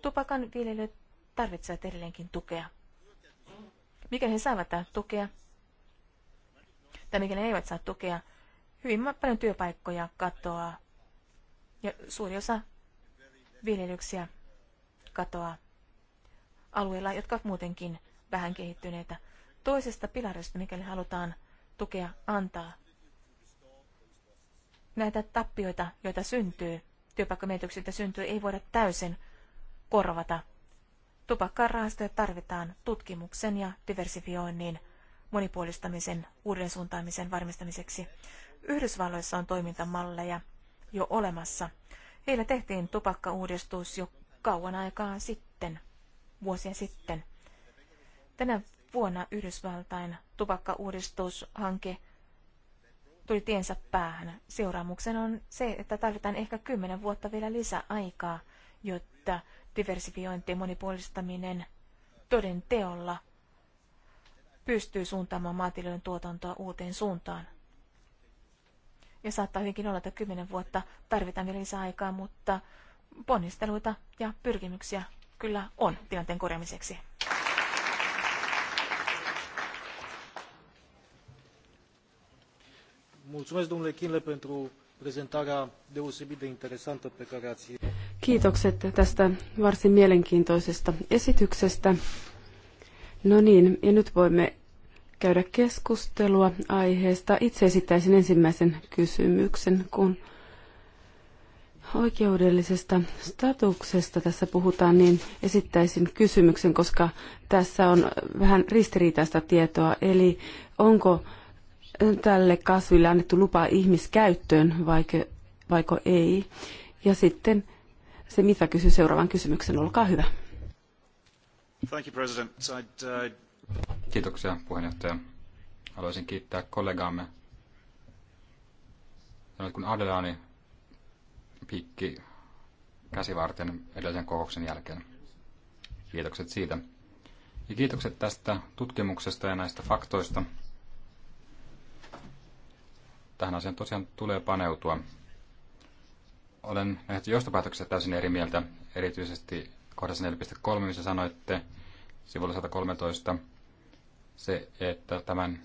Tupakan viljelyt tarvitsevat edelleenkin tukea. Mikä he saavat tukea, tai mikä he eivät saa tukea, hyvin paljon työpaikkoja katoaa ja suuri osa viljelyksiä katoaa alueilla, jotka ovat muutenkin vähän kehittyneitä toisesta pilarista, mikäli halutaan tukea antaa. Näitä tappioita, joita syntyy, työpaikkamenetyksiltä syntyy, ei voida täysin korvata. Tupakkaan rahastoja tarvitaan tutkimuksen ja diversifioinnin, monipuolistamisen, uuden suuntaamisen varmistamiseksi. Yhdysvalloissa on toimintamalleja jo olemassa. Heillä tehtiin tupakkauudistus jo kauan aikaa sitten, vuosien sitten. Tänä vuonna Yhdysvaltain tupakkauudistushanke tuli tiensä päähän. Seuraamuksena on se, että tarvitaan ehkä kymmenen vuotta vielä lisää aikaa, jotta diversifiointi ja monipuolistaminen toden teolla pystyy suuntaamaan maatilojen tuotantoa uuteen suuntaan. Ja saattaa hyvinkin olla, että kymmenen vuotta tarvitaan vielä lisää aikaa, mutta ponnisteluita ja pyrkimyksiä kyllä on tilanteen korjaamiseksi. Mulțumesc, domnule Kinle, pentru prezentarea deosebit de interesantă pe care ați... Kiitokset tästä varsin mielenkiintoisesta esityksestä. No niin, ja nyt voimme käydä keskustelua aiheesta. Itse esittäisin ensimmäisen kysymyksen, kun oikeudellisesta statuksesta tässä puhutaan, niin esittäisin kysymyksen, koska tässä on vähän ristiriitaista tietoa. Eli onko tälle kasville annettu lupa ihmiskäyttöön, vaiko, vaiko ei. Ja sitten se mitä kysyy seuraavan kysymyksen, olkaa hyvä. Thank you, President. I'd, uh... Kiitoksia puheenjohtaja. Haluaisin kiittää kollegaamme. Sanoit, kun Adelaani piikki käsivarten edellisen kokouksen jälkeen. Kiitokset siitä. Ja kiitokset tästä tutkimuksesta ja näistä faktoista tähän asiaan tosiaan tulee paneutua. Olen nähty johtopäätöksessä täysin eri mieltä, erityisesti kohdassa 4.3, missä sanoitte sivulla 113, se, että tämän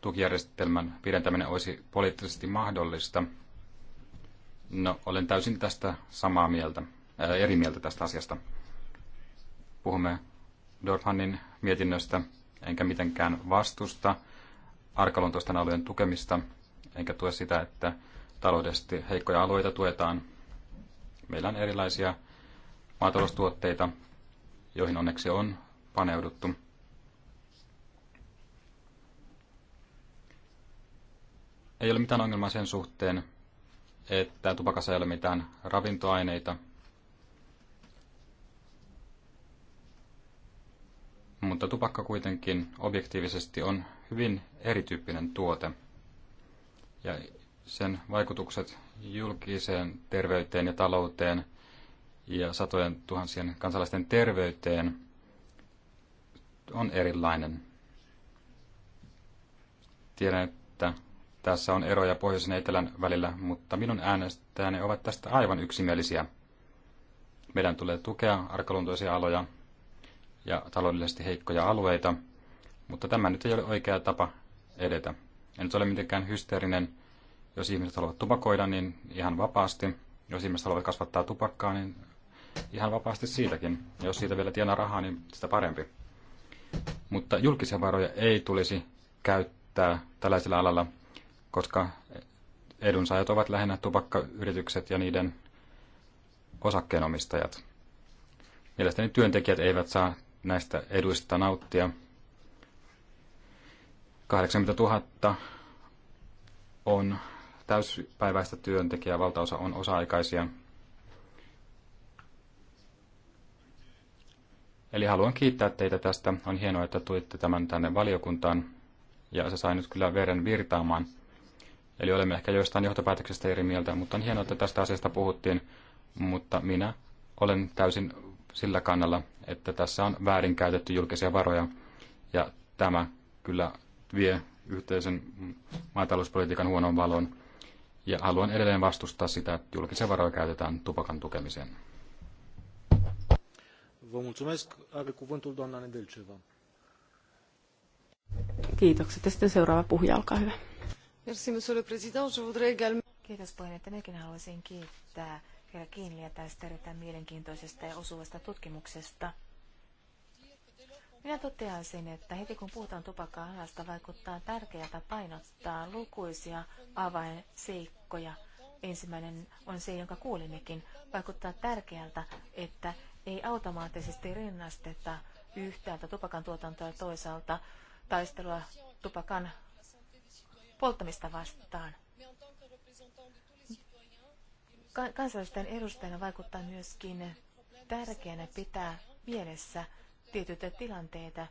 tukijärjestelmän pidentäminen olisi poliittisesti mahdollista. No, olen täysin tästä samaa mieltä, ää, äh, eri mieltä tästä asiasta. Puhumme Dorfhannin mietinnöstä, enkä mitenkään vastusta arkaluontoisten alueen tukemista – enkä tue sitä, että taloudellisesti heikkoja alueita tuetaan. Meillä on erilaisia maataloustuotteita, joihin onneksi on paneuduttu. Ei ole mitään ongelmaa sen suhteen, että tupakassa ei ole mitään ravintoaineita, mutta tupakka kuitenkin objektiivisesti on hyvin erityyppinen tuote – ja sen vaikutukset julkiseen terveyteen ja talouteen ja satojen tuhansien kansalaisten terveyteen on erilainen. Tiedän, että tässä on eroja pohjoisen ja etelän välillä, mutta minun äänestäjäni ovat tästä aivan yksimielisiä. Meidän tulee tukea arkaluontoisia aloja ja taloudellisesti heikkoja alueita, mutta tämä nyt ei ole oikea tapa edetä. En nyt ole mitenkään hysteerinen. Jos ihmiset haluavat tupakoida, niin ihan vapaasti. Jos ihmiset haluavat kasvattaa tupakkaa, niin ihan vapaasti siitäkin. Ja jos siitä vielä tienaa rahaa, niin sitä parempi. Mutta julkisia varoja ei tulisi käyttää tällaisella alalla, koska edunsaajat ovat lähinnä tupakkayritykset ja niiden osakkeenomistajat. Mielestäni työntekijät eivät saa näistä eduista nauttia, 80 000 on täyspäiväistä työntekijää, valtaosa on osa-aikaisia. Eli haluan kiittää teitä tästä. On hienoa, että tuitte tämän tänne valiokuntaan. Ja se sai nyt kyllä veren virtaamaan. Eli olemme ehkä joistain johtopäätöksistä eri mieltä, mutta on hienoa, että tästä asiasta puhuttiin. Mutta minä olen täysin sillä kannalla, että tässä on väärinkäytetty julkisia varoja. Ja tämä kyllä vie yhteisen maatalouspolitiikan huonon valon, ja haluan edelleen vastustaa sitä, että julkisia varoja käytetään tupakan tukemiseen. Vă mulțumesc. Are cuvântul doamna Nedelceva. Kiitokset. Ja sitten seuraava puhuja, olkaa hyvä. Merci, monsieur le président. Je voudrais également... Kiitos puheenjohtaja. Minäkin haluaisin kiittää herra Kiinliä tästä erittäin mielenkiintoisesta ja osuvasta tutkimuksesta. Minä toteaisin, että heti kun puhutaan tupakka-alasta, vaikuttaa tärkeältä painottaa lukuisia avainseikkoja. Ensimmäinen on se, jonka kuulimmekin. Vaikuttaa tärkeältä, että ei automaattisesti rinnasteta yhtäältä tupakan tuotantoa toisaalta taistelua tupakan polttamista vastaan. Kansallisten edustajana vaikuttaa myöskin tärkeänä pitää mielessä tietyitä tilanteita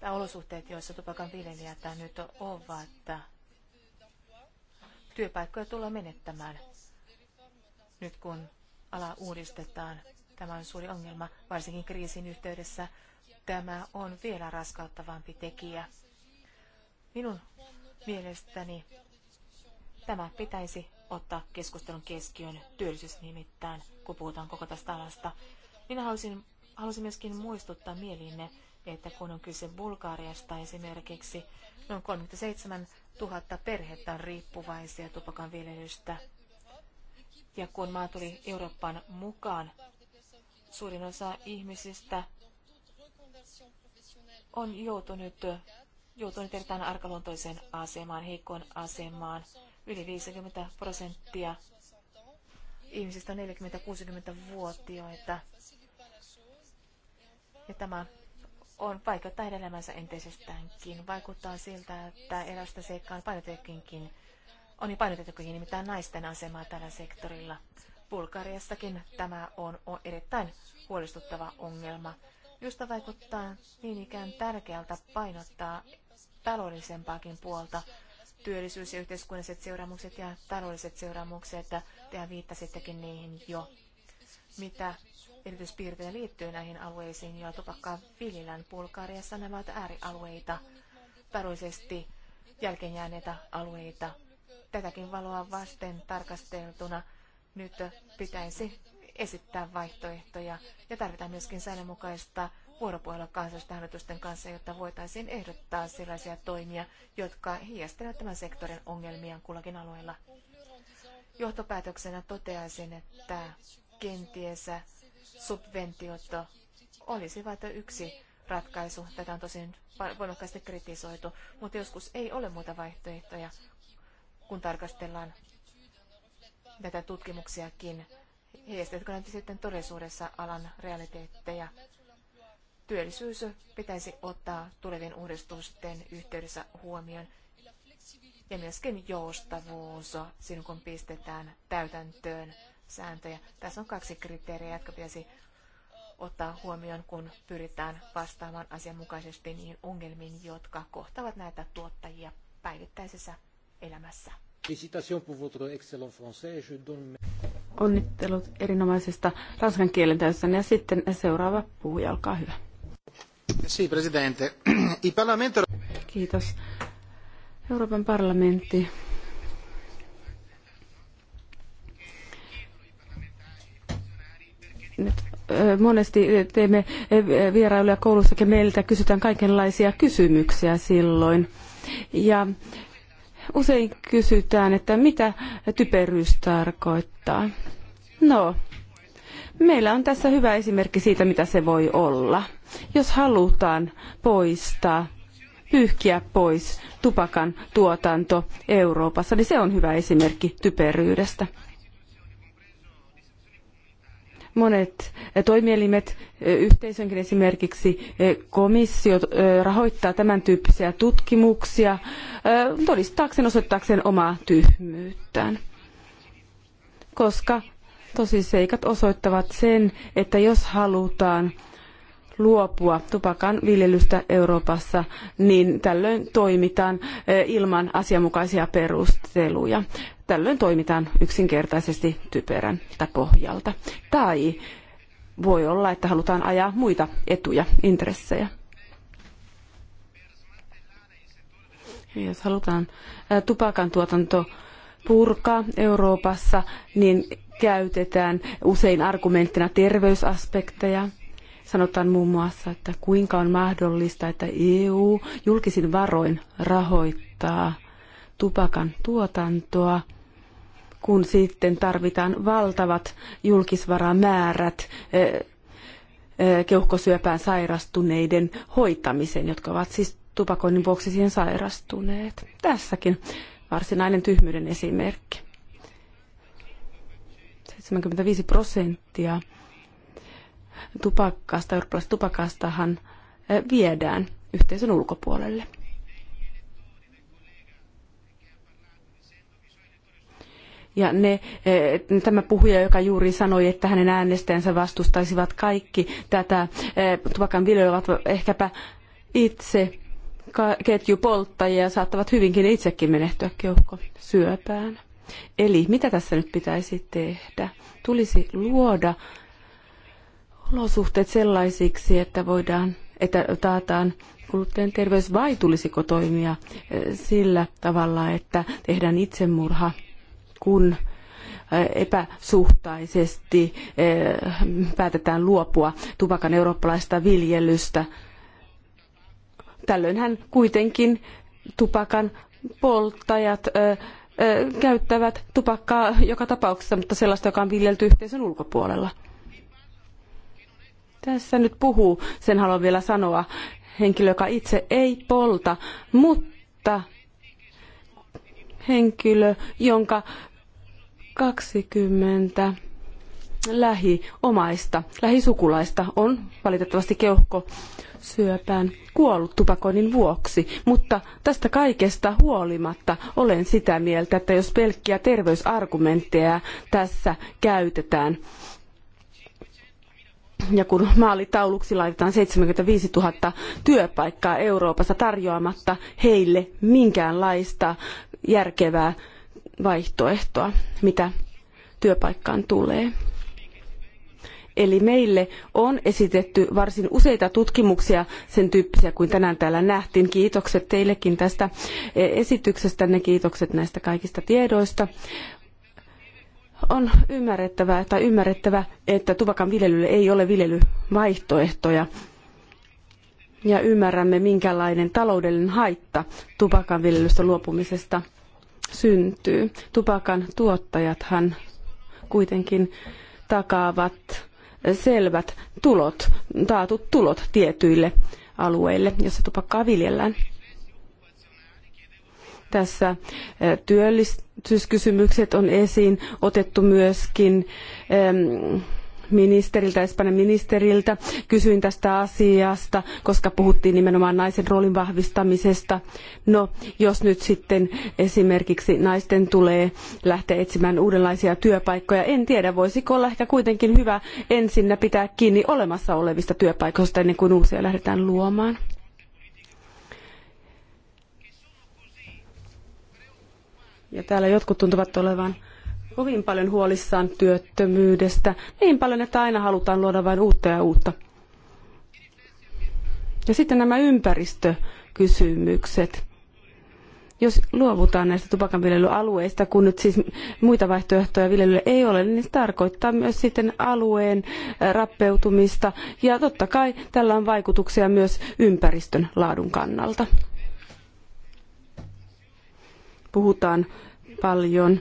tai olosuhteet, joissa tupakan viljelijät nyt ovat. Työpaikkoja tullaan menettämään nyt kun ala uudistetaan. Tämä on suuri ongelma, varsinkin kriisin yhteydessä. Tämä on vielä raskauttavampi tekijä. Minun mielestäni tämä pitäisi ottaa keskustelun keskiön työllisyys nimittäin, kun puhutaan koko tästä alasta. Minä haluaisin Haluaisin myöskin muistuttaa mielinne, että kun on kyse Bulgaariasta esimerkiksi, noin 37 000 perhettä on riippuvaisia tupakan viljelystä. Ja kun maa tuli Euroopan mukaan, suurin osa ihmisistä on joutunut, joutunut erittäin arkaluontoiseen asemaan, heikkoon asemaan. Yli 50 prosenttia ihmisistä on 40-60-vuotiaita. Ja tämä on vaikeuttaa heidän elämänsä entisestäänkin. Vaikuttaa siltä, että erästä seikkaan painotettukin on jo niin painotettukin nimittäin naisten asemaa tällä sektorilla. Bulgariassakin tämä on, on erittäin huolestuttava ongelma, josta vaikuttaa niin ikään tärkeältä painottaa taloudellisempaakin puolta, työllisyys- ja yhteiskunnalliset seuraamukset ja taloudelliset seuraamukset, että te viittasittekin niihin jo. Mitä erityispiirteitä liittyy näihin alueisiin, joilla tupakkaa viljellään. Bulgariassa nämä ovat äärialueita, taroisesti jälkeenjääneitä alueita. Tätäkin valoa vasten tarkasteltuna nyt pitäisi esittää vaihtoehtoja ja tarvitaan myöskin säännönmukaista vuoropuhelua kansallisten hallitusten kanssa, jotta voitaisiin ehdottaa sellaisia toimia, jotka hiastelevat tämän sektorin ongelmia kullakin alueella. Johtopäätöksenä toteaisin, että kenties subventiot olisivat yksi ratkaisu. Tätä on tosin voimakkaasti kritisoitu, mutta joskus ei ole muuta vaihtoehtoja, kun tarkastellaan näitä tutkimuksiakin. Heijastatko näitä sitten todellisuudessa alan realiteetteja? Työllisyys pitäisi ottaa tulevien uudistusten yhteydessä huomioon ja myöskin joustavuus silloin, kun pistetään täytäntöön sääntöjä. Tässä on kaksi kriteeriä, jotka pitäisi ottaa huomioon, kun pyritään vastaamaan asianmukaisesti niihin ongelmiin, jotka kohtavat näitä tuottajia päivittäisessä elämässä. Onnittelut erinomaisesta ranskan kielen täysin ja sitten seuraava puhuja, olkaa hyvä. Kiitos. Euroopan parlamentti monesti teemme eh, vierailuja koulussakin, meiltä kysytään kaikenlaisia kysymyksiä silloin. Ja usein kysytään, että mitä typeryys tarkoittaa. No, meillä on tässä hyvä esimerkki siitä, mitä se voi olla. Jos halutaan poistaa, pyyhkiä pois tupakan tuotanto Euroopassa, niin se on hyvä esimerkki typeryydestä monet eh, toimielimet, eh, yhteisönkin esimerkiksi eh, komissio rahoittaa tämän tyyppisiä tutkimuksia todistaakseen, osoittaakseen omaa tyhmyyttään. Koska tosiseikat osoittavat sen, että jos halutaan luopua tupakan viljelystä Euroopassa, niin tällöin toimitaan ilman asianmukaisia perusteluja. Tällöin toimitaan yksinkertaisesti typerän pohjalta. Tai voi olla, että halutaan ajaa muita etuja, intressejä. Jos halutaan tupakan tuotanto purkaa Euroopassa, niin käytetään usein argumenttina terveysaspekteja. Sanotaan muun muassa, että kuinka on mahdollista, että EU julkisin varoin rahoittaa tupakan tuotantoa – kun sitten tarvitaan valtavat julkisvaramäärät eh, eh, keuhkosyöpään sairastuneiden hoitamiseen, jotka ovat siis tupakoinnin vuoksi siihen sairastuneet. Tässäkin varsinainen tyhmyyden esimerkki. 75 prosenttia tupakasta, eurooppalaisesta tupakastahan eh, viedään yhteisön ulkopuolelle. Ja ne, e, tämä puhuja, joka juuri sanoi, että hänen äänestäjänsä vastustaisivat kaikki tätä e, tupakan viljelyä, ovat ehkäpä itse ketjupolttajia ja saattavat hyvinkin itsekin menehtyä keuhkosyöpään. Eli mitä tässä nyt pitäisi tehdä? Tulisi luoda olosuhteet sellaisiksi, että voidaan, että taataan kuluttajan terveys vai tulisiko toimia e, sillä tavalla, että tehdään itsemurha kun äh, epäsuhtaisesti äh, päätetään luopua tupakan eurooppalaista viljelystä. Tällöinhän kuitenkin tupakan polttajat äh, käyttävät tupakkaa joka tapauksessa, mutta sellaista, joka on viljelty yhteisön ulkopuolella. Tässä nyt puhuu, sen haluan vielä sanoa, henkilö, joka itse ei polta, mutta henkilö, jonka 20 lähiomaista, lähisukulaista on valitettavasti keuhko syöpään kuollut tupakoinnin vuoksi, mutta tästä kaikesta huolimatta olen sitä mieltä, että jos pelkkiä terveysargumentteja tässä käytetään, ja kun maalitauluksi laitetaan 75 000 työpaikkaa Euroopassa tarjoamatta heille minkäänlaista järkevää vaihtoehtoa, mitä työpaikkaan tulee. Eli meille on esitetty varsin useita tutkimuksia sen tyyppisiä kuin tänään täällä nähtiin. Kiitokset teillekin tästä esityksestä, ne kiitokset näistä kaikista tiedoista. On ymmärrettävää, tai ymmärrettävä, että tupakan viljelylle ei ole viljelyvaihtoehtoja. Ja ymmärrämme, minkälainen taloudellinen haitta tupakan luopumisesta – syntyy. Tupakan tuottajathan kuitenkin takaavat selvät tulot, taatut tulot tietyille alueille, jossa tupakkaa viljellään. Tässä eh, työllisyyskysymykset on esiin otettu myöskin. Ähm, ministeriltä, Espanjan ministeriltä. Kysyin tästä asiasta, koska puhuttiin nimenomaan naisen roolin vahvistamisesta. No, jos nyt sitten esimerkiksi naisten tulee lähteä etsimään uudenlaisia työpaikkoja, en tiedä, voisiko olla ehkä kuitenkin hyvä ensin pitää kiinni olemassa olevista työpaikoista ennen kuin uusia lähdetään luomaan. Ja täällä jotkut tuntuvat olevan kovin paljon huolissaan työttömyydestä, niin paljon, että aina halutaan luoda vain uutta ja uutta. Ja sitten nämä ympäristökysymykset. Jos luovutaan näistä tupakanviljelyalueista, kun nyt siis muita vaihtoehtoja viljelylle ei ole, niin se tarkoittaa myös sitten alueen rappeutumista. Ja totta kai tällä on vaikutuksia myös ympäristön laadun kannalta. Puhutaan paljon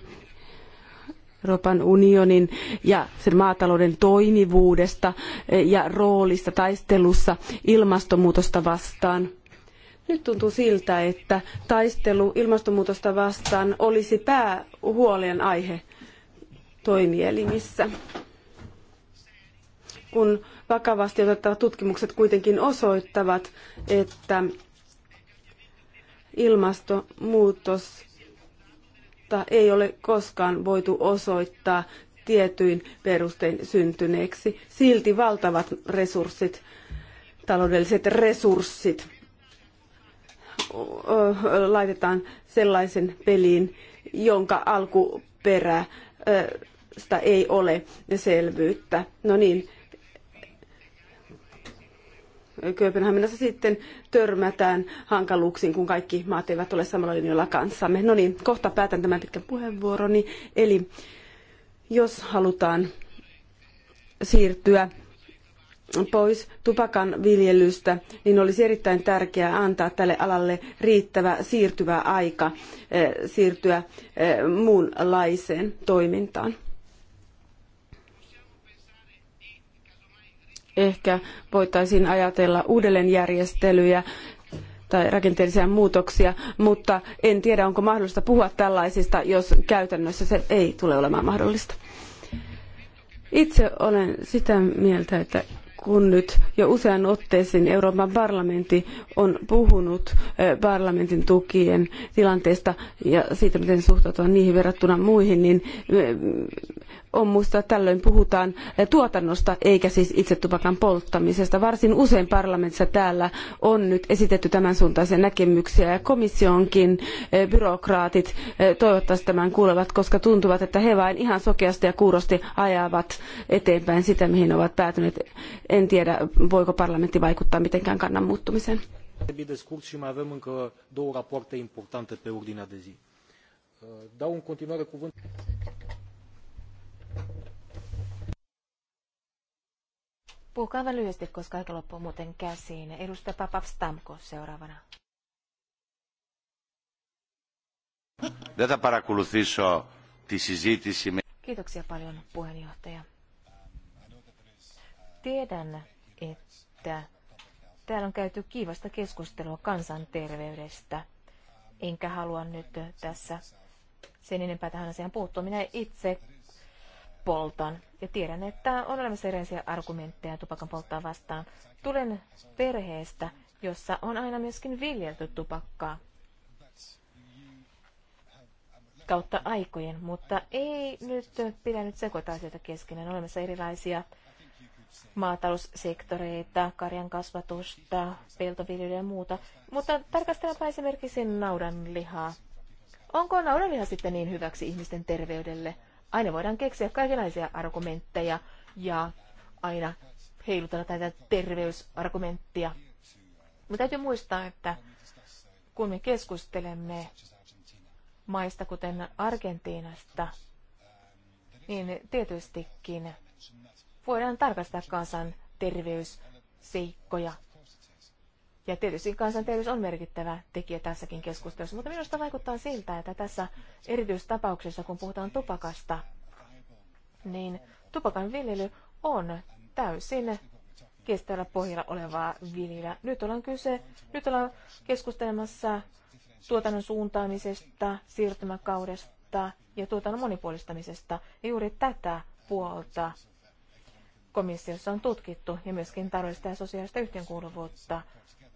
Euroopan unionin ja sen maatalouden toimivuudesta eh, ja roolista taistelussa ilmastonmuutosta vastaan. Nyt tuntuu siltä, että taistelu ilmastonmuutosta vastaan olisi päähuolen aihe toimielimissä. Kun vakavasti otettavat tutkimukset kuitenkin osoittavat, että ilmastonmuutos lasta ei ole koskaan voitu osoittaa tietyin perustein syntyneeksi. Silti valtavat resurssit, taloudelliset resurssit laitetaan sellaisen peliin, jonka alkuperä sitä ei ole selvyyttä. No niin, Kööpenhaminassa sitten törmätään hankaluuksiin, kun kaikki maat eivät ole samalla linjalla kanssamme. No niin, kohta päätän tämän pitkän puheenvuoroni. Eli jos halutaan siirtyä pois tupakan viljelystä, niin olisi erittäin tärkeää antaa tälle alalle riittävä siirtyvä aika eh, siirtyä eh, muunlaiseen toimintaan. ehkä voitaisiin ajatella uudelleenjärjestelyjä tai rakenteellisia muutoksia, mutta en tiedä, onko mahdollista puhua tällaisista, jos käytännössä se ei tule olemaan mahdollista. Itse olen sitä mieltä, että kun nyt jo usean otteeseen Euroopan parlamentti on puhunut eh, parlamentin tukien tilanteesta ja siitä, miten suhtautua niihin verrattuna muihin, niin eh, on muistaa, että tällöin puhutaan tuotannosta eikä siis itse tupakan polttamisesta. Varsin usein parlamentissa täällä on nyt esitetty tämän suuntaisia näkemyksiä ja komissionkin eh, byrokraatit eh, toivottavasti tämän kuulevat, koska tuntuvat, että he vain ihan sokeasti ja kuurosti ajavat eteenpäin sitä, mihin ovat päätyneet. En tiedä, voiko parlamentti vaikuttaa mitenkään kannan muuttumiseen. Eh, dau în continuare Puhukaa aivan lyhyesti, koska aika loppuu muuten käsiin. Edustaja Papap Stamko seuraavana. Kiitoksia paljon, puheenjohtaja. Tiedän, että täällä on käyty kiivasta keskustelua kansanterveydestä, enkä halua nyt tässä sen enempää tähän asiaan puuttua. Minä itse polton. Ja tiedän, että on olemassa erilaisia argumentteja tupakan polttoa vastaan. Tulen perheestä, jossa on aina myöskin viljelty tupakkaa kautta aikojen, mutta ei nyt pidä nyt sekoita asioita keskenään. On olemassa erilaisia maataloussektoreita, karjan kasvatusta, peltoviljelyä ja muuta. Mutta tarkastellaanpa esimerkiksi naudanlihaa. Onko naudanliha sitten niin hyväksi ihmisten terveydelle? Aina voidaan keksiä kaikenlaisia argumentteja ja aina heilutella tätä terveysargumenttia. Mutta täytyy muistaa, että kun me keskustelemme maista kuten Argentiinasta, niin tietystikin voidaan tarkastaa kansan terveysseikkoja ja tietysti kansanterveys on merkittävä tekijä tässäkin keskustelussa, mutta minusta vaikuttaa siltä, että tässä erityistapauksessa, kun puhutaan tupakasta, niin tupakan viljely on täysin kestävällä pohjalla olevaa viljelyä. Nyt ollaan kyse, nyt ollaan keskustelemassa tuotannon suuntaamisesta, siirtymäkaudesta ja tuotannon monipuolistamisesta. Ja juuri tätä puolta komissiossa on tutkittu ja myöskin taloudellista ja sosiaalista yhteenkuuluvuutta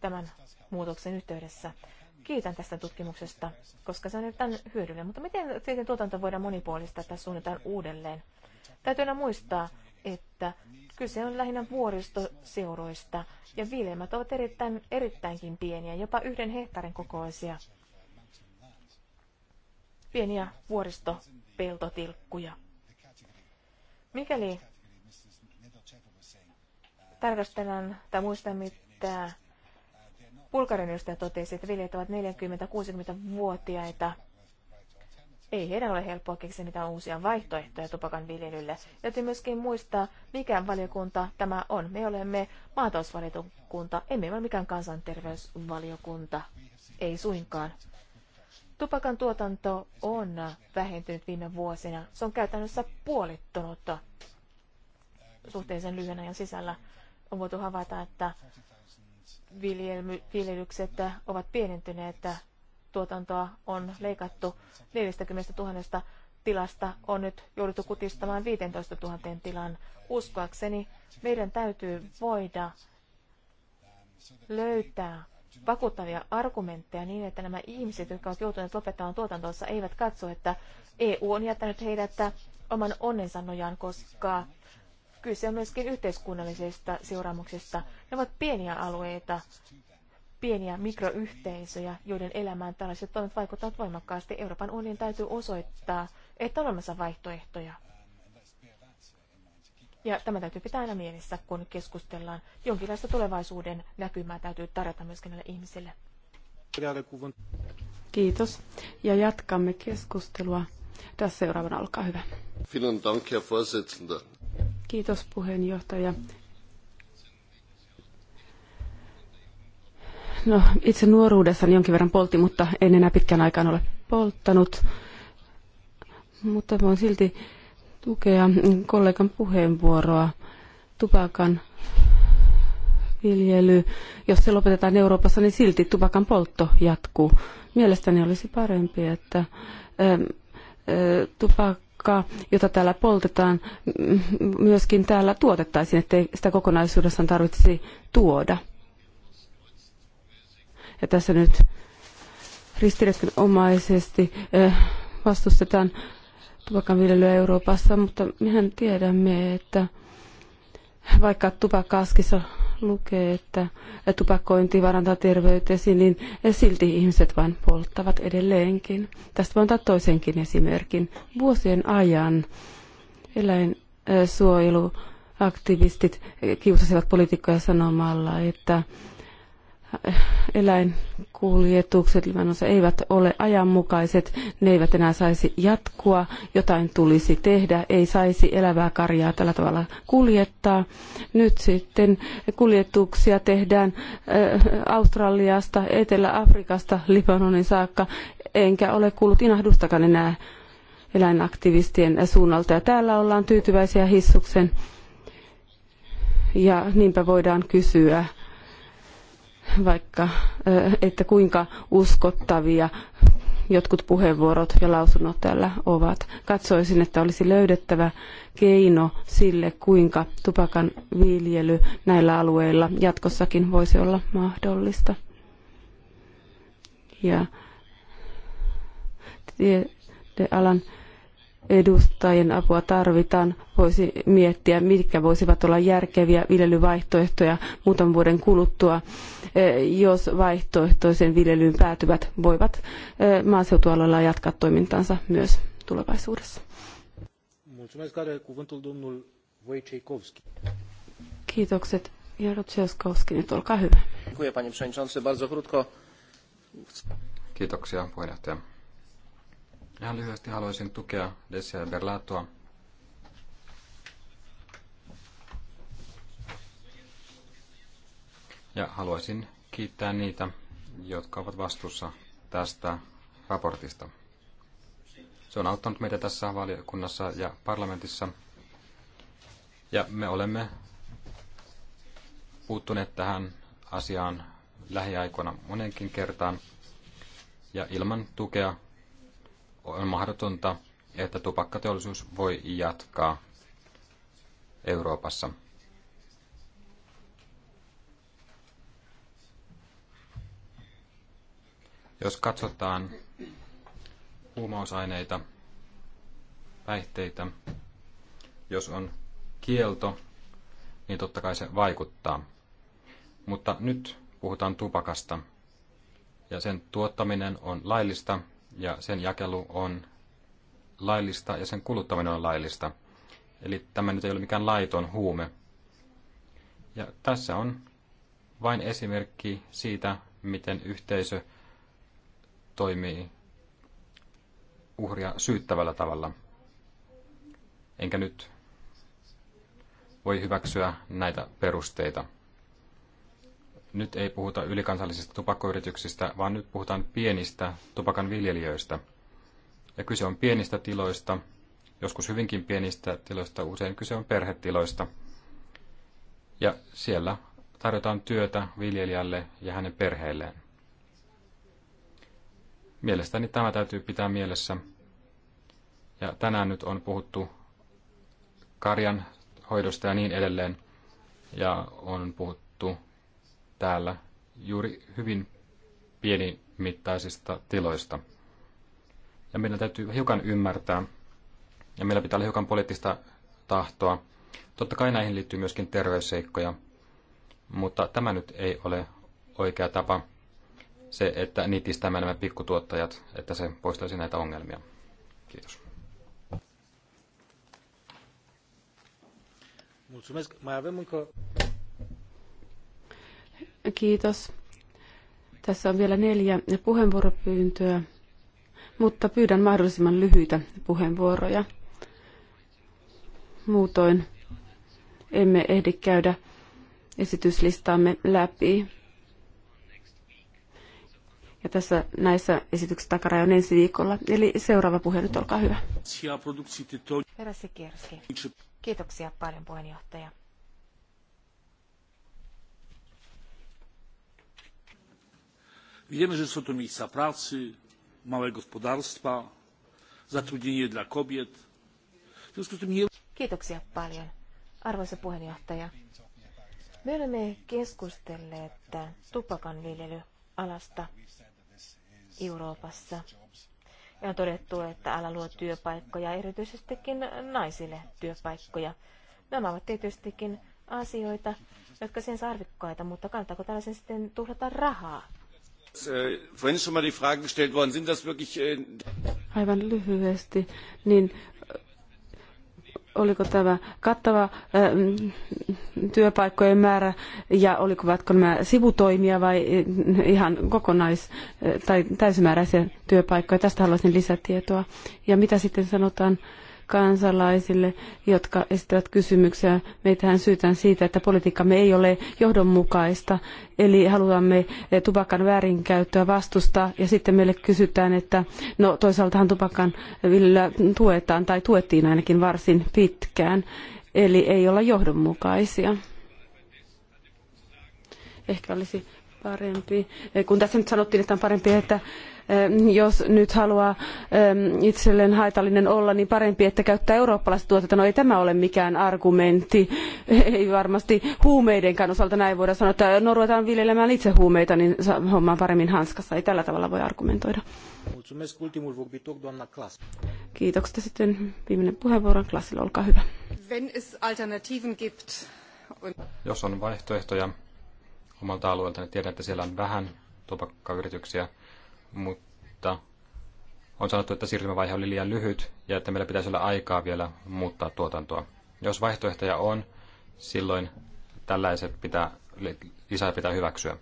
tämän muutoksen yhteydessä. Kiitän tästä tutkimuksesta, koska se on erittäin hyödyllinen. Mutta miten sitten tuotanto voidaan monipuolistaa tai suunnitaan uudelleen? Täytyy aina muistaa, että kyse on lähinnä vuoristoseuroista ja viljelmät ovat erittäin, erittäinkin pieniä, jopa yhden hehtaarin kokoisia. Pieniä vuoristopeltotilkkuja. Mikäli tarkastellaan tai muista, mitä Bulgarin edustaja totesi, että viljelijät ovat 40-60-vuotiaita. Ei heidän ole helppoa keksiä mitään uusia vaihtoehtoja tupakan viljelylle. Täytyy myöskin muistaa, mikä valiokunta tämä on. Me olemme maatalousvaliokunta, emme ole mikään kansanterveysvaliokunta. Ei suinkaan. Tupakan tuotanto on vähentynyt viime vuosina. Se on käytännössä puolittunut suhteellisen lyhyen ajan sisällä. On voitu havaita, että viljelykset ovat pienentyneet, tuotantoa on leikattu 40 000 tilasta on nyt jouduttu kutistamaan 15 000 tilan. Uskoakseni meidän täytyy voida löytää vakuuttavia argumentteja niin, että nämä ihmiset, jotka ovat joutuneet lopettamaan tuotantonsa, eivät katso, että EU on jättänyt heidät oman onnensa nojaan, koska Kyse on myöskin yhteiskunnallisesta seuraamuksesta. Ne ovat pieniä alueita, pieniä mikroyhteisöjä, joiden elämään tällaiset toimet vaikuttavat voimakkaasti. Euroopan unionin täytyy osoittaa, että on olemassa vaihtoehtoja. Ja tämä täytyy pitää aina mielessä, kun keskustellaan. Jonkinlaista tulevaisuuden näkymää täytyy tarjota myöskin näille ihmisille. Kiitos. Ja jatkamme keskustelua. Tässä seuraavana, olkaa hyvä. Vielen Dank, Herr Vorsitzender. Kiitos puheenjohtaja. No, itse nuoruudessani jonkin verran poltti, mutta en enää pitkän aikaan ole polttanut. Mutta voin silti tukea kollegan puheenvuoroa. Tupakan viljely, jos se lopetetaan Euroopassa, niin silti tupakan poltto jatkuu. Mielestäni olisi parempi, että ä, tupak tupakkaa, jota täällä poltetaan, myöskin täällä tuotettaisiin, ettei sitä kokonaisuudessaan tarvitsisi tuoda. Ja tässä nyt ristiriitanomaisesti eh, vastustetaan tupakanviljelyä Euroopassa, mutta mehän tiedämme, että vaikka tupakka-askissa lukee, että tupakointi varantaa terveytesi, niin silti ihmiset vain polttavat edelleenkin. Tästä voin ottaa toisenkin esimerkin. Vuosien ajan eläinsuojeluaktivistit kiusasivat poliitikkoja sanomalla, että eläinkuljetukset Libanossa eivät ole ajanmukaiset, ne eivät enää saisi jatkua, jotain tulisi tehdä, ei saisi elävää karjaa tällä tavalla kuljettaa. Nyt sitten kuljetuksia tehdään äh, Australiasta, Etelä-Afrikasta, Libanonin saakka, enkä ole kuullut inahdustakaan enää eläinaktivistien suunnalta. Ja täällä ollaan tyytyväisiä Hissuksen ja niinpä voidaan kysyä, vaikka että kuinka uskottavia jotkut puheenvuorot ja lausunnot täällä ovat. Katsoisin, että olisi löydettävä keino sille, kuinka tupakan viljely näillä alueilla jatkossakin voisi olla mahdollista. Ja alan edustajien apua tarvitaan, voisi miettiä, mitkä voisivat olla järkeviä viljelyvaihtoehtoja muutaman vuoden kuluttua, e, jos vaihtoehtoiseen viljelyyn päätyvät voivat e, maaseutualueella jatkaa toimintaansa myös tulevaisuudessa. Kiitokset. Jarot nyt olkaa hyvä. Kiitoksia puheenjohtaja. Ihan lyhyesti haluaisin tukea Desia Berlatoa. Ja haluaisin kiittää niitä, jotka ovat vastuussa tästä raportista. Se on auttanut meitä tässä valiokunnassa ja parlamentissa. Ja me olemme puuttuneet tähän asiaan lähiaikoina monenkin kertaan. Ja ilman tukea on mahdotonta, että tupakkateollisuus voi jatkaa Euroopassa. Jos katsotaan huumausaineita, päihteitä, jos on kielto, niin totta kai se vaikuttaa. Mutta nyt puhutaan tupakasta. Ja sen tuottaminen on laillista ja sen jakelu on laillista ja sen kuluttaminen on laillista. Eli tämä nyt ei ole mikään laiton huume. Ja tässä on vain esimerkki siitä, miten yhteisö toimii uhria syyttävällä tavalla. Enkä nyt voi hyväksyä näitä perusteita nyt ei puhuta ylikansallisista tupakkoyrityksistä, vaan nyt puhutaan pienistä tupakan viljelijöistä. Ja kyse on pienistä tiloista, joskus hyvinkin pienistä tiloista, usein kyse on perhetiloista. Ja siellä tarjotaan työtä viljelijälle ja hänen perheelleen. Mielestäni tämä täytyy pitää mielessä. Ja tänään nyt on puhuttu karjan hoidosta ja niin edelleen. Ja on puhuttu täällä juuri hyvin pienimittaisista tiloista. Ja meidän täytyy hiukan ymmärtää, ja meillä pitää olla hiukan poliittista tahtoa. Totta kai näihin liittyy myöskin terveysseikkoja, mutta tämä nyt ei ole oikea tapa se, että nitistämme nämä pikkutuottajat, että se poistaisi näitä ongelmia. Kiitos. Mulțumesc. Mai avem încă... Kiitos. Tässä on vielä neljä puheenvuoropyyntöä, mutta pyydän mahdollisimman lyhyitä puheenvuoroja. Muutoin emme ehdi käydä esityslistaamme läpi. Ja tässä näissä esityksissä takaraja on ensi viikolla. Eli seuraava puhe nyt, olkaa hyvä. Kiitoksia paljon puheenjohtaja. wiemy że są to miejsca pracy małe gospodarstwa zatrudnienie dla kobiet w związku z tym nie Kiitoksia paljon, arvoisa puheenjohtaja. Me olemme keskustelleet tupakan viljelyalasta Euroopassa. Ja on todettu, että ala luo työpaikkoja, erityisestikin naisille työpaikkoja. Nämä ovat tietystikin asioita, jotka sen sarvikkaita, mutta kannattaako tällaisen sitten tuhlata rahaa? Aivan lyhyesti, niin äh, oliko tämä kattava äh, työpaikkojen määrä ja olivatko nämä sivutoimia vai äh, ihan kokonais- tai täysimääräisiä työpaikkoja? Tästä haluaisin lisätietoa. Ja mitä sitten sanotaan kansalaisille, jotka esittävät kysymyksiä. Meitähän syytään siitä, että politiikkamme ei ole johdonmukaista, eli haluamme eh, tupakan väärinkäyttöä vastustaa, ja sitten meille kysytään, että no toisaaltahan tupakan viljelyä tuetaan, tai tuettiin ainakin varsin pitkään, eli ei olla johdonmukaisia. Ehkä olisi parempi, eh, kun tässä nyt sanottiin, että on parempi, että jos nyt haluaa itselleen haitallinen olla, niin parempi, että käyttää eurooppalaista tuotetta. No ei tämä ole mikään argumentti. Ei varmasti huumeidenkaan osalta näin voida sanoa, että no ruvetaan viljelemään itse huumeita, niin homma on paremmin hanskassa. Ei tällä tavalla voi argumentoida. Kiitoksia. Sitten viimeinen puheenvuoro klassille. olkaa hyvä. Jos on vaihtoehtoja omalta alueelta, niin tiedän, että siellä on vähän tupakkayrityksiä mutta on sanottu, että siirtymävaihe oli liian lyhyt ja että meillä pitäisi olla aikaa vielä muuttaa tuotantoa. Jos vaihtoehtoja on, silloin tällaiset pitää, lisää pitää hyväksyä.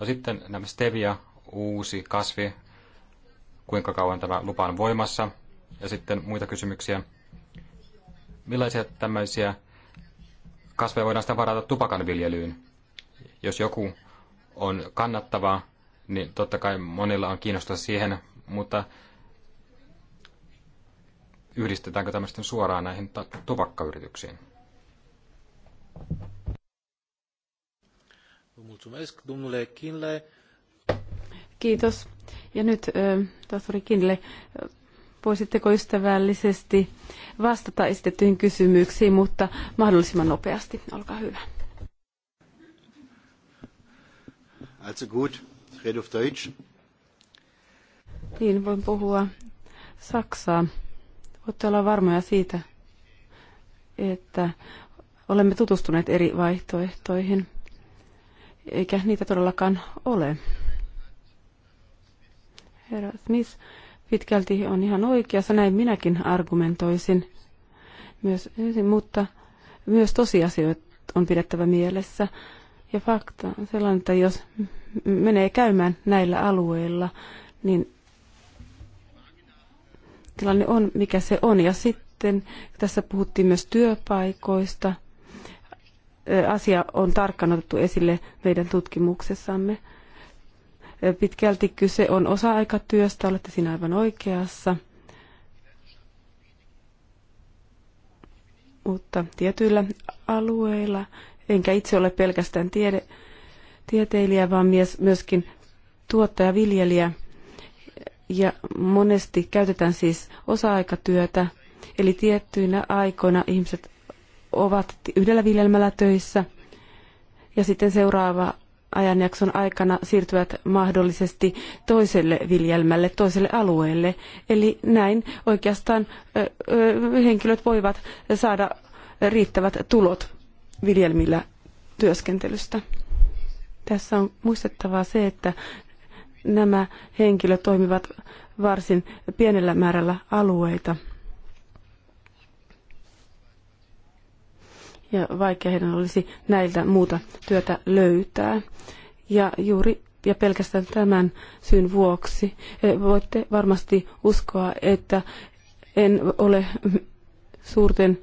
No sitten nämä stevia, uusi kasvi, kuinka kauan tämä lupa on voimassa ja sitten muita kysymyksiä. Millaisia tämmöisiä kasveja voidaan sitten varata tupakan viljelyyn? Jos joku on kannattavaa, niin totta kai monilla on kiinnostusta siihen, mutta yhdistetäänkö tämmöisten suoraan näihin tupakkayrityksiin? Kiitos. Ja nyt tohtori Kinle, voisitteko ystävällisesti vastata esitettyihin kysymyksiin, mutta mahdollisimman nopeasti. Olkaa hyvä. Also gut. Deutsch. Niin, voin puhua Saksaa. Voitte olla varmoja siitä, että olemme tutustuneet eri vaihtoehtoihin, eikä niitä todellakaan ole. Herra Smith pitkälti on ihan oikeassa, näin minäkin argumentoisin, myös, mutta myös tosiasioita on pidettävä mielessä. Ja fakta on sellainen, että jos menee käymään näillä alueilla, niin tilanne on mikä se on. Ja sitten tässä puhuttiin myös työpaikoista. Asia on tarkkaan otettu esille meidän tutkimuksessamme. Pitkälti kyse on osa-aikatyöstä, olette siinä aivan oikeassa. Mutta tietyillä alueilla, enkä itse ole pelkästään tiede, tieteilijä, vaan myöskin tuottaja, viljelijä. Ja monesti käytetään siis osa-aikatyötä, eli tiettyinä aikoina ihmiset ovat yhdellä viljelmällä töissä ja sitten seuraava ajanjakson aikana siirtyvät mahdollisesti toiselle viljelmälle, toiselle alueelle. Eli näin oikeastaan henkilöt voivat saada riittävät tulot viljelmillä työskentelystä. Tässä on muistettavaa se, että nämä henkilöt toimivat varsin pienellä määrällä alueita. Ja vaikea heidän olisi näiltä muuta työtä löytää. Ja juuri ja pelkästään tämän syyn vuoksi eh, voitte varmasti uskoa, että en ole suurten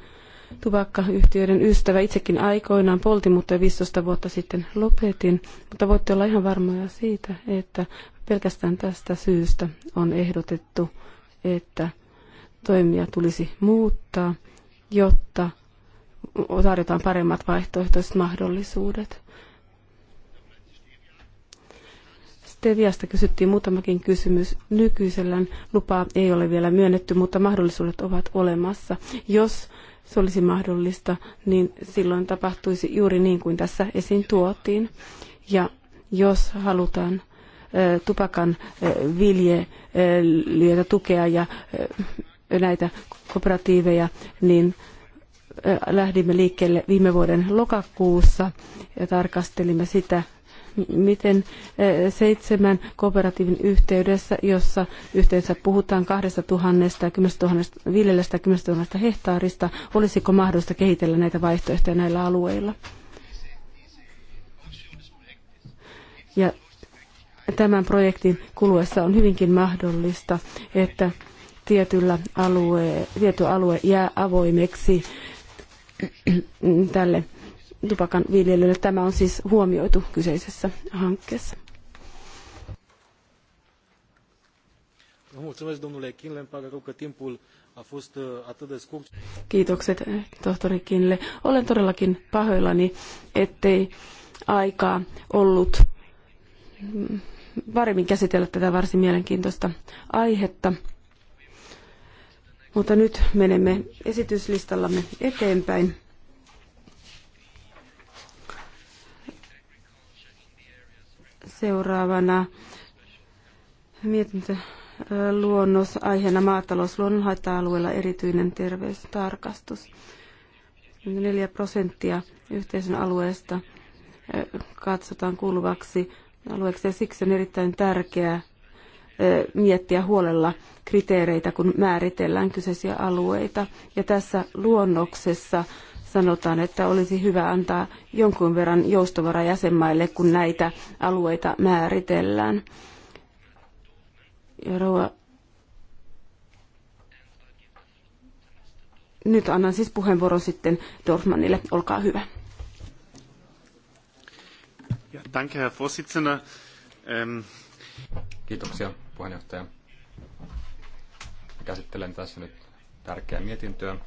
tupakkayhtiöiden ystävä. Itsekin aikoinaan poltin, mutta 15 vuotta sitten lopetin. Mutta voitte olla ihan varmoja siitä, että pelkästään tästä syystä on ehdotettu, että toimia tulisi muuttaa, jotta tarjotaan paremmat vaihtoehtoiset mahdollisuudet. Teviasta kysyttiin muutamakin kysymys. Nykyisellään lupaa ei ole vielä myönnetty, mutta mahdollisuudet ovat olemassa. Jos se olisi mahdollista, niin silloin tapahtuisi juuri niin kuin tässä esiin tuotiin. Ja jos halutaan tupakan viljelijöitä tukea ja näitä kooperatiiveja, niin lähdimme liikkeelle viime vuoden lokakuussa ja tarkastelimme sitä, miten eh, seitsemän kooperatiivin yhteydessä, jossa yhteensä puhutaan 2000 ja 10 000, 50 000 hehtaarista, olisiko mahdollista kehitellä näitä vaihtoehtoja näillä alueilla? Ja tämän projektin kuluessa on hyvinkin mahdollista, että tietyllä alue, tietty alue jää avoimeksi tälle tupakan viljelylle. Tämä on siis huomioitu kyseisessä hankkeessa. Uh, Kiitokset, eh, tohtori Kinle. Olen todellakin pahoillani, ettei aikaa ollut mm, paremmin käsitellä tätä varsin mielenkiintoista aihetta. Mutta nyt menemme esityslistallamme eteenpäin. Seuraavana mietintö luonnos aiheena maatalous alueella erityinen terveystarkastus. 4 prosenttia yhteisön alueesta katsotaan kuuluvaksi alueeksi ja siksi on erittäin tärkeää miettiä huolella kriteereitä, kun määritellään kyseisiä alueita. Ja tässä luonnoksessa sanotaan, että olisi hyvä antaa jonkun verran joustovara jäsenmaille, kun näitä alueita määritellään. Ja rouva nyt annan siis puheenvuoron sitten Dorfmanille. Olkaa hyvä. Ja, danke, Herr Vorsitzender. Ähm. Kiitoksia, puheenjohtaja. Käsittelen tässä nyt tärkeää mietintöä,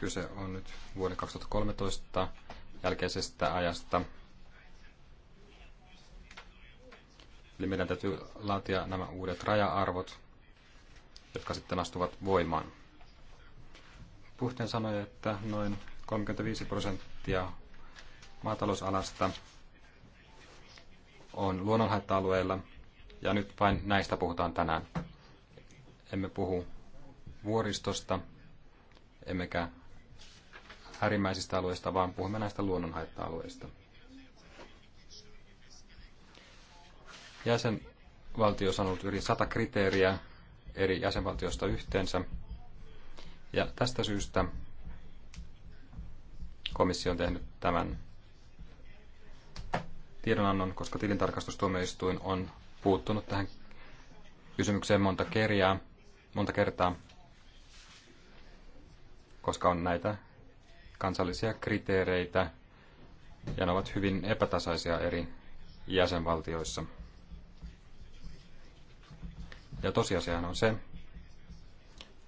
Kyse on nyt vuoden 2013 jälkeisestä ajasta. Eli meidän täytyy laatia nämä uudet raja-arvot, jotka sitten astuvat voimaan. Puhteen sanoi, että noin 35 prosenttia maatalousalasta on luonnonhaitta-alueilla, ja nyt vain näistä puhutaan tänään. Emme puhu vuoristosta, emmekä äärimmäisistä alueista, vaan puhumme näistä luonnonhaitta-alueista. Jäsenvaltio on sanonut yli sata kriteeriä eri jäsenvaltiosta yhteensä. Ja tästä syystä komissio on tehnyt tämän tiedonannon, koska tilintarkastustuomioistuin on puuttunut tähän kysymykseen monta, kerjaa, monta kertaa, koska on näitä kansallisia kriteereitä ja ne ovat hyvin epätasaisia eri jäsenvaltioissa. Ja tosiasiahan on se,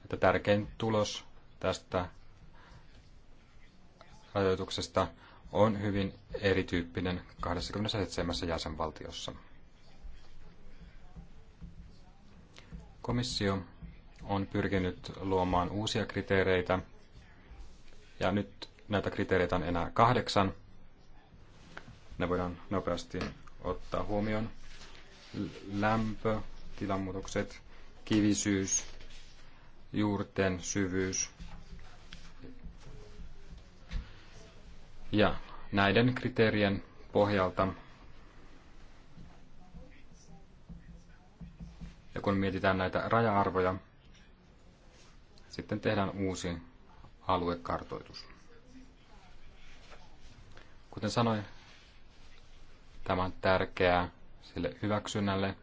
että tärkein tulos tästä rajoituksesta on hyvin erityyppinen 27 jäsenvaltiossa. Komissio on pyrkinyt luomaan uusia kriteereitä – ja nyt näitä kriteereitä on enää kahdeksan. Ne voidaan nopeasti ottaa huomioon. Lämpö, tilanmuutokset, kivisyys, juurten syvyys. Ja näiden kriteerien pohjalta ja kun mietitään näitä raja-arvoja, sitten tehdään uusi aluekartoitus. Kuten sanoin, tämä on tärkeää sille hyväksynnälle,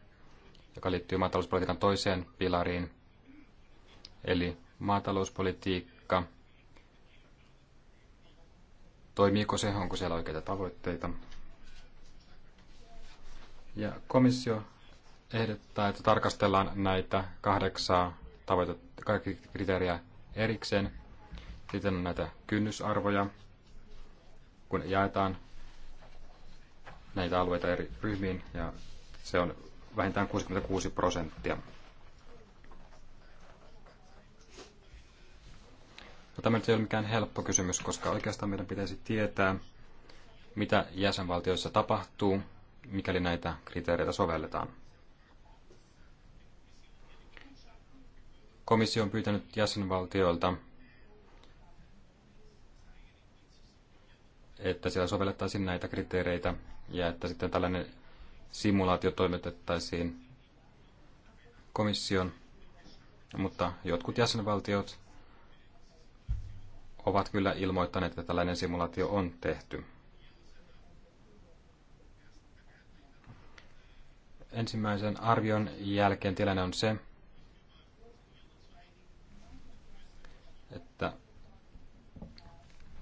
joka liittyy maatalouspolitiikan toiseen pilariin, eli maatalouspolitiikka, toimiiko se, onko siellä oikeita tavoitteita. Ja komissio ehdottaa, että tarkastellaan näitä kahdeksaa tavoitetta, kaikki kriteeriä erikseen sitten on näitä kynnysarvoja, kun jaetaan näitä alueita eri ryhmiin, ja se on vähintään 66 prosenttia. No, tämä ei ole mikään helppo kysymys, koska oikeastaan meidän pitäisi tietää, mitä jäsenvaltioissa tapahtuu, mikäli näitä kriteereitä sovelletaan. Komissio on pyytänyt jäsenvaltioilta että siellä sovellettaisiin näitä kriteereitä ja että sitten tällainen simulaatio toimitettaisiin komission, mutta jotkut jäsenvaltiot ovat kyllä ilmoittaneet, että tällainen simulaatio on tehty. Ensimmäisen arvion jälkeen tilanne on se,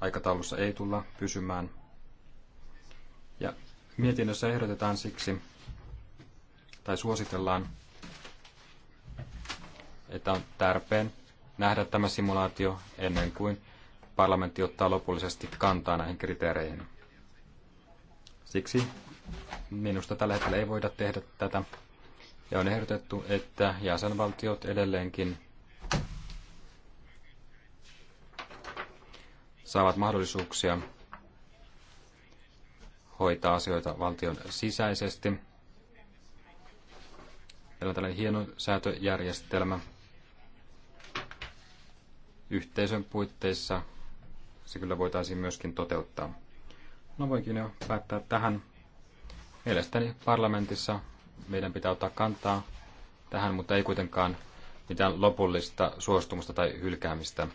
aikataulussa ei tulla pysymään. Ja mietinnössä ehdotetaan siksi, tai suositellaan, että on tarpeen nähdä tämä simulaatio ennen kuin parlamentti ottaa lopullisesti kantaa näihin kriteereihin. Siksi minusta tällä hetkellä ei voida tehdä tätä, ja on ehdotettu, että jäsenvaltiot edelleenkin saavat mahdollisuuksia hoitaa asioita valtion sisäisesti. Meillä on tällainen hieno säätöjärjestelmä yhteisön puitteissa. Se kyllä voitaisiin myöskin toteuttaa. No voinkin jo päättää tähän. Mielestäni parlamentissa meidän pitää ottaa kantaa tähän, mutta ei kuitenkaan mitään lopullista suostumusta tai hylkäämistä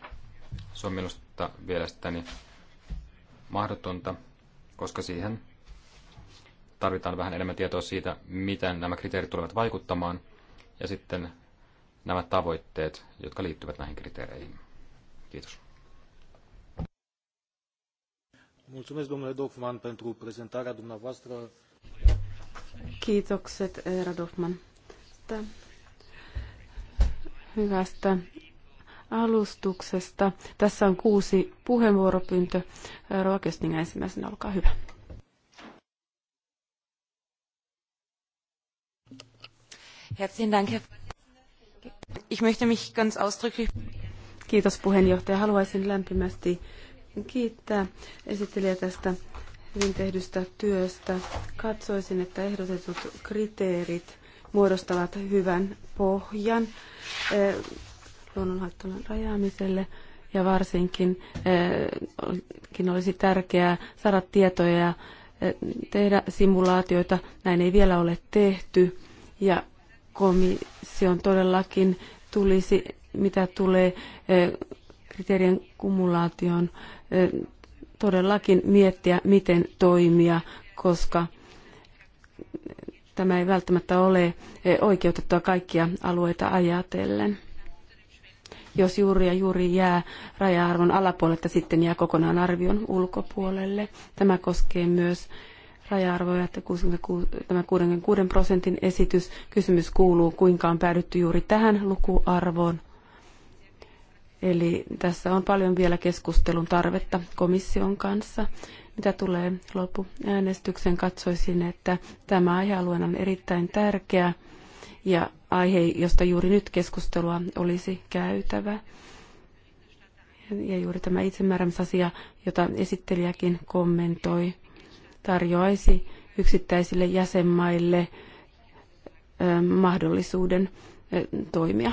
se on minusta mielestäni mahdotonta, koska siihen tarvitaan vähän enemmän tietoa siitä, miten nämä kriteerit tulevat vaikuttamaan, ja sitten nämä tavoitteet, jotka liittyvät näihin kriteereihin. Kiitos. Mulțumesc, domnule Dofman, pentru prezentarea dumneavoastră. Kiitokset, Radofman, Dofman, hyvästä alustuksesta. Tässä on kuusi puheenvuoropyyntö. Roa Köstinga ensimmäisenä, olkaa hyvä. Herzlichen Dank, Herr Ich möchte mich ganz ausdrücklich... Kiitos puheenjohtaja. Haluaisin lämpimästi kiittää esittelijä tästä hyvin tehdystä työstä. Katsoisin, että ehdotetut kriteerit muodostavat hyvän pohjan luonnonhaittojen rajaamiselle ja varsinkin eh, olisi tärkeää saada tietoja ja eh, tehdä simulaatioita. Näin ei vielä ole tehty ja komission todellakin tulisi, mitä tulee eh, kriteerien kumulaatioon, todellakin miettiä, miten toimia, koska tämä ei välttämättä ole oikeutettua kaikkia alueita ajatellen jos juuri ja juuri jää raja-arvon alapuolelle, että sitten jää kokonaan arvion ulkopuolelle. Tämä koskee myös raja-arvoja, että 66, tämä 66 prosentin esitys. Kysymys kuuluu, kuinka on päädytty juuri tähän lukuarvoon. Eli tässä on paljon vielä keskustelun tarvetta komission kanssa. Mitä tulee loppuäänestyksen, katsoisin, että tämä aihealue on erittäin tärkeä ja aihe, josta juuri nyt keskustelua olisi käytävä. Ja juuri tämä itsemääräämisasia, jota esittelijäkin kommentoi, tarjoaisi yksittäisille jäsenmaille mahdollisuuden toimia.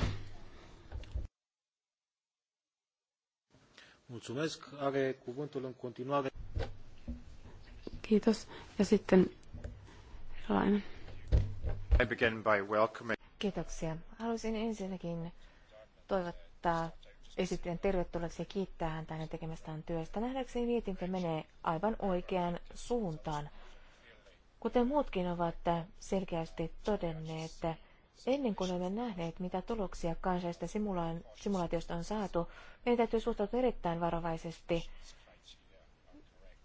Kiitos. Ja sitten Lainen. Kiitoksia. Haluaisin ensinnäkin toivottaa esittäjän tervetulleeksi ja kiittää häntä hänen tekemästään työstä. Nähdäkseni mietintö menee aivan oikeaan suuntaan. Kuten muutkin ovat selkeästi todenneet, että ennen kuin olemme nähneet, mitä tuloksia kansallisesta simulaatiosta on saatu, meidän täytyy suhtautua erittäin varovaisesti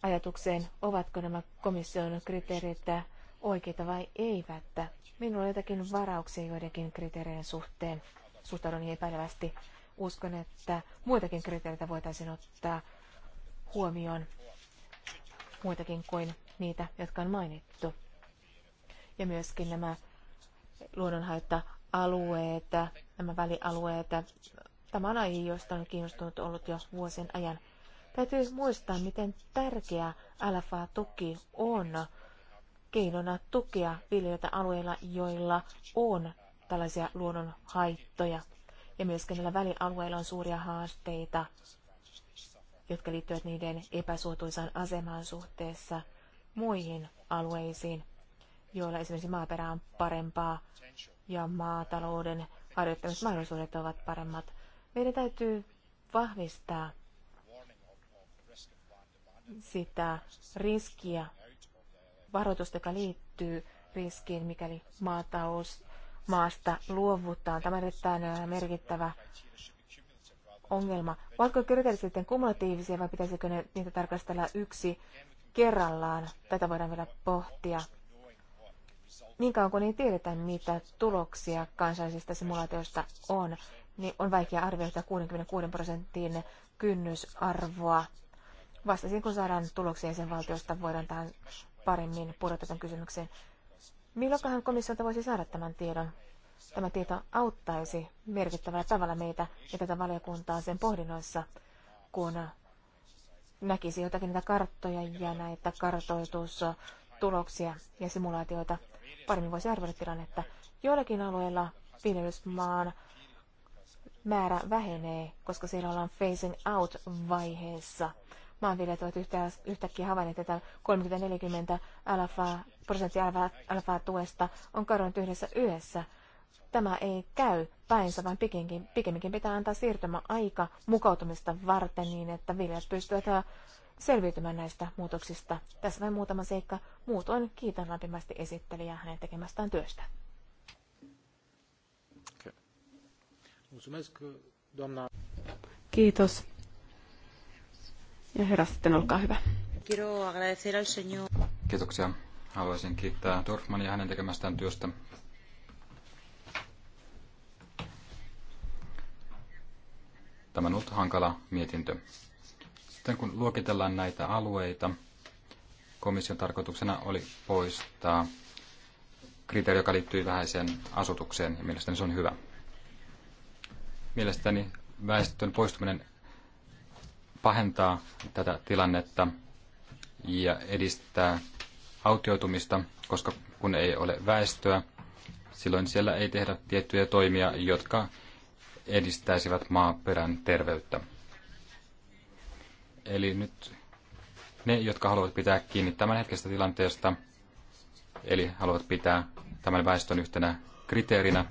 ajatukseen, ovatko nämä komission kriteerit oikeita vai eivät. Minulla on jotakin varauksia joidenkin kriteerien suhteen. Suhtaudun niin epäilevästi. Uskon, että muitakin kriteereitä voitaisiin ottaa huomioon. Muitakin kuin niitä, jotka on mainittu. Ja myöskin nämä luonnonhaitta-alueet, nämä välialueet. Tämä on aihe, josta on kiinnostunut ollut jo vuosien ajan. Täytyy muistaa, miten tärkeä LFA-tuki on keinona tukea viljelijöitä alueilla, joilla on tällaisia luonnon haittoja. Ja myöskin näillä välialueilla on suuria haasteita, jotka liittyvät niiden epäsuotuisaan asemaan suhteessa muihin alueisiin, joilla esimerkiksi maaperä on parempaa ja maatalouden harjoittamismahdollisuudet ovat paremmat. Meidän täytyy vahvistaa sitä riskiä, varoitusta, joka liittyy riskiin, mikäli maatalous maasta luovuttaa. Tämä on erittäin äh, merkittävä ongelma. Ovatko kriteerit sitten kumulatiivisia vai pitäisikö ne, niitä tarkastella yksi kerrallaan? Tätä voidaan vielä pohtia. Niin kauan kun ei tiedetä, mitä tuloksia kansallisista simulaatioista on, niin on vaikea arvioida 66 prosentin kynnysarvoa. Vasta siinä, kun saadaan tuloksia valtiosta, voidaan tähän paremmin pureutua tämän kysymykseen. Milloinkohan komissiolta voisi saada tämän tiedon? Tämä tieto auttaisi merkittävällä tavalla meitä ja tätä valiokuntaa sen pohdinnoissa, kun näkisi jotakin näitä karttoja ja näitä kartoitustuloksia ja simulaatioita. Paremmin voisi arvioida tilannetta. Joillakin alueilla viljelysmaan määrä vähenee, koska siellä ollaan phasing out vaiheessa – maanviljelijät ovat yhtä, yhtäkkiä havainneet, että 30-40 alfa, prosenttia alfaa tuesta on kadonnut yhdessä yössä. Tämä ei käy päinsä, vaan pikemminkin, pikemminkin pitää antaa aika mukautumista varten niin, että viljelijät pystyvät äh, selviytymään näistä muutoksista. Tässä vain muutama seikka. Muutoin kiitän lämpimästi esittelijää hänen tekemästään työstä. Kiitos. Ja herra sitten, olkaa hyvä. Kiitoksia. Haluaisin kiittää Dorfmania hänen tekemästään työstä. Tämä on ollut hankala mietintö. Sitten kun luokitellaan näitä alueita, komission tarkoituksena oli poistaa kriteeri, joka liittyy vähäiseen asutukseen, ja mielestäni se on hyvä. Mielestäni väestön poistuminen pahentaa tätä tilannetta ja edistää autioitumista, koska kun ei ole väestöä, silloin siellä ei tehdä tiettyjä toimia, jotka edistäisivät maaperän terveyttä. Eli nyt ne, jotka haluavat pitää kiinni hetkestä tilanteesta, eli haluavat pitää tämän väestön yhtenä kriteerinä,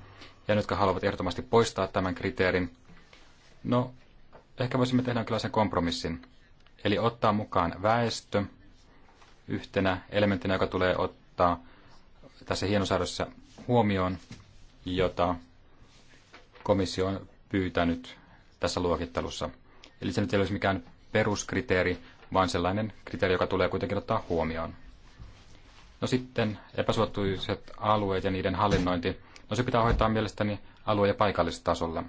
ja ne, jotka haluavat ehdottomasti poistaa tämän kriteerin, no Ehkä voisimme tehdä jonkinlaisen kompromissin. Eli ottaa mukaan väestö yhtenä elementtinä, joka tulee ottaa tässä hienosäädössä huomioon, jota komissio on pyytänyt tässä luokittelussa. Eli se nyt ei olisi mikään peruskriteeri, vaan sellainen kriteeri, joka tulee kuitenkin ottaa huomioon. No sitten epäsuotuiset alueet ja niiden hallinnointi. No se pitää hoitaa mielestäni alue- ja paikallistasolla.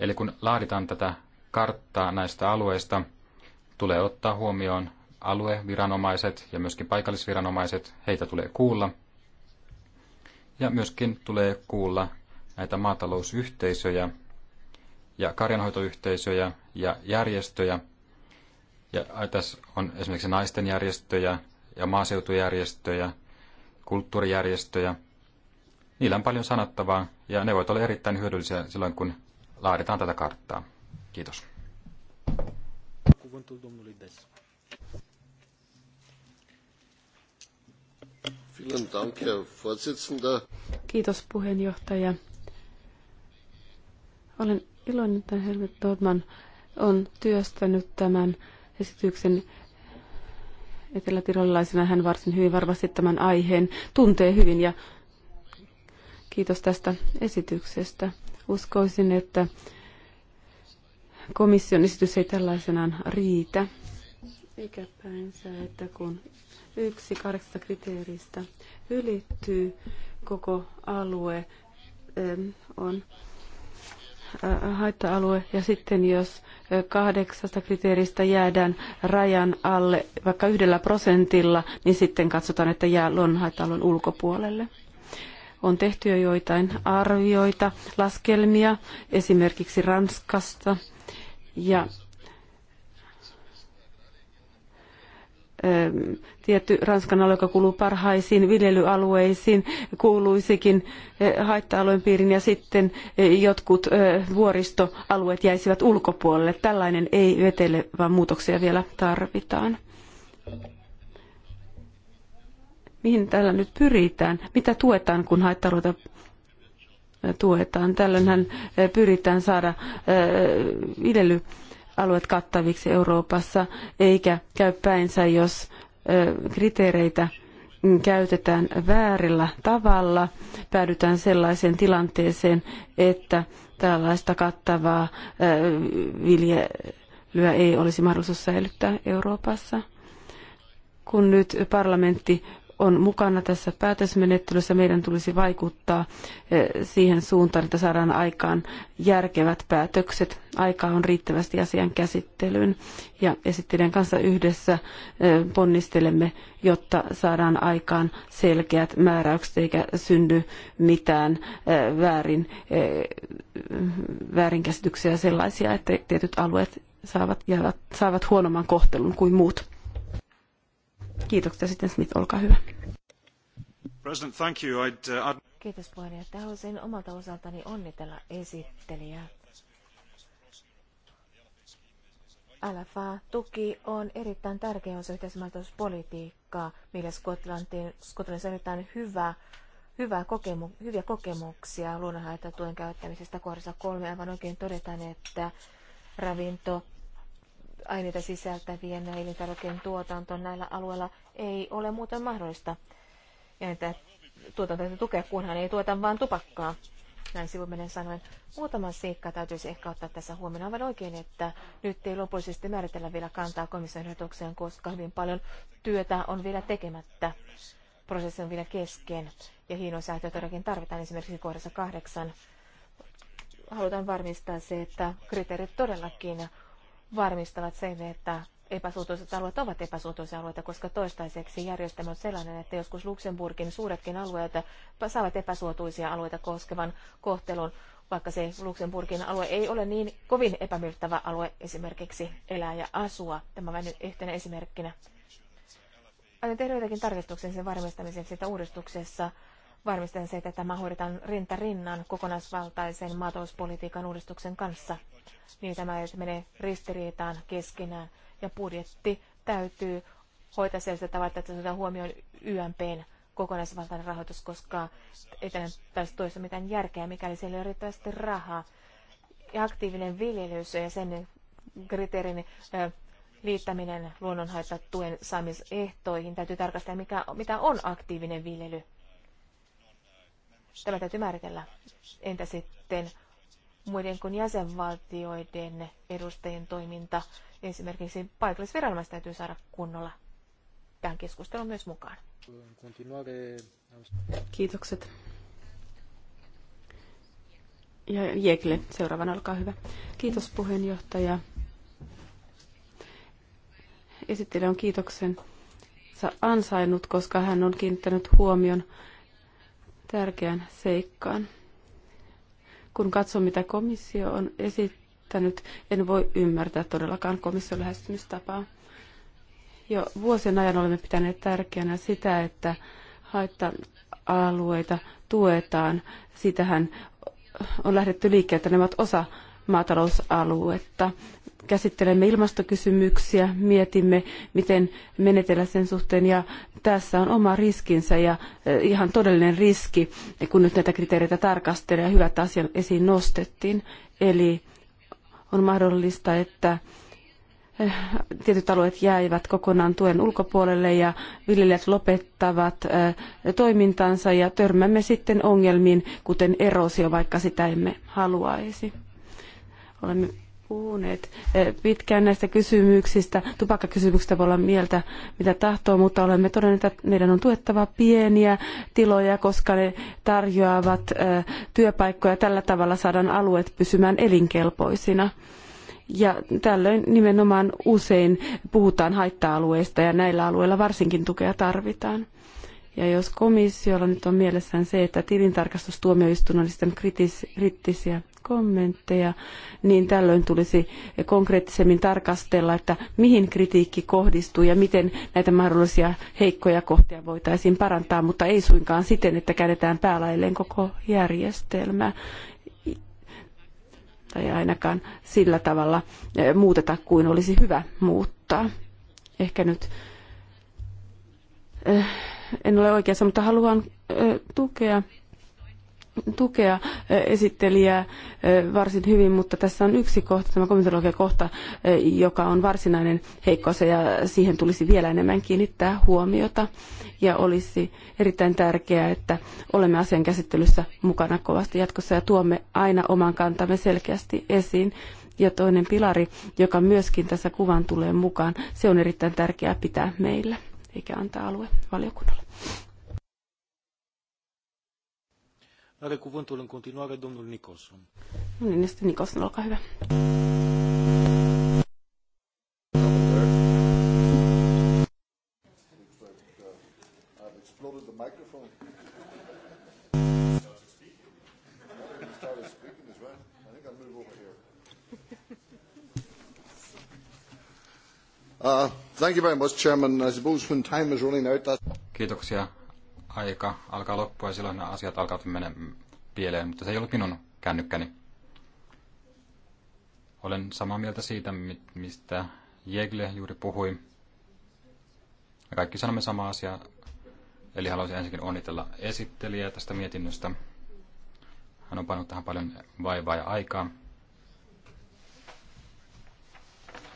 Eli kun laaditaan tätä karttaa näistä alueista, tulee ottaa huomioon alueviranomaiset ja myöskin paikallisviranomaiset, heitä tulee kuulla. Ja myöskin tulee kuulla näitä maatalousyhteisöjä ja karjanhoitoyhteisöjä ja järjestöjä. Ja tässä on esimerkiksi naisten järjestöjä ja maaseutujärjestöjä, kulttuurijärjestöjä. Niillä on paljon sanattavaa ja ne voivat olla erittäin hyödyllisiä silloin, kun laaditaan tätä karttaa. Kiitos. Cuvântul domnului Des. Kiitos puheenjohtaja. Olen iloinen, että Helmut Nordman on työstänyt tämän esityksen etelätirolaisena. Hän varsin hyvin varmasti tämän aiheen tuntee hyvin ja kiitos tästä esityksestä. Uskoisin, että komission esitys ei tällaisenaan riitä. Ikäpäinsä, että kun yksi kahdeksasta kriteeristä ylittyy koko alue, on haitta-alue ja sitten jos kahdeksasta kriteeristä jäädään rajan alle vaikka yhdellä prosentilla, niin sitten katsotaan, että jää luonnonhaitta-alueen ulkopuolelle. On tehty jo joitain arvioita, laskelmia esimerkiksi Ranskasta ja ähm, tietty Ranskan alue, joka kuuluu parhaisiin viljelyalueisiin, kuuluisikin äh, haitta-alueen piirin ja sitten äh, jotkut äh, vuoristoalueet jäisivät ulkopuolelle. Tällainen ei vetele, vaan muutoksia vielä tarvitaan mihin tällä nyt pyritään, mitä tuetaan, kun haittaruota tuetaan. Tällöinhän pyritään saada viljelyalueet kattaviksi Euroopassa, eikä käy päinsä, jos kriteereitä mm, käytetään väärillä tavalla, päädytään sellaiseen tilanteeseen, että tällaista kattavaa viljelyä ei olisi mahdollisuus säilyttää Euroopassa. Kun nyt parlamentti on mukana tässä päätösmenettelyssä, meidän tulisi vaikuttaa eh, siihen suuntaan, että saadaan aikaan järkevät päätökset. Aikaa on riittävästi asian käsittelyyn ja esittelijän kanssa yhdessä eh, ponnistelemme, jotta saadaan aikaan selkeät määräykset eikä synny mitään eh, väärin, väärinkäsityksiä sellaisia, että tietyt alueet saavat, jäävät, saavat huonomman kohtelun kuin muut. Kiitoksia sitten Smith, olkaa hyvä. President, uh, Kiitos puheenjohtaja. Haluaisin omalta osaltani onnitella esittelijää. LFA-tuki on erittäin tärkeä osa yhteismaatalouspolitiikkaa, millä Skotlantiin, Skotlannissa erittäin hyvä, hyvä kokemu, hyviä kokemuksia luonnonhaitatuen käyttämisestä. Kohdassa kolme aivan oikein todetaan, että ravinto, aineita sisältävien elintarvikkeiden tuotanto näillä alueilla ei ole muuten mahdollista. Ja että tuotanto täytyy tukea, kunhan ei tuota vain tupakkaa. Näin sivuminen sanoen. Muutama seikka täytyisi ehkä ottaa tässä huomioon aivan oikein, että nyt ei lopullisesti määritellä vielä kantaa komission ehdotukseen, koska hyvin paljon työtä on vielä tekemättä. Prosessi on vielä kesken ja hiinosäätöä todellakin tarvitaan esimerkiksi kohdassa kahdeksan halutaan varmistaa se, että kriteerit todellakin varmistavat sen, että epäsuotuiset alueet ovat epäsuotuisia alueita, koska toistaiseksi järjestelmä on sellainen, että joskus Luxemburgin suuretkin alueet saavat epäsuotuisia alueita koskevan kohtelun, vaikka se Luxemburgin alue ei ole niin kovin epämiellyttävä alue esimerkiksi elää ja asua. Tämä vain yhtenä esimerkkinä. Aion tehdä jotakin tarkistuksen sen varmistamiseksi, että uudistuksessa varmistan se, että tämä hoidetaan rinta rinnan kokonaisvaltaisen maatalouspolitiikan uudistuksen kanssa niin tämä ei mene ristiriitaan keskenään. Ja budjetti täytyy hoitaa sellaista tavalla, että otetaan huomioon YMPn kokonaisvaltainen rahoitus, koska ei taisi toista mitään järkeä, mikäli siellä ei ole riittävästi rahaa. Ja aktiivinen viljelys ja sen kriteerin liittäminen luonnonhaittatuen saamisehtoihin. Täytyy tarkastella, mikä, mitä on aktiivinen viljely. Tämä täytyy määritellä. Entä sitten muiden kuin jäsenvaltioiden edustajien toiminta. Esimerkiksi paikallisviranomaiset täytyy saada kunnolla tähän keskusteluun myös mukaan. Kiitokset. Ja Jekle, seuraavana olkaa hyvä. Kiitos puheenjohtaja. Esittely on kiitoksen ansainnut, koska hän on kiinnittänyt huomion tärkeän seikkaan. Kun katson, mitä komissio on esittänyt, en voi ymmärtää todellakaan komission lähestymistapaa. Jo vuosien ajan olemme pitäneet tärkeänä sitä, että haitta-alueita tuetaan. Sitähän on lähdetty liikkeelle, että ne ovat osa maatalousaluetta. Käsittelemme ilmastokysymyksiä, mietimme, miten menetellä sen suhteen, ja tässä on oma riskinsä ja e, ihan todellinen riski, kun nyt näitä kriteereitä tarkastelee ja hyvät asiat esiin nostettiin. Eli on mahdollista, että e, tietyt alueet jäivät kokonaan tuen ulkopuolelle ja viljelijät lopettavat e, toimintansa ja törmäämme sitten ongelmiin, kuten erosio, vaikka sitä emme haluaisi. Olemme puhuneet eh, pitkään näistä kysymyksistä. Tupakkakysymyksistä voi olla mieltä mitä tahtoo, mutta olemme todenneet, että meidän on tuettava pieniä tiloja, koska ne tarjoavat eh, työpaikkoja. Tällä tavalla saadaan alueet pysymään elinkelpoisina. Ja tällöin nimenomaan usein puhutaan haitta-alueista ja näillä alueilla varsinkin tukea tarvitaan. Ja jos komissiolla nyt on mielessään se, että tilintarkastustuomioistuin on sitten kriittisiä kommentteja, niin tällöin tulisi konkreettisemmin tarkastella, että mihin kritiikki kohdistuu ja miten näitä mahdollisia heikkoja kohtia voitaisiin parantaa, mutta ei suinkaan siten, että kädetään päälailleen koko järjestelmä tai ainakaan sillä tavalla eh, muuteta kuin olisi hyvä muuttaa. Ehkä nyt eh, en ole oikeassa, mutta haluan eh, tukea tukea esittelijää varsin hyvin, mutta tässä on yksi kohta, tämä komitologia kohta, joka on varsinainen heikkous ja siihen tulisi vielä enemmän kiinnittää huomiota. Ja olisi erittäin tärkeää, että olemme asian käsittelyssä mukana kovasti jatkossa ja tuomme aina oman kantamme selkeästi esiin. Ja toinen pilari, joka myöskin tässä kuvan tulee mukaan, se on erittäin tärkeää pitää meillä, eikä antaa alue valiokunnalle. Are cuvântul în continuare domnul Nicholson. Domnul este Nicholson, olkaa hyvä. Uh, Kiitoksia aika alkaa loppua ja silloin nämä asiat alkavat mennä pieleen, mutta se ei ollut minun kännykkäni. Olen samaa mieltä siitä, mistä Jegle juuri puhui. Me kaikki sanomme sama asia, eli haluaisin ensinnäkin onnitella esittelijää tästä mietinnöstä. Hän on pannut tähän paljon vaivaa ja aikaa.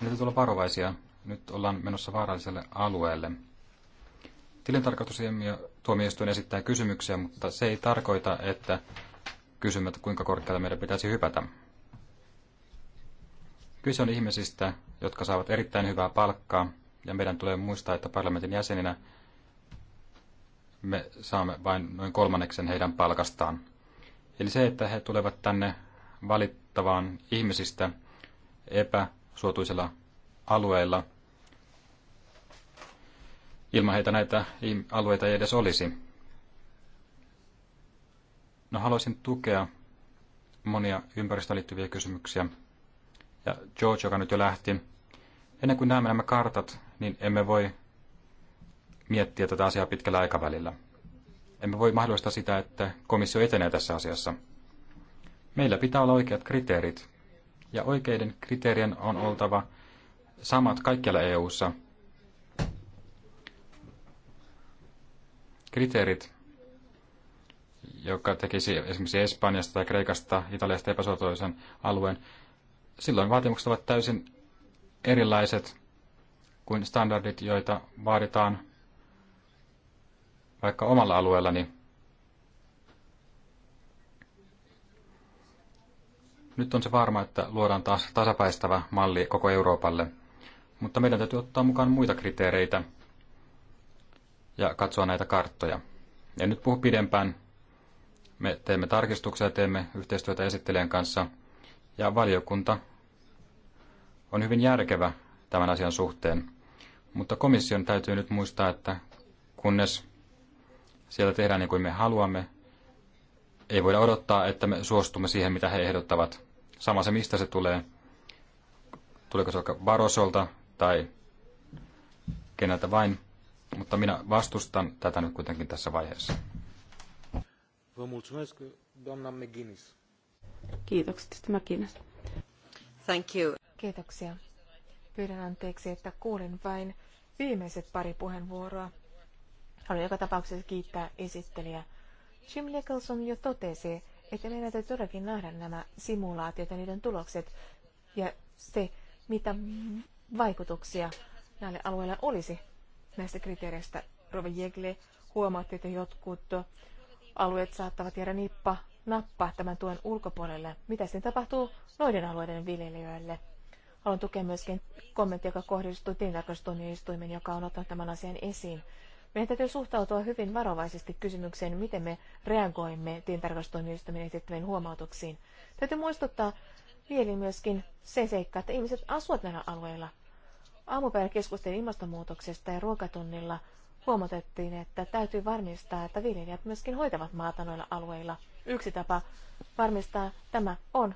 Nyt tulla varovaisia. Nyt ollaan menossa vaaralliselle alueelle. Tilintarkastusilmiö tuomioistuin esittää kysymyksiä, mutta se ei tarkoita, että kysymät kuinka korkealle meidän pitäisi hypätä. Kyse on ihmisistä, jotka saavat erittäin hyvää palkkaa, ja meidän tulee muistaa, että parlamentin jäseninä me saamme vain noin kolmanneksen heidän palkastaan. Eli se, että he tulevat tänne valittavaan ihmisistä epäsuotuisella alueilla – Ilman heitä näitä alueita ei edes olisi. No haluaisin tukea monia ympäristöön liittyviä kysymyksiä. Ja George, joka nyt jo lähti, ennen kuin näemme nämä kartat, niin emme voi miettiä tätä asiaa pitkällä aikavälillä. Emme voi mahdollistaa sitä, että komissio etenee tässä asiassa. Meillä pitää olla oikeat kriteerit, ja oikeiden kriteerien on oltava samat kaikkialla EU:ssa, kriteerit, joka tekisi esimerkiksi Espanjasta tai Kreikasta, Italiasta epäsuotuisen alueen, silloin vaatimukset ovat täysin erilaiset kuin standardit, joita vaaditaan vaikka omalla alueellani. Nyt on se varma, että luodaan taas tasapäistävä malli koko Euroopalle, mutta meidän täytyy ottaa mukaan muita kriteereitä – ja katsoa näitä karttoja. En nyt puhu pidempään. Me teemme tarkistuksia, teemme yhteistyötä esittelijän kanssa ja valiokunta on hyvin järkevä tämän asian suhteen. Mutta komission täytyy nyt muistaa, että kunnes siellä tehdään niin kuin me haluamme, ei voida odottaa, että me suostumme siihen, mitä he ehdottavat. Sama se, mistä se tulee. Tuleeko se vaikka Barosolta tai keneltä vain. Mutta minä vastustan tätä nyt kuitenkin tässä vaiheessa. Vă mulțumesc, doamna McGuinness. Kiitokset, McGuinness. Thank you. Kiitoksia. Pyydän anteeksi, että kuulin vain viimeiset pari puheenvuoroa. Haluan joka tapauksessa kiittää esittelijää. Jim Nicholson jo totesi, että meidän täytyy todellakin nähdä nämä simulaatiot ja niiden tulokset ja se, mitä vaikutuksia näille alueille olisi näistä kriteereistä. Rove Jegle huomautti, että jotkut alueet saattavat jäädä nippa nappaa tämän tuen ulkopuolelle. Mitä sitten tapahtuu noiden alueiden viljelijöille? Haluan tukea myöskin kommentti, joka kohdistuu tilintarkastustuomioistuimen, joka on ottanut tämän asian esiin. Meidän täytyy suhtautua hyvin varovaisesti kysymykseen, miten me reagoimme tilintarkastustuomioistuimen esittämiin huomautuksiin. Täytyy muistuttaa mieli myöskin se seikka, että ihmiset asuvat näillä alueilla. Aamupäivällä keskustelin ilmastonmuutoksesta ja ruokatunnilla huomatettiin, että täytyy varmistaa, että viljelijät myöskin hoitavat maata noilla alueilla. Yksi tapa varmistaa tämä on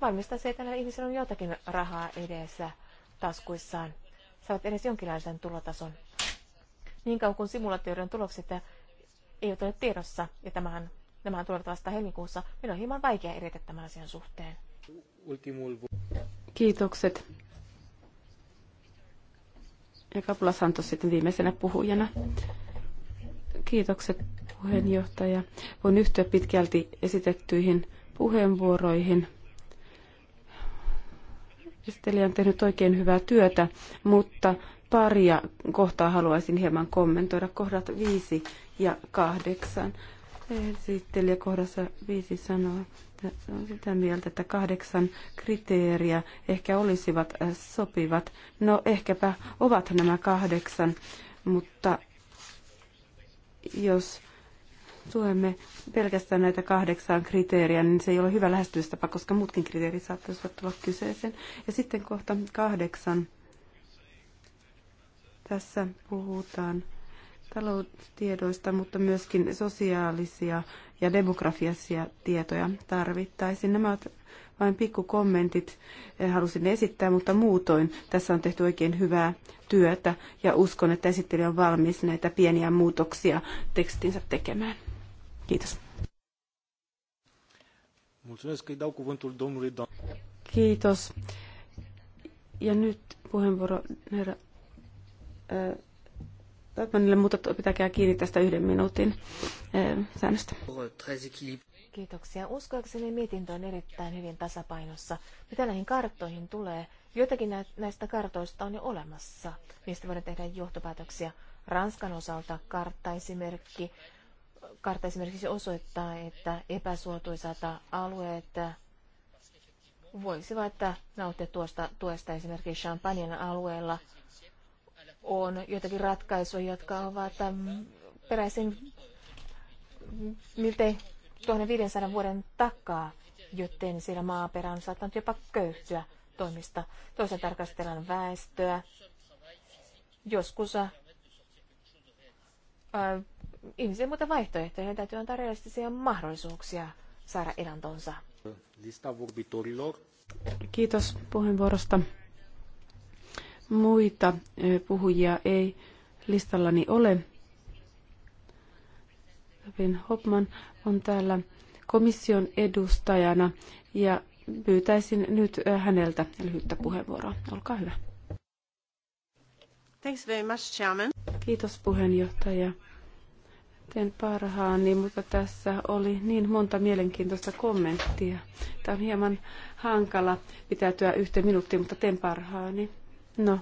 varmistaa se, että näillä ihmisillä on jotakin rahaa edessä taskuissaan. Saavat edes jonkinlaisen tulotason. Niin kauan kuin simulaatioiden tulokset ei ole tiedossa, ja tämähän, nämähän tulevat vasta helmikuussa, minun on hieman vaikea edetä tämän asian suhteen. Kiitokset. Ja Kapula Santos sitten viimeisenä puhujana. Kiitokset puheenjohtaja. Voin yhtyä pitkälti esitettyihin puheenvuoroihin. Esittelijä on tehnyt oikein hyvää työtä, mutta paria kohtaa haluaisin hieman kommentoida. Kohdat viisi ja kahdeksan. Esittelijä kohdassa viisi sanoo, että on sitä mieltä, että kahdeksan kriteeriä ehkä olisivat äh, sopivat. No ehkäpä ovat nämä kahdeksan, mutta jos tuemme pelkästään näitä kahdeksan kriteeriä, niin se ei ole hyvä lähestymistapa, koska muutkin kriteerit saattaisivat tulla kyseeseen. Ja sitten kohta kahdeksan. Tässä puhutaan taloustiedoista, mutta myöskin sosiaalisia ja demografiasia tietoja tarvittaisiin. Nämä ovat vain pikkukommentit eh, halusin esittää, mutta muutoin tässä on tehty oikein hyvää työtä ja uskon, että esittelijä on valmis näitä pieniä muutoksia tekstinsä tekemään. Kiitos. Kiitos. Ja nyt puheenvuoro herra eh, Batmanille, mutta pitäkää kiinni tästä yhden minuutin eh, säännöstä. Kiitoksia. Uskoakseni mietintö on erittäin hyvin tasapainossa. Mitä näihin karttoihin tulee? Joitakin näistä kartoista on jo olemassa. Niistä voidaan tehdä johtopäätöksiä. Ranskan osalta kartta esimerkki kartta esimerkiksi osoittaa, että epäsuotuisat alueet voisivat nauttia tuosta tuesta esimerkiksi Champagnen alueella – on joitakin ratkaisuja, jotka ovat ähm, peräisin miltei 1500 vuoden takaa, joten siellä maaperä on saattanut jopa köyhtyä toimista. Toisen tarkastellaan väestöä. Joskus äh, ihmisiä muita vaihtoehtoja, joiden täytyy antaa realistisia mahdollisuuksia saada elantonsa. Kiitos puheenvuorosta. Muita puhujia ei listallani ole. Robin Hopman on täällä komission edustajana ja pyytäisin nyt häneltä lyhyttä puheenvuoroa. Olkaa hyvä. Thanks very much, Chairman. Kiitos puheenjohtaja. Teen parhaani, mutta tässä oli niin monta mielenkiintoista kommenttia. Tämä on hieman hankala pitäytyä yhteen minuuttiin, mutta teen parhaani. No,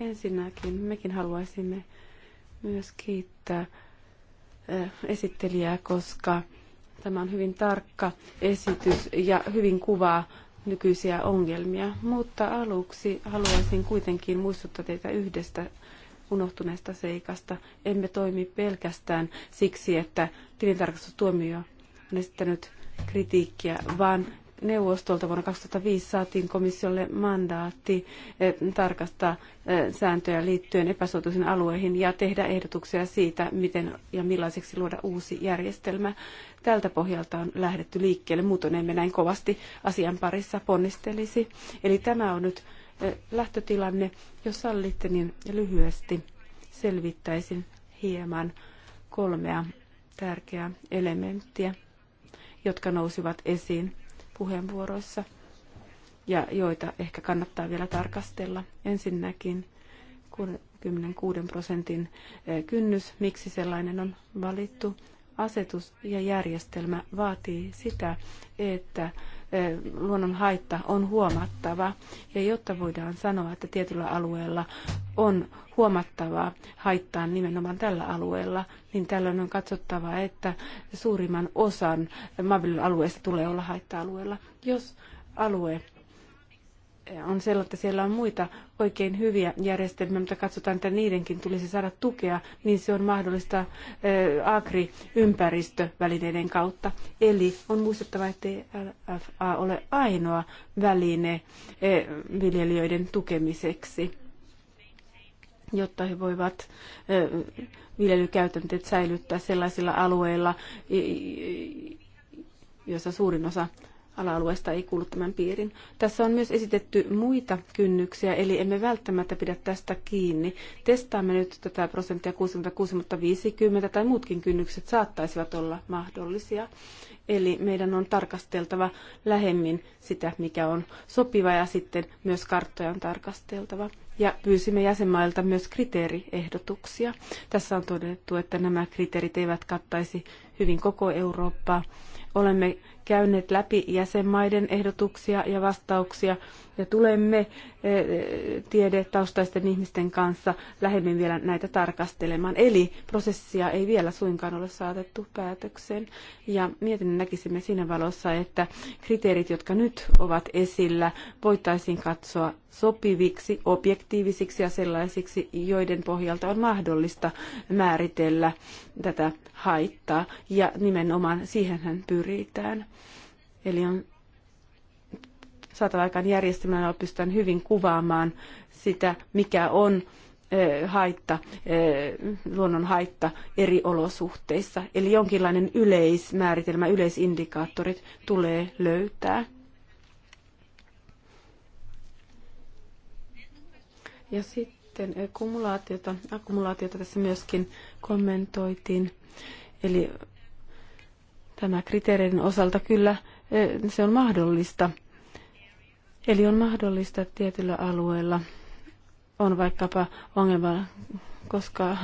ensinnäkin mekin haluaisimme myös kiittää eh, esittelijää, koska tämä on hyvin tarkka esitys ja hyvin kuvaa nykyisiä ongelmia. Mutta aluksi haluaisin kuitenkin muistuttaa teitä yhdestä unohtuneesta seikasta. Emme toimi pelkästään siksi, että tilintarkastustuomio on esittänyt kritiikkiä, vaan neuvostolta vuonna 2005 saatiin komissiolle mandaatti eh, tarkastaa eh, sääntöjä liittyen epäsuotuisiin alueihin ja tehdä ehdotuksia siitä, miten ja millaiseksi luoda uusi järjestelmä. Tältä pohjalta on lähdetty liikkeelle, muutoin emme näin kovasti asian parissa ponnistelisi. Eli tämä on nyt eh, lähtötilanne. Jos sallitte, niin lyhyesti selvittäisin hieman kolmea tärkeää elementtiä, jotka nousivat esiin puheenvuoroissa ja joita ehkä kannattaa vielä tarkastella. Ensinnäkin 16 prosentin eh, kynnys, miksi sellainen on valittu. Asetus ja järjestelmä vaatii sitä, että luonnon haitta on huomattava. Ja jotta voidaan sanoa, että tietyllä alueella on huomattavaa haittaa nimenomaan tällä alueella, niin tällöin on katsottava, että suurimman osan maanviljelyn alueesta tulee olla haitta-alueella. Jos alue on sellainen, että siellä on muita oikein hyviä järjestelmiä, mutta katsotaan, että niidenkin tulisi saada tukea, niin se on mahdollista agri-ympäristövälineiden kautta. Eli on muistettava, että LFA ole ainoa väline viljelijöiden tukemiseksi, jotta he voivat viljelykäytänteet säilyttää sellaisilla alueilla, joissa suurin osa ala-alueesta ei kuulu tämän piirin. Tässä on myös esitetty muita kynnyksiä, eli emme välttämättä pidä tästä kiinni. Testaamme nyt tätä prosenttia 66, mutta 50 tai muutkin kynnykset saattaisivat olla mahdollisia. Eli meidän on tarkasteltava lähemmin sitä, mikä on sopiva ja sitten myös karttoja on tarkasteltava. Ja pyysimme jäsenmailta myös kriteeriehdotuksia. Tässä on todettu, että nämä kriteerit eivät kattaisi hyvin koko Eurooppaa, Olemme käyneet läpi jäsenmaiden ehdotuksia ja vastauksia ja tulemme eh, tiedetaustaisten ihmisten kanssa lähemmin vielä näitä tarkastelemaan. Eli prosessia ei vielä suinkaan ole saatettu päätökseen. Ja mietin näkisimme siinä valossa, että kriteerit, jotka nyt ovat esillä, voitaisiin katsoa sopiviksi, objektiivisiksi ja sellaisiksi, joiden pohjalta on mahdollista määritellä tätä haittaa. Ja nimenomaan siihenhän pyritään pyritään. Eli on saatava aikaan järjestelmän, jolla pystytään hyvin kuvaamaan sitä, mikä on haitta, luonnon haitta eri olosuhteissa. Eli jonkinlainen yleismääritelmä, yleisindikaattorit tulee löytää. Ja sitten kumulaatiota, akkumulaatiota tässä myöskin kommentoitiin. Eli tämä kriteereiden osalta kyllä se on mahdollista. Eli on mahdollista että tietyllä alueella on vaikkapa ongelma, koska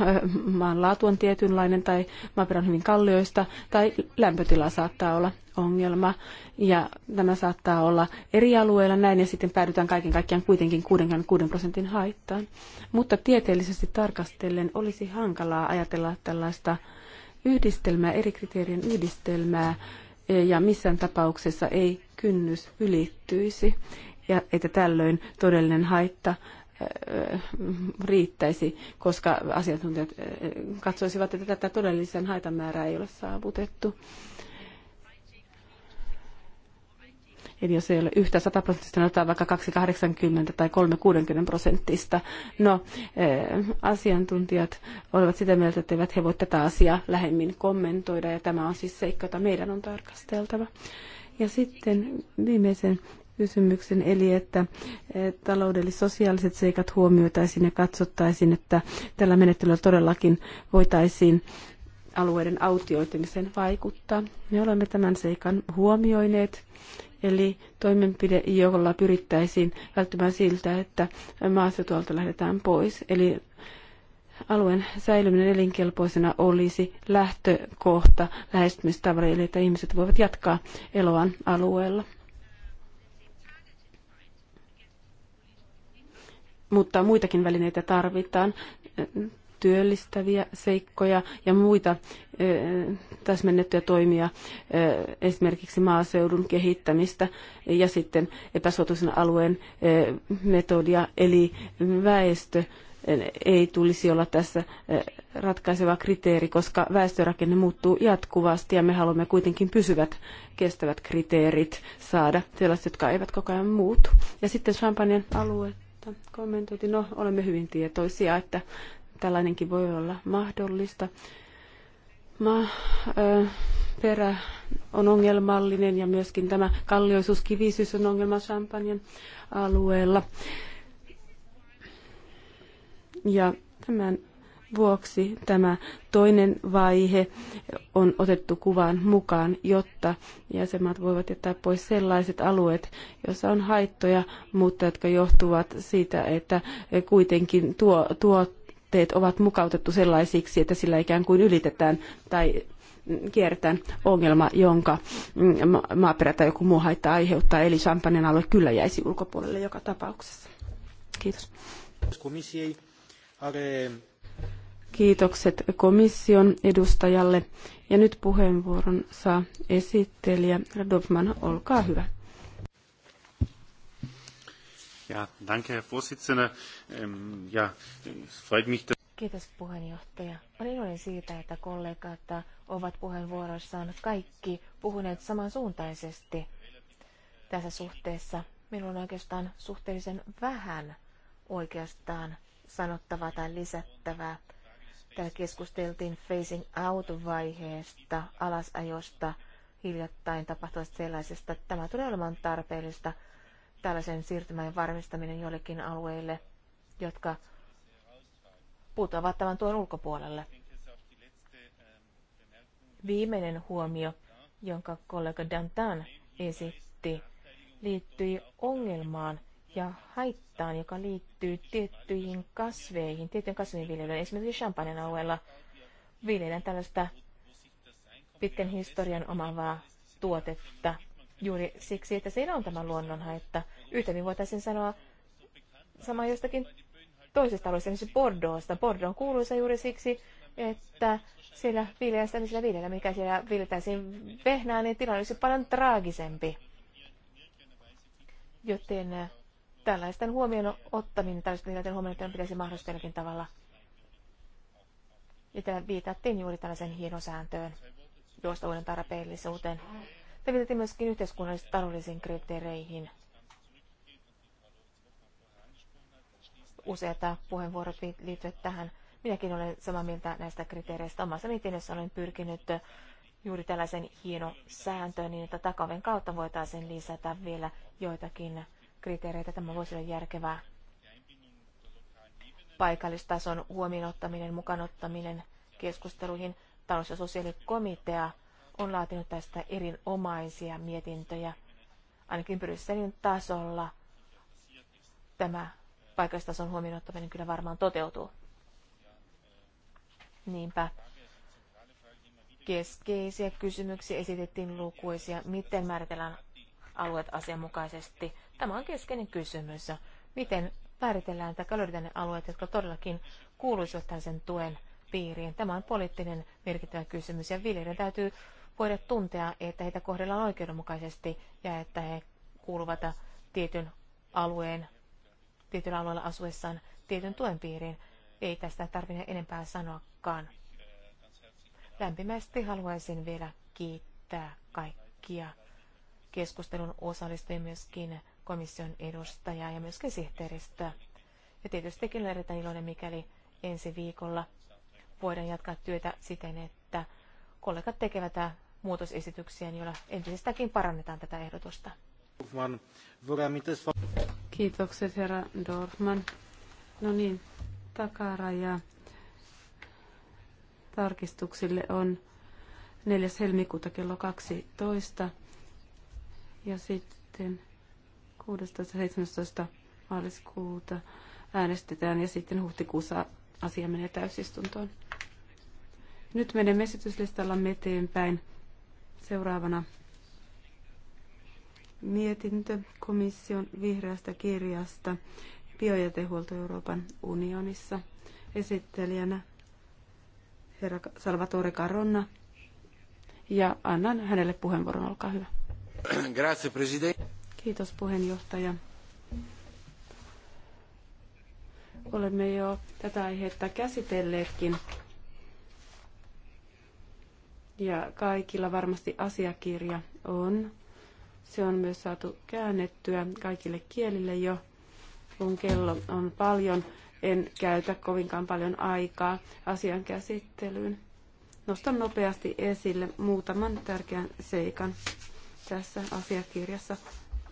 maan laatu on tietynlainen tai maaperä on hyvin kallioista tai lämpötila saattaa olla ongelma ja tämä saattaa olla eri alueilla näin ja sitten päädytään kaiken kaikkiaan kuitenkin 66 prosentin haittaan. Mutta tieteellisesti tarkastellen olisi hankalaa ajatella tällaista yhdistelmää, eri kriteerien yhdistelmää, eh, ja missään tapauksessa ei kynnys ylittyisi, ja että tällöin todellinen haitta eh, riittäisi, koska asiantuntijat eh, katsoisivat, että tätä todellisen haitan määrää ei ole saavutettu. Eli jos ei ole yhtä 100 prosenttista, niin otetaan vaikka 280 tai 360 prosenttista. No, eh, asiantuntijat olivat sitä mieltä, että eivät he voi tätä asiaa lähemmin kommentoida, ja tämä on siis seikka, jota meidän on tarkasteltava. Ja sitten viimeisen kysymyksen, eli että eh, taloudelliset sosiaaliset seikat huomioitaisiin ja katsottaisiin, että tällä menettelyllä todellakin voitaisiin alueiden autioitumiseen vaikuttaa. Me olemme tämän seikan huomioineet Eli toimenpide, jolla pyrittäisiin välttämään siltä, että maaseutualta lähdetään pois. Eli alueen säilyminen elinkelpoisena olisi lähtökohta lähestymistavra, eli että ihmiset voivat jatkaa eloaan alueella. Mutta muitakin välineitä tarvitaan työllistäviä seikkoja ja muita täsmennettyjä toimia, esimerkiksi maaseudun kehittämistä ja sitten epäsuotuisen alueen metodia, eli väestö ei tulisi olla tässä ratkaiseva kriteeri, koska väestörakenne muuttuu jatkuvasti ja me haluamme kuitenkin pysyvät kestävät kriteerit saada, sellaiset, jotka eivät koko ajan muutu. Ja sitten Champagnen alue kommentoitiin, no olemme hyvin tietoisia, että tällainenkin voi olla mahdollista. Ma, ö, perä on ongelmallinen ja myöskin tämä kallioisuuskivisyys on ongelma Champagnen alueella. Ja tämän vuoksi tämä toinen vaihe on otettu kuvaan mukaan, jotta jäsenmaat voivat jättää pois sellaiset alueet, joissa on haittoja, mutta jotka johtuvat siitä, että kuitenkin tuo, tuo tuotteet ovat mukautettu sellaisiksi, että sillä ikään kuin ylitetään tai kiertään ongelma, jonka mm, maaperä tai joku muu haitta aiheuttaa. Eli Champagnen alue kyllä jäisi ulkopuolelle joka tapauksessa. Kiitos. Kiitokset komission edustajalle. Ja nyt puheenvuoron saa esittelijä Radovman. Olkaa hyvä. Ja, danke, Herr Vorsitzender. Ähm, ja, es freut mich, dass Kiitos puheenjohtaja. Olen iloinen siitä, että kollegat ovat puheenvuoroissaan kaikki puhuneet samansuuntaisesti tässä suhteessa. Minulla on oikeastaan suhteellisen vähän oikeastaan sanottavaa tai lisättävää. Täällä keskusteltiin facing out-vaiheesta, alasajosta, hiljattain tapahtuvasta sellaisesta. Tämä tulee olemaan tarpeellista tällaisen siirtymän varmistaminen joillekin alueille, jotka putoavat tämän tuon ulkopuolelle. Viimeinen huomio, jonka kollega Dantan esitti, liittyi ongelmaan ja haittaan, joka liittyy tiettyihin kasveihin, tiettyjen kasvien viljelyyn. Esimerkiksi Champagnen alueella viljellään tällaista pitkän historian omavaa tuotetta, juuri siksi, että siinä on tämä luonnonhaitta. Yhtäkin voitaisiin sanoa sama jostakin toisesta alueesta, esimerkiksi Bordeauxsta. Bordeaux on kuuluisa juuri siksi, että siellä viljelästä, niin sillä viljellä, mikä siellä viljeltäisiin vehnää, niin tilanne olisi paljon traagisempi. Joten äh, tällaisten huomioon ottaminen, tällaisten tilanteen huomioon pitäisi mahdollisesti jollakin tavalla. Ja viitattiin juuri tällaisen hienosääntöön, uuden tarpeellisuuteen. Te viitatte myöskin yhteiskunnallisiin taloudellisiin kriteereihin. Useita puheenvuorot liittyvät tähän. Minäkin olen samaa mieltä näistä kriteereistä. Omassa mietinnössä olen pyrkinyt juuri tällaisen hieno sääntöön, niin että takaven kautta voitaisiin lisätä vielä joitakin kriteereitä. Tämä voisi olla järkevää. Paikallistason huomioon ottaminen, mukaan ottaminen keskusteluihin. Talous- ja sosiaalikomitea on laatinut tästä erinomaisia mietintöjä. Ainakin Brysselin tasolla tämä paikallistason huomioon ottaminen kyllä varmaan toteutuu. Niinpä keskeisiä kysymyksiä esitettiin lukuisia. Miten määritellään alueet asianmukaisesti? Tämä on keskeinen kysymys. Miten määritellään tai löydetään ne alueet, jotka todellakin kuuluisivat sen tuen piiriin? Tämä on poliittinen merkittävä kysymys ja viljelijöiden täytyy voida tuntea, että heitä kohdellaan oikeudenmukaisesti ja että he kuuluvat tietyn alueen, tietyllä alueella asuessaan tietyn tuen piiriin. Ei tästä tarvitse enempää sanoakaan. Lämpimästi haluaisin vielä kiittää kaikkia keskustelun osallistujia, myöskin komission edustajaa ja myöskin sihteeristöä. Ja tietystikin olen erittäin iloinen, mikäli ensi viikolla voidaan jatkaa työtä siten, että kollegat tekevät Muutosesityksiä, joilla entisestäkin parannetaan tätä ehdotusta. Kiitokset herra Dorfman. No niin, takaraja tarkistuksille on 4. helmikuuta kello 12 ja sitten 16.17. maaliskuuta äänestetään ja sitten huhtikuussa asia menee täysistuntoon. Nyt menemme esityslistallamme eteenpäin. Seuraavana mietintö komission vihreästä kirjasta biojätehuolto Euroopan unionissa. Esittelijänä herra Salvatore Caronna ja annan hänelle puheenvuoron. Olkaa hyvä. Grazie, president. Kiitos puheenjohtaja. Olemme jo tätä aihetta käsitelleetkin ja kaikilla varmasti asiakirja on. Se on myös saatu käännettyä kaikille kielille jo, kun kello on paljon. En käytä kovinkaan paljon aikaa asian käsittelyyn. Nostan nopeasti esille muutaman tärkeän seikan tässä asiakirjassa.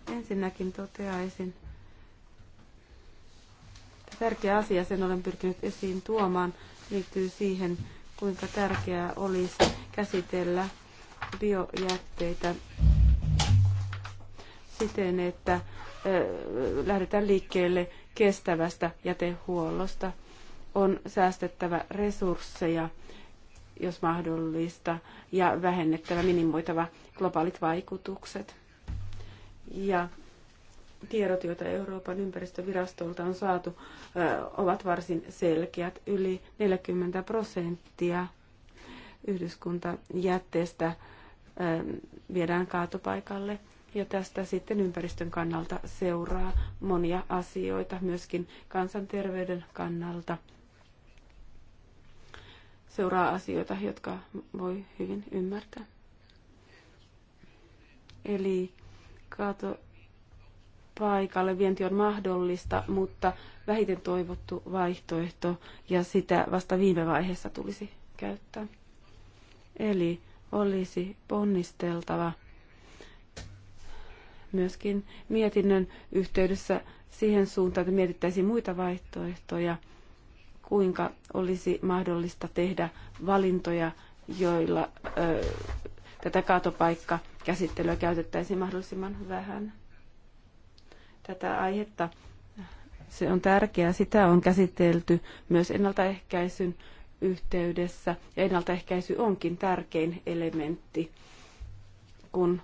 Ensinnäkin toteaisin, että tärkeä asia, sen olen pyrkinyt esiin tuomaan, liittyy siihen, kuinka tärkeää olisi käsitellä biojätteitä siten, että lähdetään liikkeelle kestävästä jätehuollosta. On säästettävä resursseja, jos mahdollista, ja vähennettävä minimoitava globaalit vaikutukset. Ja tiedot, joita Euroopan ympäristövirastolta on saatu, ovat varsin selkeät. Yli 40 prosenttia yhdyskuntajätteestä viedään kaatopaikalle. Ja tästä sitten ympäristön kannalta seuraa monia asioita, myöskin kansanterveyden kannalta. Seuraa asioita, jotka voi hyvin ymmärtää. Eli kaato paikalle vienti on mahdollista, mutta vähiten toivottu vaihtoehto ja sitä vasta viime vaiheessa tulisi käyttää. Eli olisi ponnisteltava myöskin mietinnön yhteydessä siihen suuntaan, että mietittäisiin muita vaihtoehtoja, kuinka olisi mahdollista tehdä valintoja, joilla ö, tätä kaatopaikkakäsittelyä käytettäisiin mahdollisimman vähän tätä aihetta. Se on tärkeää. Sitä on käsitelty myös ennaltaehkäisyn yhteydessä. Ja ennaltaehkäisy onkin tärkein elementti, kun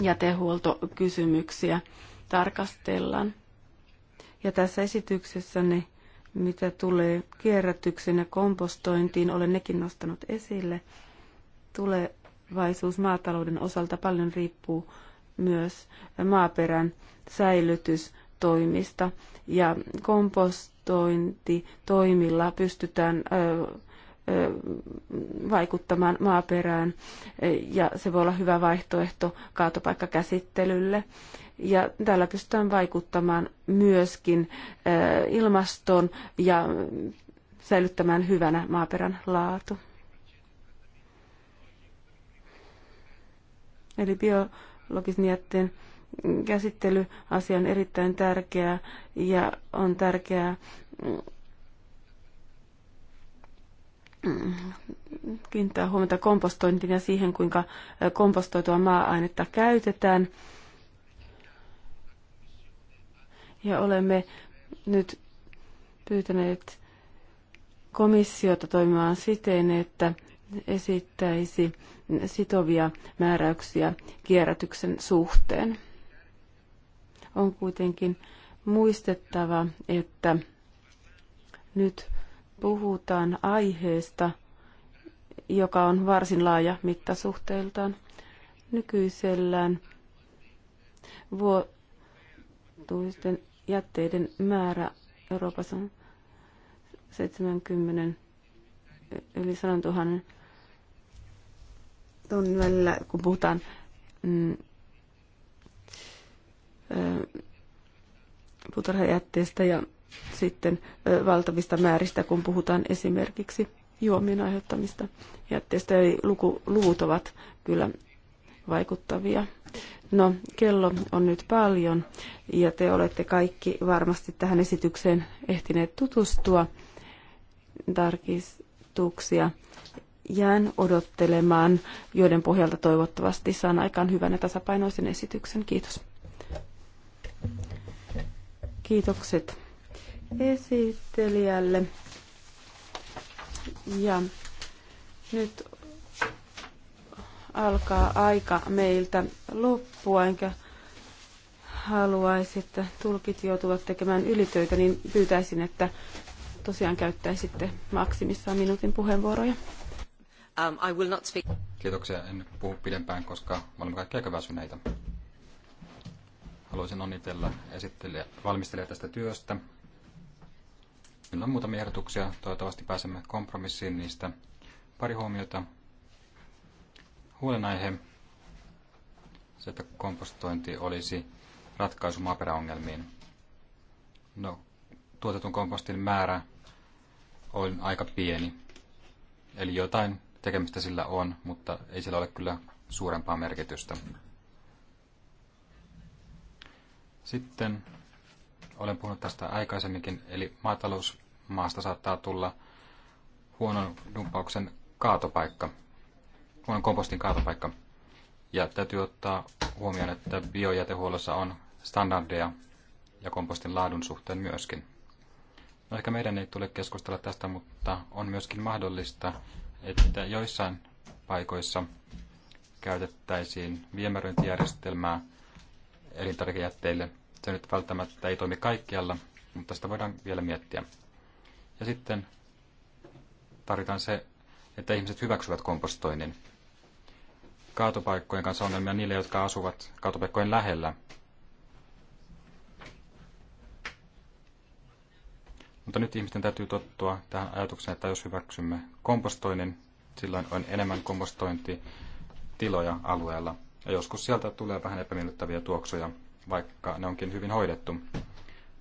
jätehuoltokysymyksiä tarkastellaan. Ja tässä esityksessä ne, mitä tulee kierrätyksen ja kompostointiin, olen nekin nostanut esille. Tulevaisuus maatalouden osalta paljon riippuu myös maaperän säilytystoimista ja kompostointitoimilla pystytään vaikuttamaan maaperään ja se voi olla hyvä vaihtoehto kaatopaikkakäsittelylle. Ja tällä pystytään vaikuttamaan myöskin ilmastoon ja säilyttämään hyvänä maaperän laatu. Eli bio biologisen jätteen käsittelyasia on erittäin tärkeää ja on tärkeää mm, kiinnittää huomiota kompostointiin ja siihen, kuinka kompostoitua maa-ainetta käytetään. Ja olemme nyt pyytäneet komissiota toimimaan siten, että esittäisi sitovia määräyksiä kierrätyksen suhteen. On kuitenkin muistettava, että nyt puhutaan aiheesta, joka on varsin laaja mittasuhteiltaan. Nykyisellään vuotuisten jätteiden määrä Euroopassa on 70 yli 100 000 on välillä, kun puhutaan mm, puutarhajätteestä ja sitten ö, valtavista määristä, kun puhutaan esimerkiksi juomien aiheuttamista jätteistä. Eli luku, luvut ovat kyllä vaikuttavia. No, kello on nyt paljon ja te olette kaikki varmasti tähän esitykseen ehtineet tutustua. Tarkistuksia jään odottelemaan, joiden pohjalta toivottavasti saan aikaan hyvän ja tasapainoisen esityksen. Kiitos. Kiitokset esittelijälle. Ja nyt alkaa aika meiltä loppua, enkä haluaisi, että tulkit joutuvat tekemään ylitöitä, niin pyytäisin, että tosiaan käyttäisitte maksimissaan minuutin puheenvuoroja. Um, I will not speak. Kiitoksia. En puhu pidempään, koska me olemme kaikki aika väsyneitä. Haluaisin onnitella esittelijä, valmistelijaa tästä työstä. Meillä on muutamia ehdotuksia. Toivottavasti pääsemme kompromissiin niistä. Pari huomiota. Huolenaihe. Se, että kompostointi olisi ratkaisu maaperäongelmiin. No, tuotetun kompostin määrä on aika pieni. Eli jotain tekemistä sillä on, mutta ei sillä ole kyllä suurempaa merkitystä. Sitten olen puhunut tästä aikaisemminkin, eli maatalousmaasta saattaa tulla huonon dumpauksen kaatopaikka, huonon kompostin kaatopaikka. Ja täytyy ottaa huomioon, että biojätehuollossa on standardeja ja kompostin laadun suhteen myöskin. No ehkä meidän ei tule keskustella tästä, mutta on myöskin mahdollista että joissain paikoissa käytettäisiin viemäröintijärjestelmää elintarvikejätteille. Se nyt välttämättä ei toimi kaikkialla, mutta sitä voidaan vielä miettiä. Ja sitten tarvitaan se, että ihmiset hyväksyvät kompostoinnin. Kaatopaikkojen kanssa ongelmia niille, jotka asuvat kaatopaikkojen lähellä, Mutta nyt ihmisten täytyy tottua tähän ajatukseen, että jos hyväksymme kompostoinnin, silloin on enemmän kompostointitiloja alueella. Ja joskus sieltä tulee vähän epämiellyttäviä tuoksuja, vaikka ne onkin hyvin hoidettu.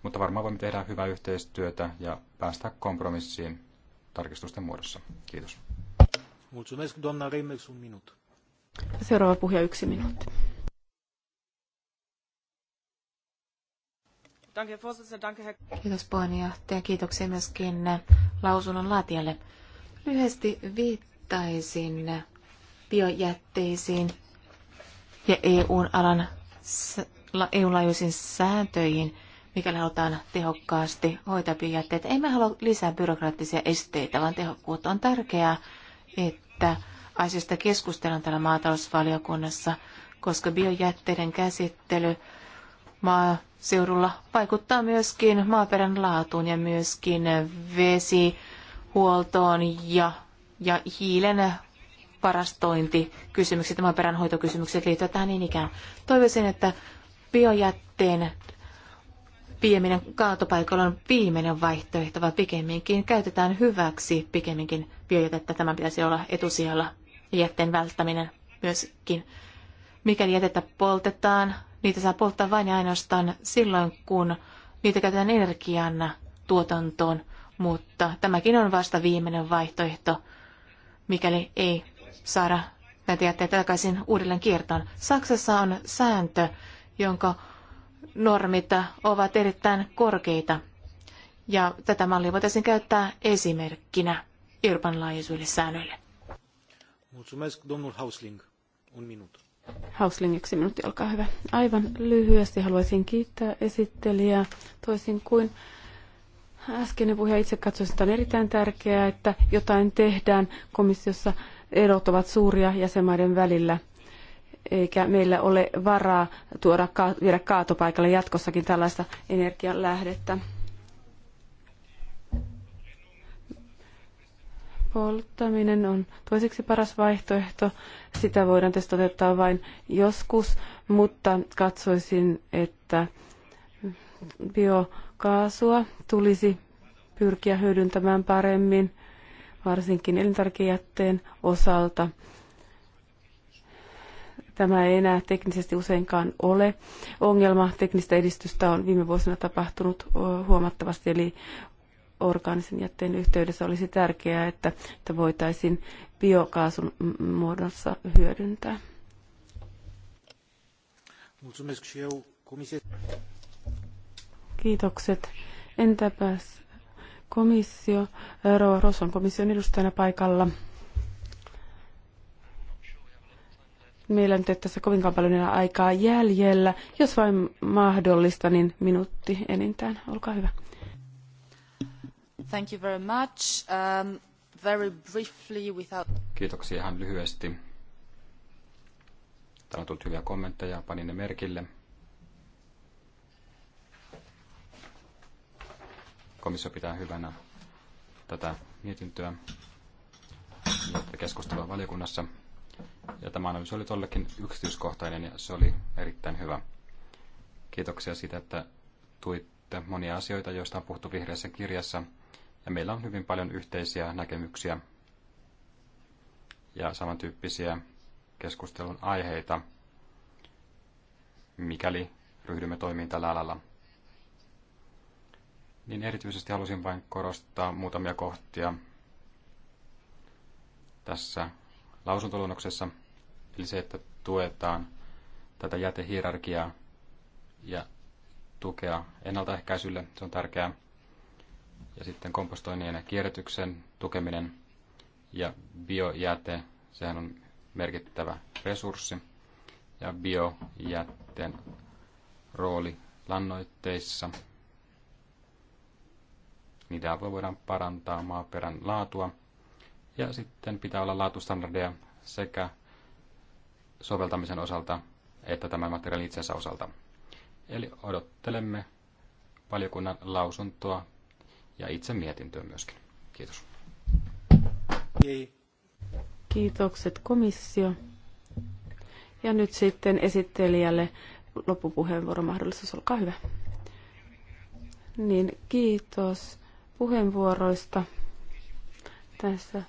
Mutta varmaan voimme tehdä hyvää yhteistyötä ja päästä kompromissiin tarkistusten muodossa. Kiitos. Mulțumesc, doamna Reimers, un minut. Seuraava puhuja yksi minuutti. Kiitos puheenjohtaja. Kiitoksia myöskin lausunnon laatijalle. Lyhyesti viittaisin biojätteisiin ja EUn alan EU-laajuisiin sääntöihin, mikäli halutaan tehokkaasti hoitaa biojätteitä. Emme halua lisää byrokraattisia esteitä, vaan tehokkuutta on tärkeää, että asiasta keskustellaan täällä maatalousvaliokunnassa, koska biojätteiden käsittely maa seudulla vaikuttaa myöskin maaperän laatuun ja myöskin vesihuoltoon ja, ja hiilen varastointikysymykset ja maaperän hoitokysymykset liittyvät tähän niin ikään. Toivoisin, että biojätteen vieminen kaatopaikalla on viimeinen vaihtoehto, vaan pikemminkin käytetään hyväksi pikemminkin biojätettä. Tämän pitäisi olla etusijalla ja jätteen välttäminen myöskin. Mikäli jätettä poltetaan, Niitä saa polttaa vain ja ainoastaan silloin, kun niitä käytetään energiana tuotantoon, mutta tämäkin on vasta viimeinen vaihtoehto, mikäli ei saada näitä jätteitä takaisin uudelleen kiertoon. Saksassa on sääntö, jonka normit ovat erittäin korkeita. Ja tätä mallia voitaisiin käyttää esimerkkinä Euroopan laajuisuille säännöille. Mulțumesc, domnul Hausling. Un minut. Hausling, yksi minuutti, olkaa hyvä. Aivan lyhyesti haluaisin kiittää esittelijää. Toisin kuin äskeinen puhuja itse katsoi, että on erittäin tärkeää, että jotain tehdään komissiossa. Erot ovat suuria jäsenmaiden välillä eikä meillä ole varaa tuoda, viedä kaatopaikalle jatkossakin tällaista energian lähdettä polttaminen on toiseksi paras vaihtoehto. Sitä voidaan tietysti toteuttaa vain joskus, mutta katsoisin, että biokaasua tulisi pyrkiä hyödyntämään paremmin, varsinkin elintarvikejätteen osalta. Tämä ei enää teknisesti useinkaan ole ongelma. Teknistä edistystä on viime vuosina tapahtunut huomattavasti, eli orgaanisen jätteen yhteydessä olisi tärkeää, että, että voitaisiin biokaasun muodossa hyödyntää. Kiitokset. Entäpäs komissio, Rova Rosson komission edustajana paikalla. Meillä nyt ei tässä kovinkaan paljon aikaa jäljellä. Jos vain mahdollista, niin minuutti enintään. Olkaa hyvä. Um, Kiitoksia ihan lyhyesti. Täällä on tullut hyviä kommentteja, panin ne merkille. Komissio pitää hyvänä tätä mietintöä ja keskustelua valiokunnassa. Ja tämä analyysi oli tollekin yksityiskohtainen ja se oli erittäin hyvä. Kiitoksia siitä, että tuitte monia asioita, joista on puhuttu vihreässä kirjassa – ja meillä on hyvin paljon yhteisiä näkemyksiä ja samantyyppisiä keskustelun aiheita, mikäli ryhdymme toimiin tällä alalla. Niin erityisesti halusin vain korostaa muutamia kohtia tässä lausuntoluonnoksessa, eli se, että tuetaan tätä jätehierarkiaa ja tukea ennaltaehkäisylle, se on tärkeää. Ja sitten kompostoinnin ja kierrätyksen tukeminen ja biojäte, sehän on merkittävä resurssi. Ja biojätteen rooli lannoitteissa. Niitä voidaan parantaa maaperän laatua. Ja sitten pitää olla laatustandardeja sekä soveltamisen osalta että tämän materiaalin itsensä osalta. Eli odottelemme valiokunnan lausuntoa ja itse mietintöön myöskin. Kiitos. Kiitokset komissio. Ja nyt sitten esittelijälle loppupuheenvuoron mahdollisuus, olkaa hyvä. Niin, kiitos puheenvuoroista. Tässä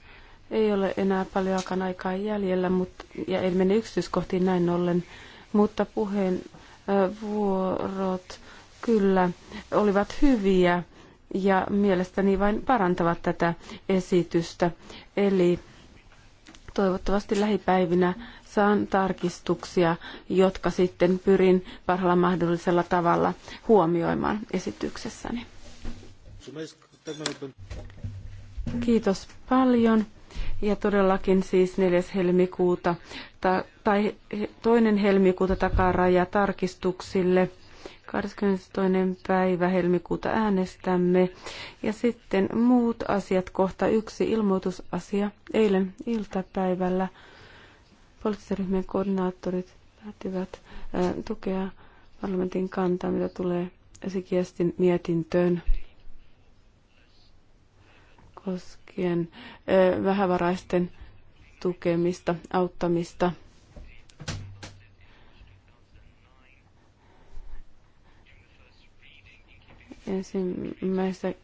ei ole enää paljon aikaa jäljellä, mutta, ja en mene yksityiskohtiin näin ollen, mutta puheenvuorot kyllä olivat hyviä ja mielestäni vain parantavat tätä esitystä. Eli toivottavasti lähipäivinä saan tarkistuksia, jotka sitten pyrin parhaalla mahdollisella tavalla huomioimaan esityksessäni. Kiitos paljon. Ja todellakin siis 4. helmikuuta tai toinen helmikuuta takaraja tarkistuksille – 22. päivä helmikuuta äänestämme. Ja sitten muut asiat, kohta yksi ilmoitusasia. Eilen iltapäivällä poliittisen koordinaattorit päättivät tukea parlamentin kantaa, mitä tulee esikiestin mietintöön koskien vähävaraisten tukemista, auttamista – ensimmäisessä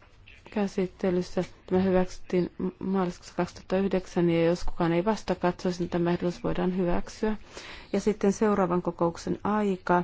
käsittelyssä. Tämä hyväksyttiin maaliskuussa 2009 ja jos kukaan ei vasta katsoisi, niin tämä ehdotus voidaan hyväksyä. Ja sitten seuraavan kokouksen aika